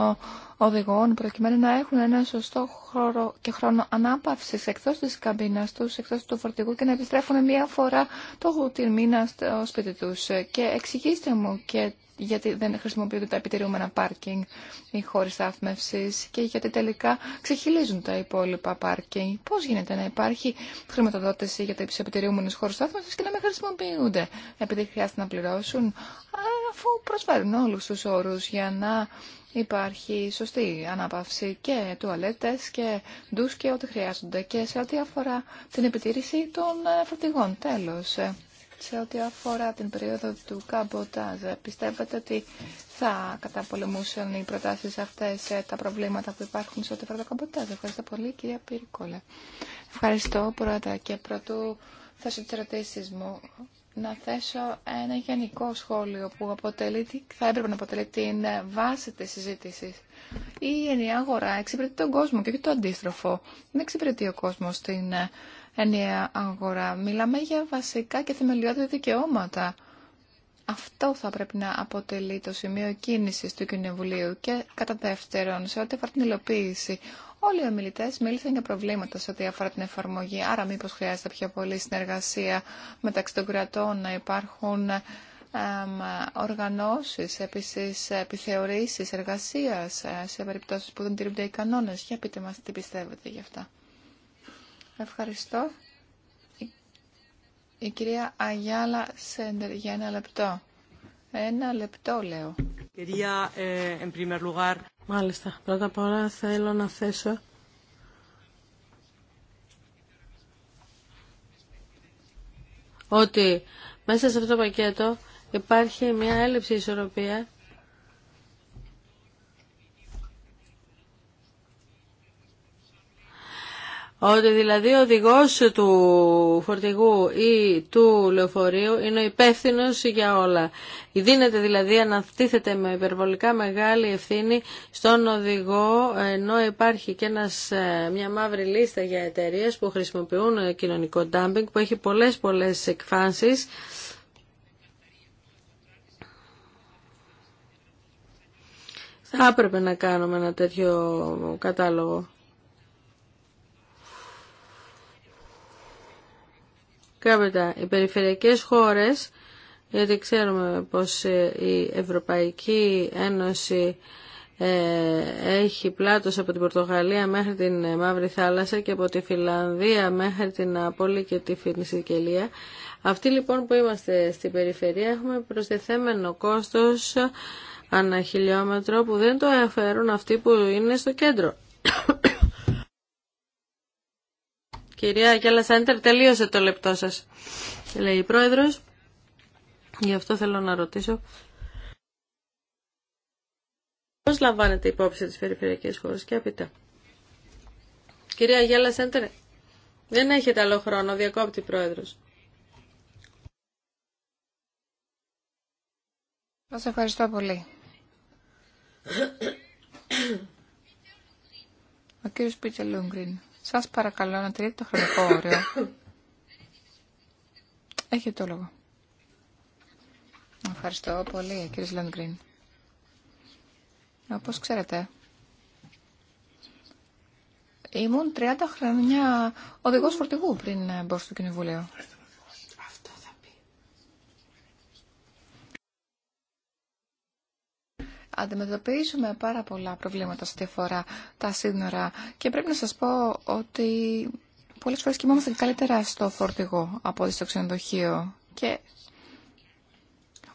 οδηγών προκειμένου να έχουν ένα σωστό χώρο και χρόνο ανάπαυση εκτό τη καμπίνα του, εκτό του φορτηγού και να επιστρέφουν μία φορά το την μήνα στο σπίτι του. Και εξηγήστε μου και γιατί δεν χρησιμοποιούνται τα επιτηρούμενα πάρκινγκ ή χώρε στάθμευσης και γιατί τελικά ξεχυλίζουν τα υπόλοιπα πάρκινγκ. Πώ γίνεται να υπάρχει χρηματοδότηση για τα επιτηρούμενου χώρου στάθμευσης και να μην χρησιμοποιούνται επειδή χρειάζεται να πληρώσουν αφού προσφέρουν όλου του όρου για να υπάρχει σωστή αναπαύση και τουαλέτες και ντους και ό,τι χρειάζονται και σε ό,τι αφορά την επιτήρηση των ε, φορτηγών. Τέλος, ε, σε ό,τι αφορά την περίοδο του καμποτάζ, ε, πιστεύετε ότι θα καταπολεμούσαν οι προτάσεις αυτές τα προβλήματα που υπάρχουν σε ό,τι αφορά το καμποτάζ. Ευχαριστώ πολύ κυρία Πυρικόλα. Ευχαριστώ πρώτα και πρωτού θέσω τις μου να θέσω ένα γενικό σχόλιο που αποτελεί, θα έπρεπε να αποτελεί την ε, βάση της συζήτησης. Η ενιαία αγορά εξυπηρετεί τον κόσμο και όχι το αντίστροφο. Δεν εξυπηρετεί ο κόσμος την ε, ενιαία αγορά. Μιλάμε για βασικά και θεμελιώδη δικαιώματα. Αυτό θα πρέπει να αποτελεί το σημείο κίνησης του Κοινοβουλίου και κατά δεύτερον σε ό,τι αφορά την υλοποίηση. Όλοι οι ομιλητέ μίλησαν για προβλήματα σε ό,τι αφορά την εφαρμογή. Άρα, μήπω χρειάζεται πιο πολύ συνεργασία μεταξύ των κρατών να υπάρχουν οργανώσει επίση επιθεωρήσεις εργασία ε, σε περιπτώσει που δεν τηρούνται οι κανόνε Για πείτε μα, τι πιστεύετε γι' αυτά. Ευχαριστώ. Η κυρία Αγιάλα Σέντερ για ένα λεπτό. Ένα λεπτό λέω. Κυρία, ε, Μάλιστα. Πρώτα απ' όλα θέλω να θέσω ότι μέσα σε αυτό το πακέτο υπάρχει μια έλλειψη ισορροπίας Ότι δηλαδή ο οδηγό του φορτηγού ή του λεωφορείου είναι ο υπεύθυνο για όλα. Δίνεται δηλαδή, αναθίθεται με υπερβολικά μεγάλη ευθύνη στον οδηγό, ενώ υπάρχει και ένας, ε, μια μαύρη λίστα για εταιρείε που χρησιμοποιούν κοινωνικό ντάμπινγκ, που έχει πολλές πολλές εκφάνσεις. Θα έπρεπε να κάνουμε ένα τέτοιο κατάλογο. κάποια οι περιφερειακές χώρες, γιατί ξέρουμε πως ε, η Ευρωπαϊκή Ένωση ε, έχει πλάτος από την Πορτογαλία μέχρι την ε, Μαύρη Θάλασσα και από τη Φιλανδία μέχρι την απόλη και τη Φινισικελία. Αυτοί λοιπόν που είμαστε στην περιφερεια έχουμε προστεθέμενο κόστος ανά χιλιόμετρο που δεν το αφαιρούν αυτοί που είναι στο κέντρο. Κυρία Γιάλα Σάντερ, τελείωσε το λεπτό σα, λέει η πρόεδρο, Γι' αυτό θέλω να ρωτήσω. Πώ λαμβάνετε υπόψη τι περιφερειακέ χώρε, και απίτα. Κυρία Γιάλα Σάντερ, δεν έχετε άλλο χρόνο, διακόπτη Πρόεδρος. Σας ευχαριστώ πολύ. Ο κύριος Πίτσελ Λούγκριν. Σας παρακαλώ να τηρείτε το χρονικό όριο. Έχετε το λόγο. Ευχαριστώ πολύ, κύριε Λαντγκριν. Όπως ξέρετε, ήμουν 30 χρόνια οδηγός φορτηγού πριν μπω στο κοινοβούλιο. Αντιμετωπίζουμε πάρα πολλά προβλήματα στη φορά τα σύνορα και πρέπει να σας πω ότι πολλές φορές κοιμόμαστε καλύτερα στο φορτηγό από ότι στο ξενοδοχείο και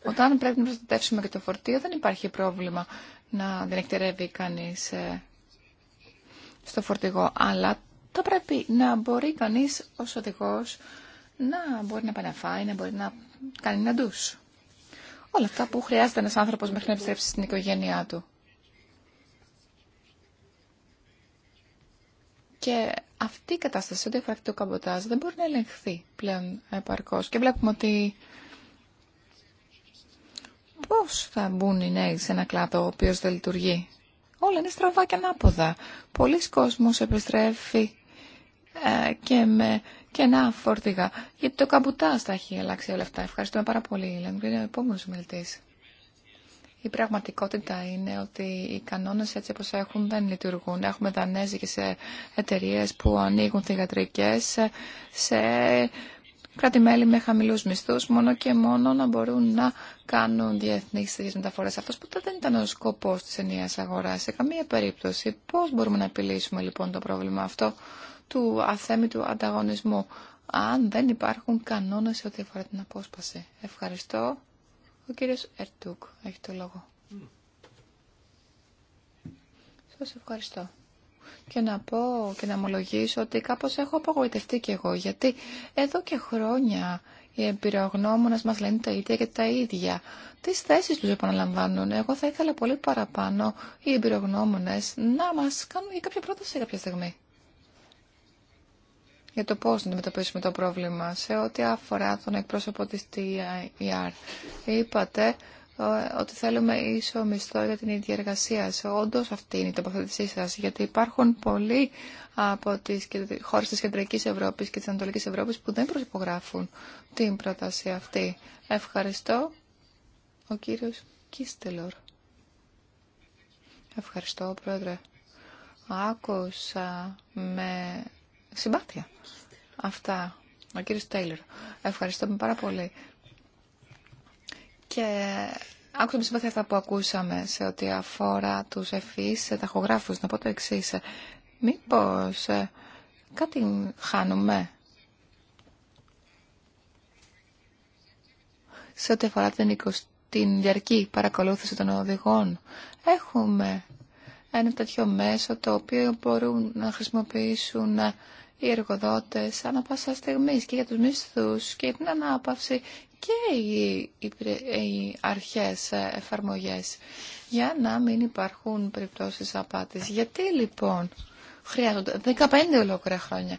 όταν πρέπει να προστατεύσουμε και το φορτίο δεν υπάρχει πρόβλημα να δεν εκτερεύει κανείς ε, στο φορτηγό, αλλά το πρέπει να μπορεί κανείς ως οδηγός να μπορεί να επαναφάει, να μπορεί να κάνει να ντους όλα αυτά που χρειάζεται ένας άνθρωπος μέχρι να επιστρέψει στην οικογένειά του. Και αυτή η κατάσταση, ό,τι αφορά το καμποτάζ, δεν μπορεί να ελεγχθεί πλέον επαρκώς. Και βλέπουμε ότι πώς θα μπουν οι νέοι σε ένα κλάδο ο οποίος δεν λειτουργεί. Όλα είναι στραβά και ανάποδα. Πολλοί κόσμος επιστρέφει ε, και με και να φόρτηγα. Γιατί το καμπουτά τα έχει αλλάξει όλα αυτά. Ευχαριστούμε πάρα πολύ, Είναι ο επόμενο μιλητή. Η πραγματικότητα είναι ότι οι κανόνε έτσι όπω έχουν δεν λειτουργούν. Έχουμε δανέζικε εταιρείε που ανοίγουν θηγατρικέ σε κράτη-μέλη με χαμηλού μισθού, μόνο και μόνο να μπορούν να κάνουν διεθνεί τέτοιε μεταφορέ. Αυτό που δεν ήταν ο σκοπό τη ενιαία αγορά, σε καμία περίπτωση. Πώ μπορούμε να επιλύσουμε λοιπόν το πρόβλημα αυτό του αθέμητου ανταγωνισμού, αν δεν υπάρχουν κανόνες σε ό,τι αφορά την απόσπαση. Ευχαριστώ. Ο κύριος Ερτούκ έχει το λόγο. Σας ευχαριστώ. Και να πω και να ομολογήσω ότι κάπως έχω απογοητευτεί κι εγώ, γιατί εδώ και χρόνια οι εμπειρογνώμονες μας λένε τα ίδια και τα ίδια. Τις θέσεις τους επαναλαμβάνουν. Εγώ θα ήθελα πολύ παραπάνω οι εμπειρογνώμονες να μας κάνουν κάποια πρόταση κάποια στιγμή για το πώς να αντιμετωπίσουμε το πρόβλημα σε ό,τι αφορά τον εκπρόσωπο της TIR. Είπατε ε, ότι θέλουμε ίσο μισθό για την ίδια εργασία. Όντω αυτή είναι η τοποθέτησή σα, γιατί υπάρχουν πολλοί από τι χώρε τη Κεντρική Ευρώπη και τη Ανατολική Ευρώπη που δεν προσυπογράφουν την πρόταση αυτή. Ευχαριστώ. Ο κύριο Κίστελορ. Ευχαριστώ, πρόεδρε. Άκουσα με συμπάθεια. Αυτά. Ο κύριος Τέιλερ. Ευχαριστούμε πάρα πολύ. Και άκουσα με συμπάθεια αυτά που ακούσαμε σε ό,τι αφορά τους τα ταχογράφους. Να πω το εξή. Μήπως ε, κάτι χάνουμε σε ό,τι αφορά την, την διαρκή παρακολούθηση των οδηγών. Έχουμε ένα τέτοιο μέσο το οποίο μπορούν να χρησιμοποιήσουν οι εργοδότες ανά πάσα στιγμή και για τους μισθούς και την ανάπαυση και οι, οι αρχές εφαρμογές για να μην υπάρχουν περιπτώσεις απάτης. Γιατί λοιπόν χρειάζονται 15 ολόκληρα χρόνια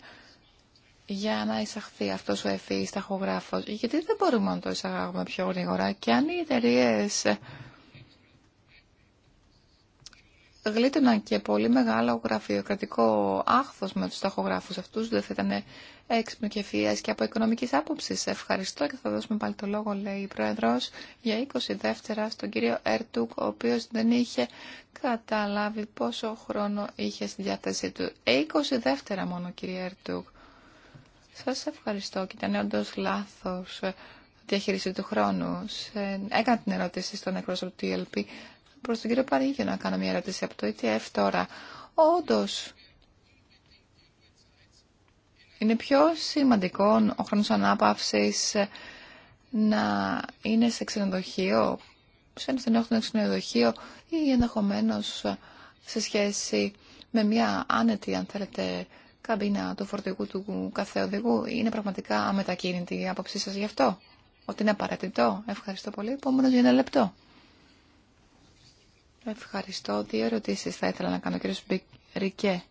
για να εισαχθεί αυτός ο εφής ταχογράφος. Γιατί δεν μπορούμε να το εισαγάγουμε πιο γρήγορα και αν οι εταιρείε γλίτωνα και πολύ μεγάλο γραφειοκρατικό άχθος με τους ταχογράφους αυτούς, δεν θα ήταν έξυπνο και και από οικονομικής άποψης. Ευχαριστώ και θα δώσουμε πάλι το λόγο, λέει η Πρόεδρος, για 20 δεύτερα στον κύριο Ερτούκ, ο οποίος δεν είχε καταλάβει πόσο χρόνο είχε στη διάθεσή του. 20 δεύτερα μόνο, κύριε Ερτούκ. Σας ευχαριστώ και ήταν όντω λάθος ε, διαχείριση του χρόνου. Έκανα την ερώτηση στον εκπρόσωπο του ELP Προ τον κύριο Παρίγιο να κάνω μια ερώτηση από το ETF τώρα. Όντω είναι πιο σημαντικό ο χρόνο ανάπαυση να είναι σε ξενοδοχείο, σε ένα στενόχρονο ξενοδοχείο ή ενδεχομένω σε σχέση με μια άνετη, αν θέλετε, καμπίνα του φορτηγού του κάθε οδηγού. Είναι πραγματικά αμετακίνητη η άποψή σα γι' αυτό. Ότι είναι απαραίτητο. Ευχαριστώ πολύ. Επόμενο για ένα λεπτό. Ευχαριστώ. Δύο ερωτήσεις θα ήθελα να κάνω, κύριος Ρικέ.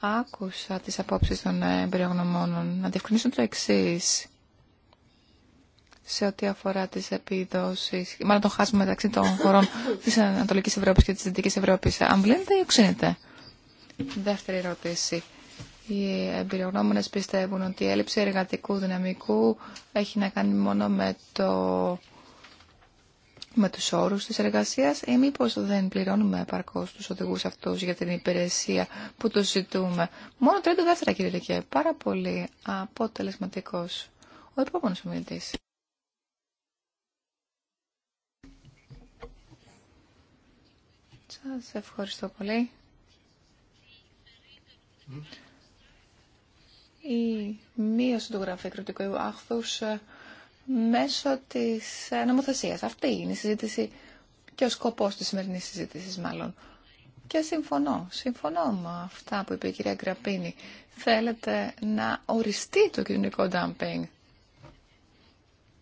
Άκουσα τις απόψεις των εμπειρογνωμόνων. Να διευκρινίσω το εξή σε ό,τι αφορά τις επιδόσεις, μάλλον το χάσμα μεταξύ των χωρών της Ανατολικής Ευρώπης και της Δυτικής Ευρώπης. Αμβλύνεται ή οξύνεται. Δεύτερη ερώτηση. βλέπετε ή οξύνεται. Δεύτερη ερώτηση. Οι εμπειρογνώμονε πιστεύουν ότι η έλλειψη εργατικού δυναμικού έχει να κάνει μόνο με το με τους όρους της εργασίας ή μήπως δεν πληρώνουμε επαρκώς τους οδηγούς αυτούς για την υπηρεσία που τους ζητούμε. Μόνο 30 δεύτερα κύριε Λεκέ, πάρα πολύ αποτελεσματικός ο επόμενος ομιλητής. Σας ευχαριστώ πολύ. Η μείωση του γραφείου κριτικού άχθους ε, μέσω της ε, νομοθεσίας. Αυτή είναι η συζήτηση και ο σκοπός της σημερινής συζήτησης μάλλον. Και συμφωνώ, συμφωνώ με αυτά που είπε η κυρία Γκραπίνη. Θέλετε να οριστεί το κοινωνικό dumping.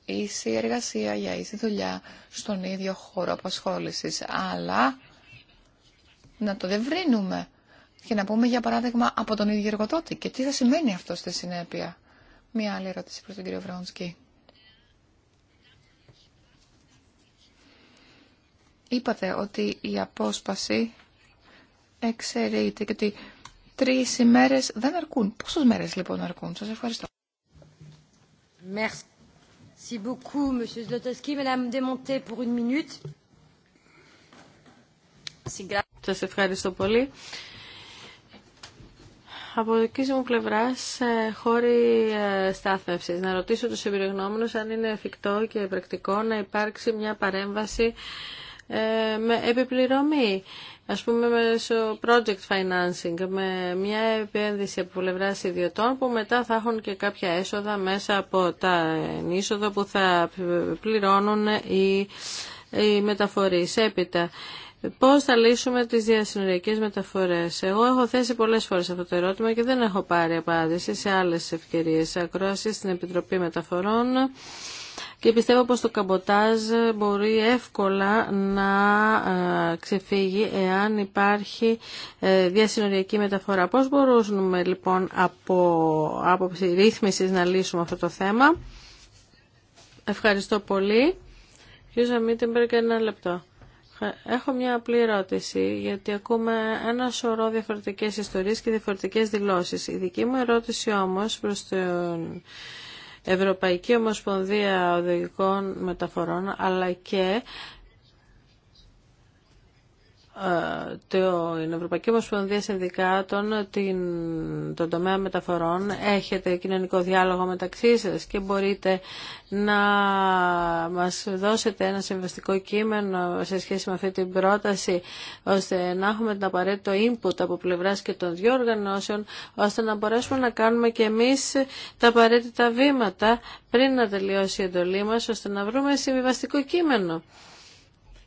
Ίση εργασία για ίση δουλειά στον ίδιο χώρο απασχόλησης. Αλλά να το δευρύνουμε και να πούμε για παράδειγμα από τον ίδιο εργοδότη. Και τι θα σημαίνει αυτό στη συνέπεια. Μία άλλη ερώτηση προς τον κύριο Βρόντσκι. Είπατε ότι η απόσπαση εξαιρείται και ότι τρεις ημέρες δεν αρκούν. Πόσες μέρες λοιπόν αρκούν. Σας ευχαριστώ. Merci beaucoup, Monsieur Zlotowski. Madame Demonté pour une minute. Σας ευχαριστώ πολύ. Από δική μου πλευρά, χώροι ε, στάθμευση. Να ρωτήσω του εμπειρογνώμενου αν είναι εφικτό και πρακτικό να υπάρξει μια παρέμβαση ε, με επιπληρωμή, ας πούμε μέσω project financing, με μια επένδυση από πλευρά ιδιωτών που μετά θα έχουν και κάποια έσοδα μέσα από τα ένισοδα που θα πληρώνουν οι, οι μεταφορείς. Έπειτα, Πώς θα λύσουμε τις διασυνοριακές μεταφορές. Εγώ έχω θέσει πολλές φορές αυτό το ερώτημα και δεν έχω πάρει απάντηση σε άλλες ευκαιρίες ακρόαση στην Επιτροπή Μεταφορών και πιστεύω πως το καμποτάζ μπορεί εύκολα να ε, ξεφύγει εάν υπάρχει ε, διασυνοριακή μεταφορά. Πώς μπορούμε λοιπόν από άποψη ρύθμισης να λύσουμε αυτό το θέμα. Ευχαριστώ πολύ. Κύριε Μίτεμπεργκ, ένα λεπτό. Έχω μια απλή ερώτηση, γιατί ακούμε ένα σωρό διαφορετικές ιστορίες και διαφορετικές δηλώσεις. Η δική μου ερώτηση όμως προς τον Ευρωπαϊκή Ομοσπονδία Οδηγικών Μεταφορών αλλά και ε, την Ευρωπαϊκή Ομοσπονδία Συνδικάτων, την, τον τομέα μεταφορών, έχετε κοινωνικό διάλογο μεταξύ σας και μπορείτε να μας δώσετε ένα συμβαστικό κείμενο σε σχέση με αυτή την πρόταση, ώστε να έχουμε την απαραίτητο input από πλευράς και των δύο οργανώσεων, ώστε να μπορέσουμε να κάνουμε και εμείς τα απαραίτητα βήματα πριν να τελειώσει η εντολή μας, ώστε να βρούμε συμβιβαστικό κείμενο.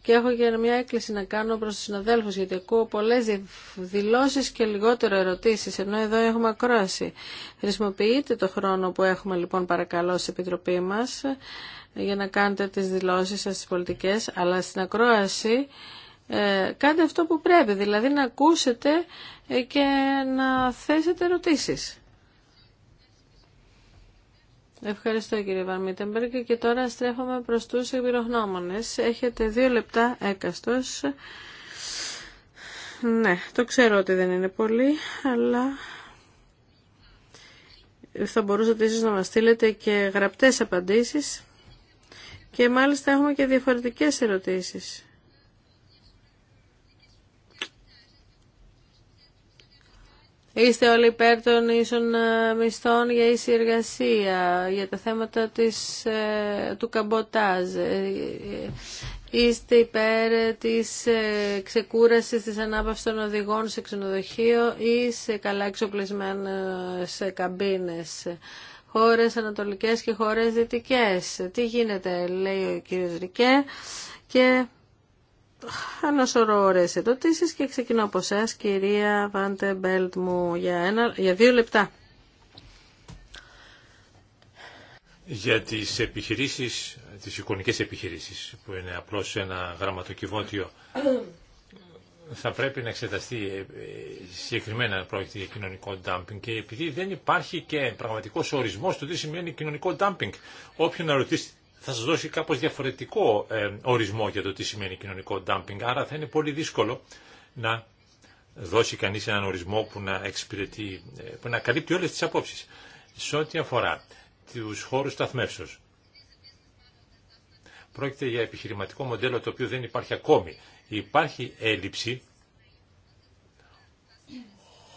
Και έχω και μια έκκληση να κάνω προς τους συναδέλφους, γιατί ακούω πολλές δηλώσεις και λιγότερο ερωτήσεις, ενώ εδώ έχουμε ακρόαση. Χρησιμοποιείτε το χρόνο που έχουμε λοιπόν παρακαλώ στην Επιτροπή μας για να κάνετε τις δηλώσεις σας τις πολιτικές, αλλά στην ακρόαση ε, κάντε αυτό που πρέπει, δηλαδή να ακούσετε ε, και να θέσετε ερωτήσεις. Ευχαριστώ κύριε Βαρμίτεμπεργκ και τώρα στρέφομαι προς τους εμπειρογνώμονες. Έχετε δύο λεπτά έκαστος. Ναι, το ξέρω ότι δεν είναι πολύ, αλλά θα μπορούσατε ίσως να μας στείλετε και γραπτές απαντήσεις και μάλιστα έχουμε και διαφορετικές ερωτήσεις. Είστε όλοι υπέρ των ίσων ε, μισθών για ίση εργασία, για τα θέματα της, ε, του καμποτάζ. Ε, είστε υπέρ της ξεκούρασης της ανάπαυσης των οδηγών σε ξενοδοχείο ή σε καλά εξοπλισμένες καμπίνες. Χώρες ανατολικές και χώρες δυτικές. Τι γίνεται, λέει ο κύριος Ρικέ. Και ένα σωρό ωραίες και ξεκινώ από εσά, κυρία Βάντε Μπέλτ μου, για, ένα, για δύο λεπτά. Για τις επιχειρήσεις, τις εικονικές επιχειρήσεις, που είναι απλώς ένα γραμματοκιβώτιο, θα πρέπει να εξεταστεί ε, ε, συγκεκριμένα πρόκειται για κοινωνικό ντάμπινγκ και επειδή δεν υπάρχει και πραγματικός ορισμός του τι σημαίνει κοινωνικό ντάμπινγκ. Όποιον να ρωτήσει θα σας δώσει κάπως διαφορετικό ε, ορισμό για το τι σημαίνει κοινωνικό dumping, άρα θα είναι πολύ δύσκολο να δώσει κανείς έναν ορισμό που να, εξυπηρετεί, ε, που να καλύπτει όλες τις απόψεις. Σε ό,τι αφορά τους χώρους σταθμεύσεως, πρόκειται για επιχειρηματικό μοντέλο το οποίο δεν υπάρχει ακόμη. Υπάρχει έλλειψη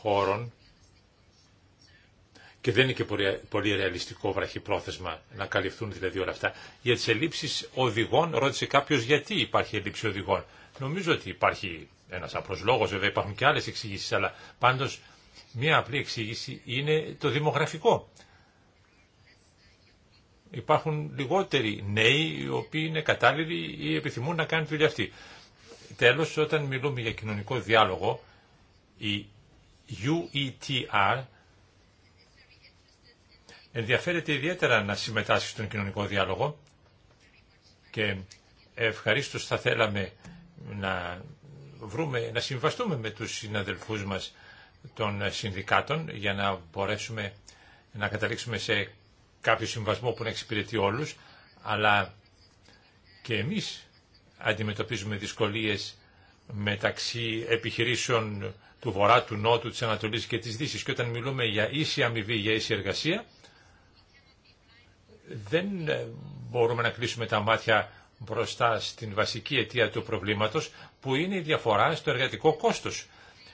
χώρων και δεν είναι και πολύ, πολύ ρεαλιστικό βραχυπρόθεσμα να καλυφθούν δηλαδή όλα αυτά. Για τι ελλείψει οδηγών ρώτησε κάποιο γιατί υπάρχει ελλείψη οδηγών. Νομίζω ότι υπάρχει ένα απλό λόγο, βέβαια υπάρχουν και άλλε εξήγησει, αλλά πάντως μία απλή εξήγηση είναι το δημογραφικό. Υπάρχουν λιγότεροι νέοι οι οποίοι είναι κατάλληλοι ή επιθυμούν να κάνουν τη δουλειά αυτή. Τέλο, όταν μιλούμε για κοινωνικό διάλογο, η UETR ενδιαφέρεται ιδιαίτερα να συμμετάσχει στον κοινωνικό διάλογο και ευχαρίστως θα θέλαμε να βρούμε, να συμβαστούμε με τους συναδελφούς μας των συνδικάτων για να μπορέσουμε να καταλήξουμε σε κάποιο συμβασμό που να εξυπηρετεί όλους, αλλά και εμείς αντιμετωπίζουμε δυσκολίες μεταξύ επιχειρήσεων του Βορρά, του Νότου, της Ανατολής και της Δύσης και όταν μιλούμε για ίση αμοιβή, για ίση εργασία, δεν ε, μπορούμε να κλείσουμε τα μάτια μπροστά στην βασική αιτία του προβλήματος που είναι η διαφορά στο εργατικό κόστος.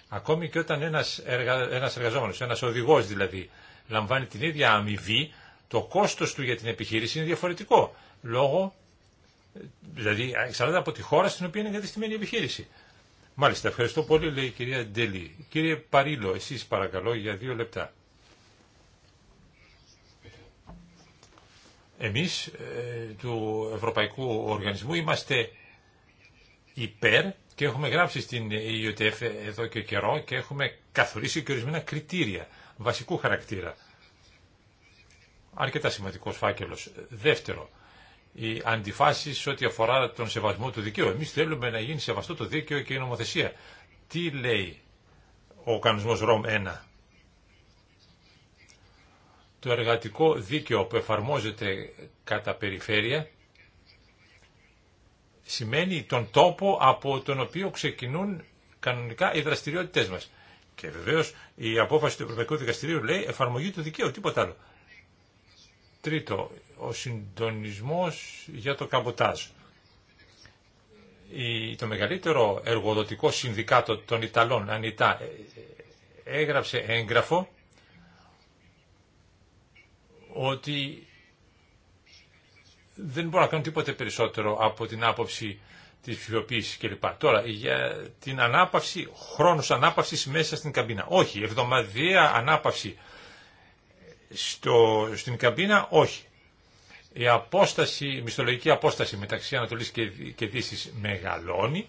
Ακόμη και όταν ένας, εργα... ένας εργαζόμενος, ένας οδηγός δηλαδή, λαμβάνει την ίδια αμοιβή, το κόστος του για την επιχείρηση είναι διαφορετικό. Λόγω, ε, δηλαδή, εξαρτάται από τη χώρα στην οποία είναι εγκατεστημένη η επιχείρηση. Μάλιστα, ευχαριστώ πολύ, λέει η κυρία Ντέλη. Κύριε Παρίλο, εσείς παρακαλώ για δύο λεπτά. Εμείς ε, του Ευρωπαϊκού Οργανισμού είμαστε υπέρ και έχουμε γράψει στην ΙΟΤΕΦ εδώ και καιρό και έχουμε καθορίσει και ορισμένα κριτήρια βασικού χαρακτήρα. Αρκετά σημαντικός φάκελος. Δεύτερο, οι αντιφάσεις ό,τι αφορά τον σεβασμό του δικαίου. Εμείς θέλουμε να γίνει σεβαστό το δίκαιο και η νομοθεσία. Τι λέει ο κανονισμός ΡΟΜ το εργατικό δίκαιο που εφαρμόζεται κατά περιφέρεια σημαίνει τον τόπο από τον οποίο ξεκινούν κανονικά οι δραστηριότητές μας. Και βεβαίως η απόφαση του Ευρωπαϊκού Δικαστηρίου λέει εφαρμογή του δικαίου, τίποτα άλλο. Τρίτο, ο συντονισμός για το καμποτάζ. Το μεγαλύτερο εργοδοτικό συνδικάτο των Ιταλών, Ανιτά, ε, ε, έγραψε έγγραφο ότι δεν μπορώ να κάνω τίποτε περισσότερο από την άποψη της ψηφιοποίησης κλπ. Τώρα, για την ανάπαυση, χρόνος ανάπαυσης μέσα στην καμπίνα. Όχι, εβδομαδιαία ανάπαυση στο, στην καμπίνα, όχι. Η απόσταση, η μισθολογική απόσταση μεταξύ Ανατολής και, και Δύσης μεγαλώνει.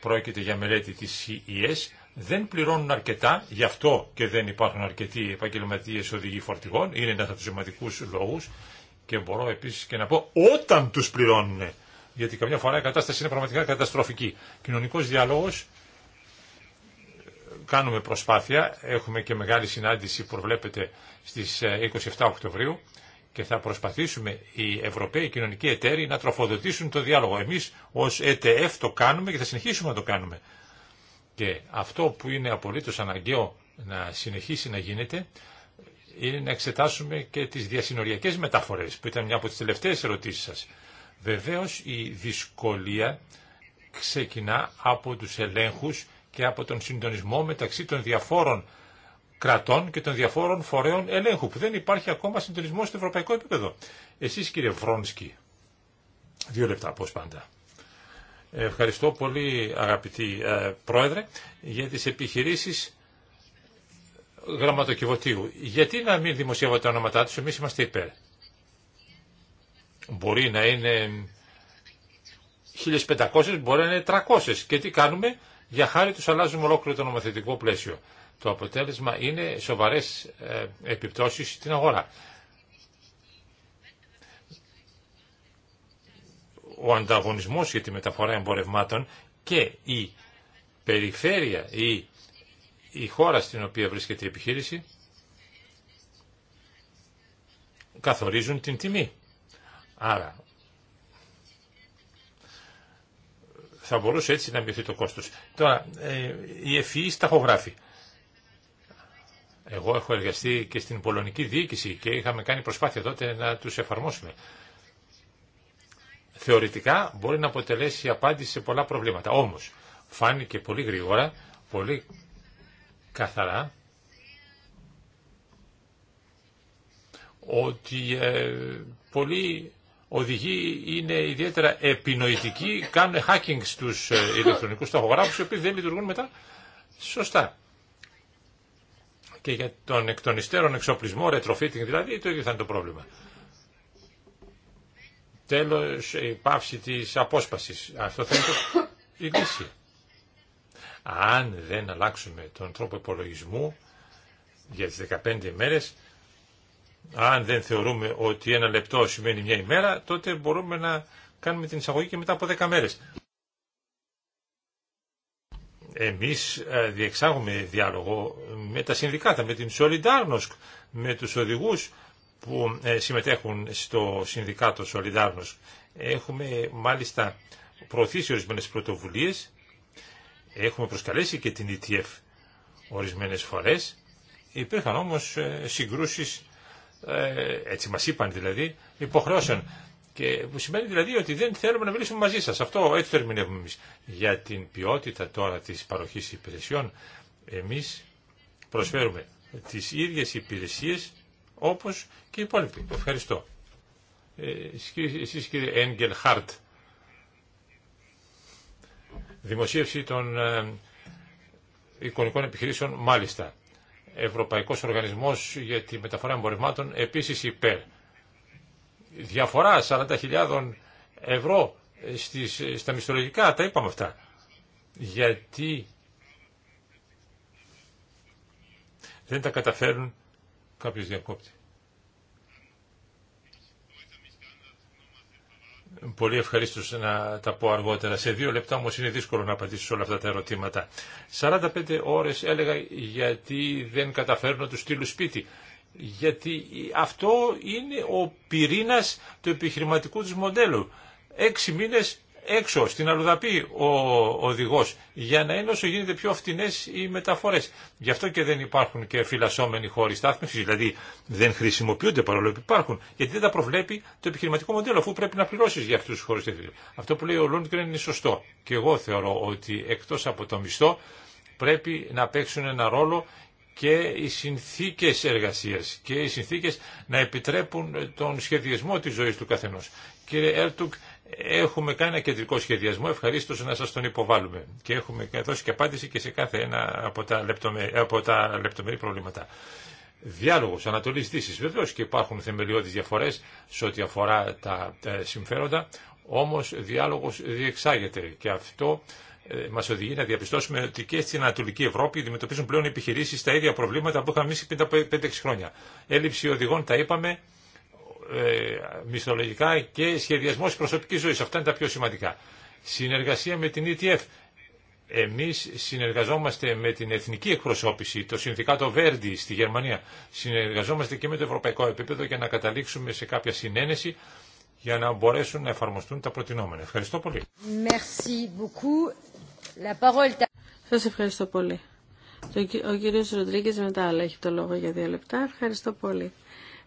Πρόκειται για μελέτη της CES δεν πληρώνουν αρκετά, γι' αυτό και δεν υπάρχουν αρκετοί επαγγελματίε οδηγοί φορτηγών, είναι ένα από του σημαντικού λόγου. Και μπορώ επίση και να πω όταν του πληρώνουν, γιατί καμιά φορά η κατάσταση είναι πραγματικά καταστροφική. Κοινωνικό διάλογο, κάνουμε προσπάθεια, έχουμε και μεγάλη συνάντηση που βλέπετε στι 27 Οκτωβρίου και θα προσπαθήσουμε οι Ευρωπαίοι κοινωνικοί εταίροι να τροφοδοτήσουν το διάλογο. Εμεί ω ΕΤΕΦ το κάνουμε και θα συνεχίσουμε να το κάνουμε. Και αυτό που είναι απολύτως αναγκαίο να συνεχίσει να γίνεται είναι να εξετάσουμε και τις διασυνοριακές μεταφορές, που ήταν μια από τις τελευταίες ερωτήσεις σας. Βεβαίως η δυσκολία ξεκινά από τους ελέγχους και από τον συντονισμό μεταξύ των διαφόρων κρατών και των διαφόρων φορέων ελέγχου, που δεν υπάρχει ακόμα συντονισμό στο ευρωπαϊκό επίπεδο. Εσείς κύριε Βρόνσκι, δύο λεπτά πώς πάντα. Ευχαριστώ πολύ αγαπητή ε, Πρόεδρε για τις επιχειρήσεις γραμματοκιβωτίου. Γιατί να μην δημοσιεύω τα ονόματά τους, εμείς είμαστε υπέρ. Μπορεί να είναι 1500, μπορεί να είναι 300. Και τι κάνουμε, για χάρη τους αλλάζουμε ολόκληρο το νομοθετικό πλαίσιο. Το αποτέλεσμα είναι σοβαρές ε, επιπτώσεις στην αγορά. ο ανταγωνισμός για τη μεταφορά εμπορευμάτων και η περιφέρεια ή η χώρα στην οποία βρίσκεται η επιχείρηση καθορίζουν την τιμή. Άρα θα μπορούσε έτσι να μειωθεί το κόστος. Τώρα, ε, οι σταχογράφη. E Εγώ έχω εργαστεί και στην πολωνική διοίκηση και είχαμε κάνει προσπάθεια τότε να τους εφαρμόσουμε θεωρητικά μπορεί να αποτελέσει απάντηση σε πολλά προβλήματα. Όμως, φάνηκε πολύ γρήγορα, πολύ καθαρά, ότι ε, πολλοί οδηγοί είναι ιδιαίτερα επινοητικοί, κάνουν hacking στους ε, ηλεκτρονικούς ταχογράφους, οι οποίοι δεν λειτουργούν μετά σωστά. Και για τον εκ των υστέρων εξοπλισμό, retrofitting δηλαδή, το ίδιο θα είναι το πρόβλημα. Τέλος, η πάυση της απόσπασης. Αυτό θα είναι το... η Αν δεν αλλάξουμε τον τρόπο υπολογισμού για τις 15 μέρες, αν δεν θεωρούμε ότι ένα λεπτό σημαίνει μια ημέρα, τότε μπορούμε να κάνουμε την εισαγωγή και μετά από 10 μέρες. Εμείς ε, διεξάγουμε διάλογο με τα συνδικάτα, με την Solidarnosc, με τους οδηγούς, που ε, συμμετέχουν στο Συνδικάτο Σολιδάρνος. Έχουμε μάλιστα προωθήσει ορισμένες πρωτοβουλίες, έχουμε προσκαλέσει και την ETF ορισμένες φορές, υπήρχαν όμως ε, συγκρούσεις, ε, έτσι μας είπαν δηλαδή, υποχρεώσεων. Και που σημαίνει δηλαδή ότι δεν θέλουμε να μιλήσουμε μαζί σας. Αυτό έτσι το ερμηνεύουμε εμείς. Για την ποιότητα τώρα της παροχής υπηρεσιών, εμείς προσφέρουμε τις ίδιες υπηρεσίες όπως και οι υπόλοιποι. Ευχαριστώ. Ε, εσείς κύριε Έγγελ Χάρτ, δημοσίευση των ε, εικονικών επιχειρήσεων μάλιστα. Ευρωπαϊκός Οργανισμός για τη Μεταφορά Εμπορευμάτων επίσης υπέρ. Διαφορά 40.000 ευρώ στις, στα μισθολογικά, τα είπαμε αυτά. Γιατί δεν τα καταφέρουν Κάποιος διακόπτει. Πολύ ευχαρίστω να τα πω αργότερα. Σε δύο λεπτά όμω είναι δύσκολο να απαντήσω όλα αυτά τα ερωτήματα. 45 ώρε έλεγα γιατί δεν καταφέρνω να του στείλω σπίτι. Γιατί αυτό είναι ο πυρήνα του επιχειρηματικού του μοντέλου. Έξι μήνε έξω στην Αλουδαπή ο οδηγό για να είναι όσο γίνεται πιο φτηνέ οι μεταφορέ. Γι' αυτό και δεν υπάρχουν και φυλασσόμενοι χώροι στάθμευση, δηλαδή δεν χρησιμοποιούνται παρόλο που υπάρχουν, γιατί δεν τα προβλέπει το επιχειρηματικό μοντέλο αφού πρέπει να πληρώσει για αυτού του χώρου στάθμευση. Αυτό που λέει ο Λούντγκρεν είναι σωστό και εγώ θεωρώ ότι εκτό από το μισθό πρέπει να παίξουν ένα ρόλο και οι συνθήκες εργασίας και οι συνθήκες να επιτρέπουν τον σχεδιασμό της ζωής του καθενός. Κύριε Έρτουκ, Έχουμε κάνει ένα κεντρικό σχεδιασμό, ευχαρίστως να σας τον υποβάλουμε. Και έχουμε δώσει και απάντηση και σε κάθε ένα από τα, λεπτομερή, από τα λεπτομερή προβλήματα. Διάλογος, ανατολής δύσης. Βεβαίως και υπάρχουν θεμελιώδεις διαφορές σε ό,τι αφορά τα συμφέροντα, όμως διάλογος διεξάγεται και αυτό ε, μα οδηγεί να διαπιστώσουμε ότι και στην Ανατολική Ευρώπη αντιμετωπίζουν πλέον επιχειρήσει τα ίδια προβλήματα που είχαμε εμεί 5-6 χρόνια. Έλλειψη οδηγών, τα είπαμε, ε, μισθολογικά και τη προσωπική ζωή. Αυτά είναι τα πιο σημαντικά. Συνεργασία με την ETF. Εμεί συνεργαζόμαστε με την εθνική εκπροσώπηση, το Συνδικάτο Βέρντι στη Γερμανία. Συνεργαζόμαστε και με το ευρωπαϊκό επίπεδο για να καταλήξουμε σε κάποια συνένεση για να μπορέσουν να εφαρμοστούν τα προτινόμενα. Ευχαριστώ πολύ. Σα ευχαριστώ πολύ. Ο κύριος Ροντρίγκης μετά αλλά έχει το λόγο για δύο λεπτά. Ευχαριστώ πολύ.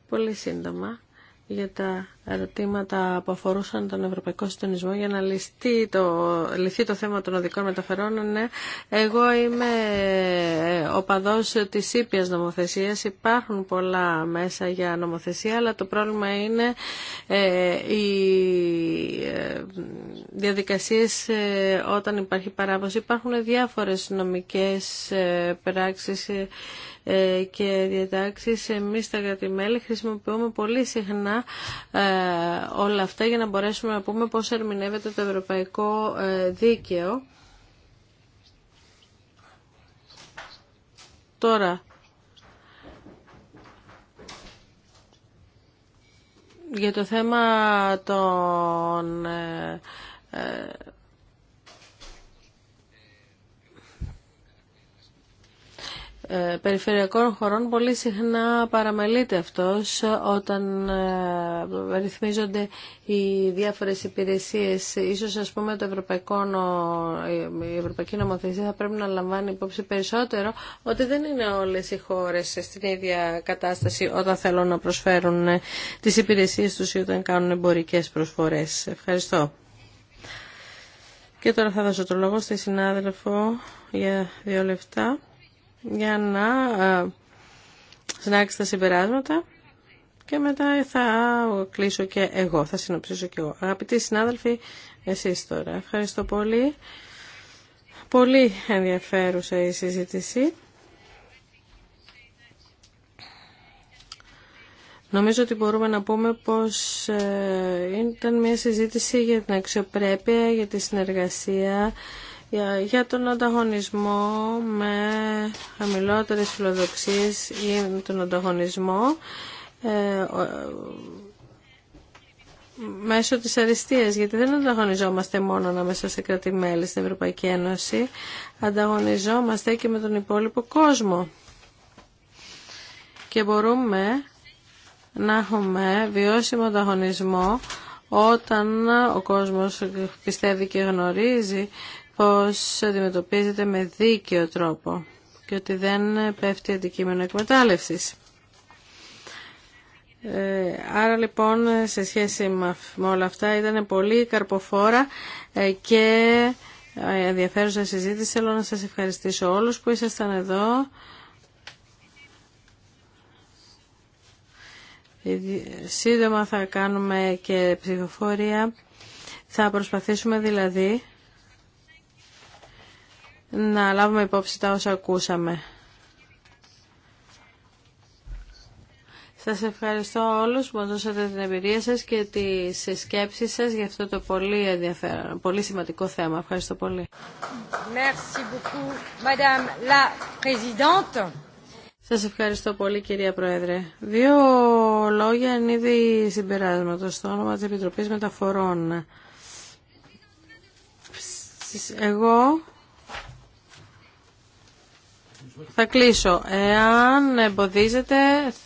Πολύ σύντομα για τα ερωτήματα που αφορούσαν τον Ευρωπαϊκό Συντονισμό για να λυθεί το, λυθεί το θέμα των οδικών μεταφερών. Ναι. εγώ είμαι ε, οπαδός της ήπιας νομοθεσίας. Υπάρχουν πολλά μέσα για νομοθεσία, αλλά το πρόβλημα είναι ε, οι ε, διαδικασίες όταν υπάρχει παράβαση. Υπάρχουν διάφορες νομικές πράξεις ε, και διατάξει, Εμείς στα κρατημέλη χρησιμοποιούμε πολύ συχνά ε, όλα αυτά για να μπορέσουμε να πούμε πώς ερμηνεύεται το ευρωπαϊκό ε, δίκαιο. Τώρα, για το θέμα των Ε, περιφερειακών χωρών πολύ συχνά παραμελείται αυτός όταν ε, ρυθμίζονται οι διάφορες υπηρεσίες. Ίσως ας πούμε το ευρωπαϊκό, ε, η ευρωπαϊκή νομοθεσία θα πρέπει να λαμβάνει υπόψη περισσότερο ότι δεν είναι όλες οι χώρες στην ίδια κατάσταση όταν θέλουν να προσφέρουν τις υπηρεσίες τους ή όταν κάνουν εμπορικές προσφορές. Ευχαριστώ. Και τώρα θα δώσω το λόγο στη συνάδελφο για δύο λεπτά για να ε, συνάξει τα συμπεράσματα και μετά θα κλείσω και εγώ, θα συνοψίσω και εγώ. Αγαπητοί συνάδελφοι, εσείς τώρα. Ευχαριστώ πολύ. Πολύ ενδιαφέρουσα η συζήτηση. Νομίζω ότι μπορούμε να πούμε πως ε, ήταν μια συζήτηση για την αξιοπρέπεια, για τη συνεργασία, για τον ανταγωνισμό με χαμηλότερες φιλοδοξίες ή τον ανταγωνισμό ε, μέσω της αριστείας, γιατί δεν ανταγωνιζόμαστε μόνο ανάμεσα σε κράτη-μέλη στην Ευρωπαϊκή Ένωση, ανταγωνιζόμαστε και με τον υπόλοιπο κόσμο. Και μπορούμε να έχουμε βιώσιμο ανταγωνισμό όταν ο κόσμος πιστεύει και γνωρίζει πως αντιμετωπίζεται με δίκαιο τρόπο και ότι δεν πέφτει αντικείμενο εκμετάλλευσης. Ε, άρα λοιπόν σε σχέση με όλα αυτά ήταν πολύ καρποφόρα ε, και ε, ενδιαφέρουσα συζήτηση. Θέλω να σας ευχαριστήσω όλους που ήσασταν εδώ. Σύντομα θα κάνουμε και ψηφοφορία. Θα προσπαθήσουμε δηλαδή να λάβουμε υπόψη τα όσα ακούσαμε. Σας ευχαριστώ όλους που μας δώσατε την εμπειρία σας και τις σκέψεις σας για αυτό το πολύ ενδιαφέρον, πολύ σημαντικό θέμα. Ευχαριστώ πολύ. Merci beaucoup, Madame la Présidente. Σας ευχαριστώ πολύ κυρία Πρόεδρε. Δύο λόγια είναι είδη συμπεράσματος στο όνομα της Επιτροπής Μεταφορών. Εγώ θα κλείσω. Εάν εμποδίζετε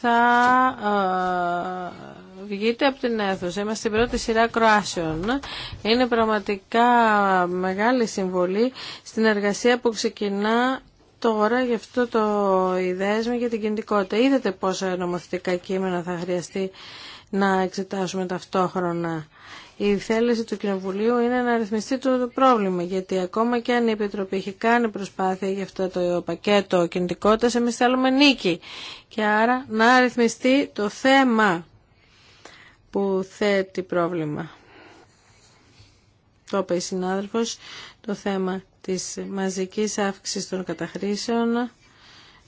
θα ε, βγείτε από την αίθουσα. Είμαστε στην πρώτη σειρά κροάσεων. Είναι πραγματικά μεγάλη συμβολή στην εργασία που ξεκινά τώρα γι' αυτό το ιδέασμα για την κινητικότητα. Είδατε πόσα νομοθετικά κείμενα θα χρειαστεί να εξετάσουμε ταυτόχρονα η θέληση του Κοινοβουλίου είναι να ρυθμιστεί το πρόβλημα. Γιατί ακόμα και αν η Επιτροπή έχει κάνει προσπάθεια για αυτό το πακέτο κινητικότητα, εμεί θέλουμε νίκη. Και άρα να ρυθμιστεί το θέμα που θέτει πρόβλημα. Το είπε η συνάδελφος, το θέμα της μαζικής αύξησης των καταχρήσεων.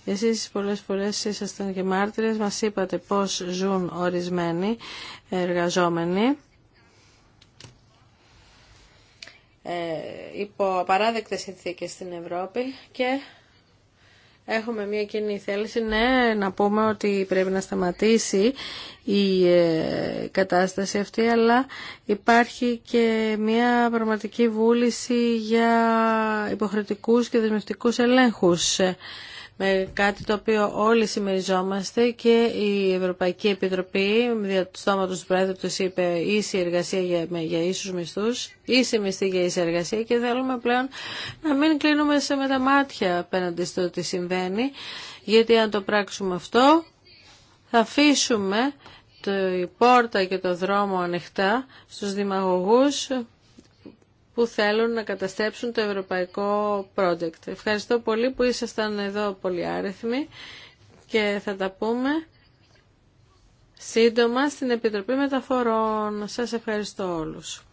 Εσείς πολλές φορές ήσασταν και μάρτυρες, μας είπατε πώς ζουν ορισμένοι εργαζόμενοι Ε, υπό απαράδεκτες συνθήκες στην Ευρώπη και Έχουμε μια κοινή θέληση, ναι, να πούμε ότι πρέπει να σταματήσει η ε, κατάσταση αυτή, αλλά υπάρχει και μια πραγματική βούληση για υποχρετικούς και δεσμευτικούς ελέγχους με κάτι το οποίο όλοι συμμεριζόμαστε και η Ευρωπαϊκή Επιτροπή δια του στόματος του Πρόεδρου τους είπε ίση εργασία για, για ίσους μισθούς, ίση μισθή για ίση εργασία και θέλουμε πλέον να μην κλείνουμε σε με τα μάτια απέναντι στο τι συμβαίνει γιατί αν το πράξουμε αυτό θα αφήσουμε η πόρτα και το δρόμο ανοιχτά στους δημαγωγούς που θέλουν να καταστρέψουν το ευρωπαϊκό project. Ευχαριστώ πολύ που ήσασταν εδώ πολύ και θα τα πούμε σύντομα στην Επιτροπή Μεταφορών. Σας ευχαριστώ όλους.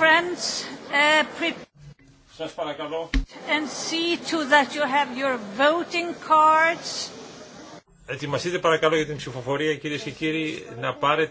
friends, uh, παρακαλώ. Ετοιμαστείτε παρακαλώ για την ψηφοφορία κύριε και κύριοι να πάρετε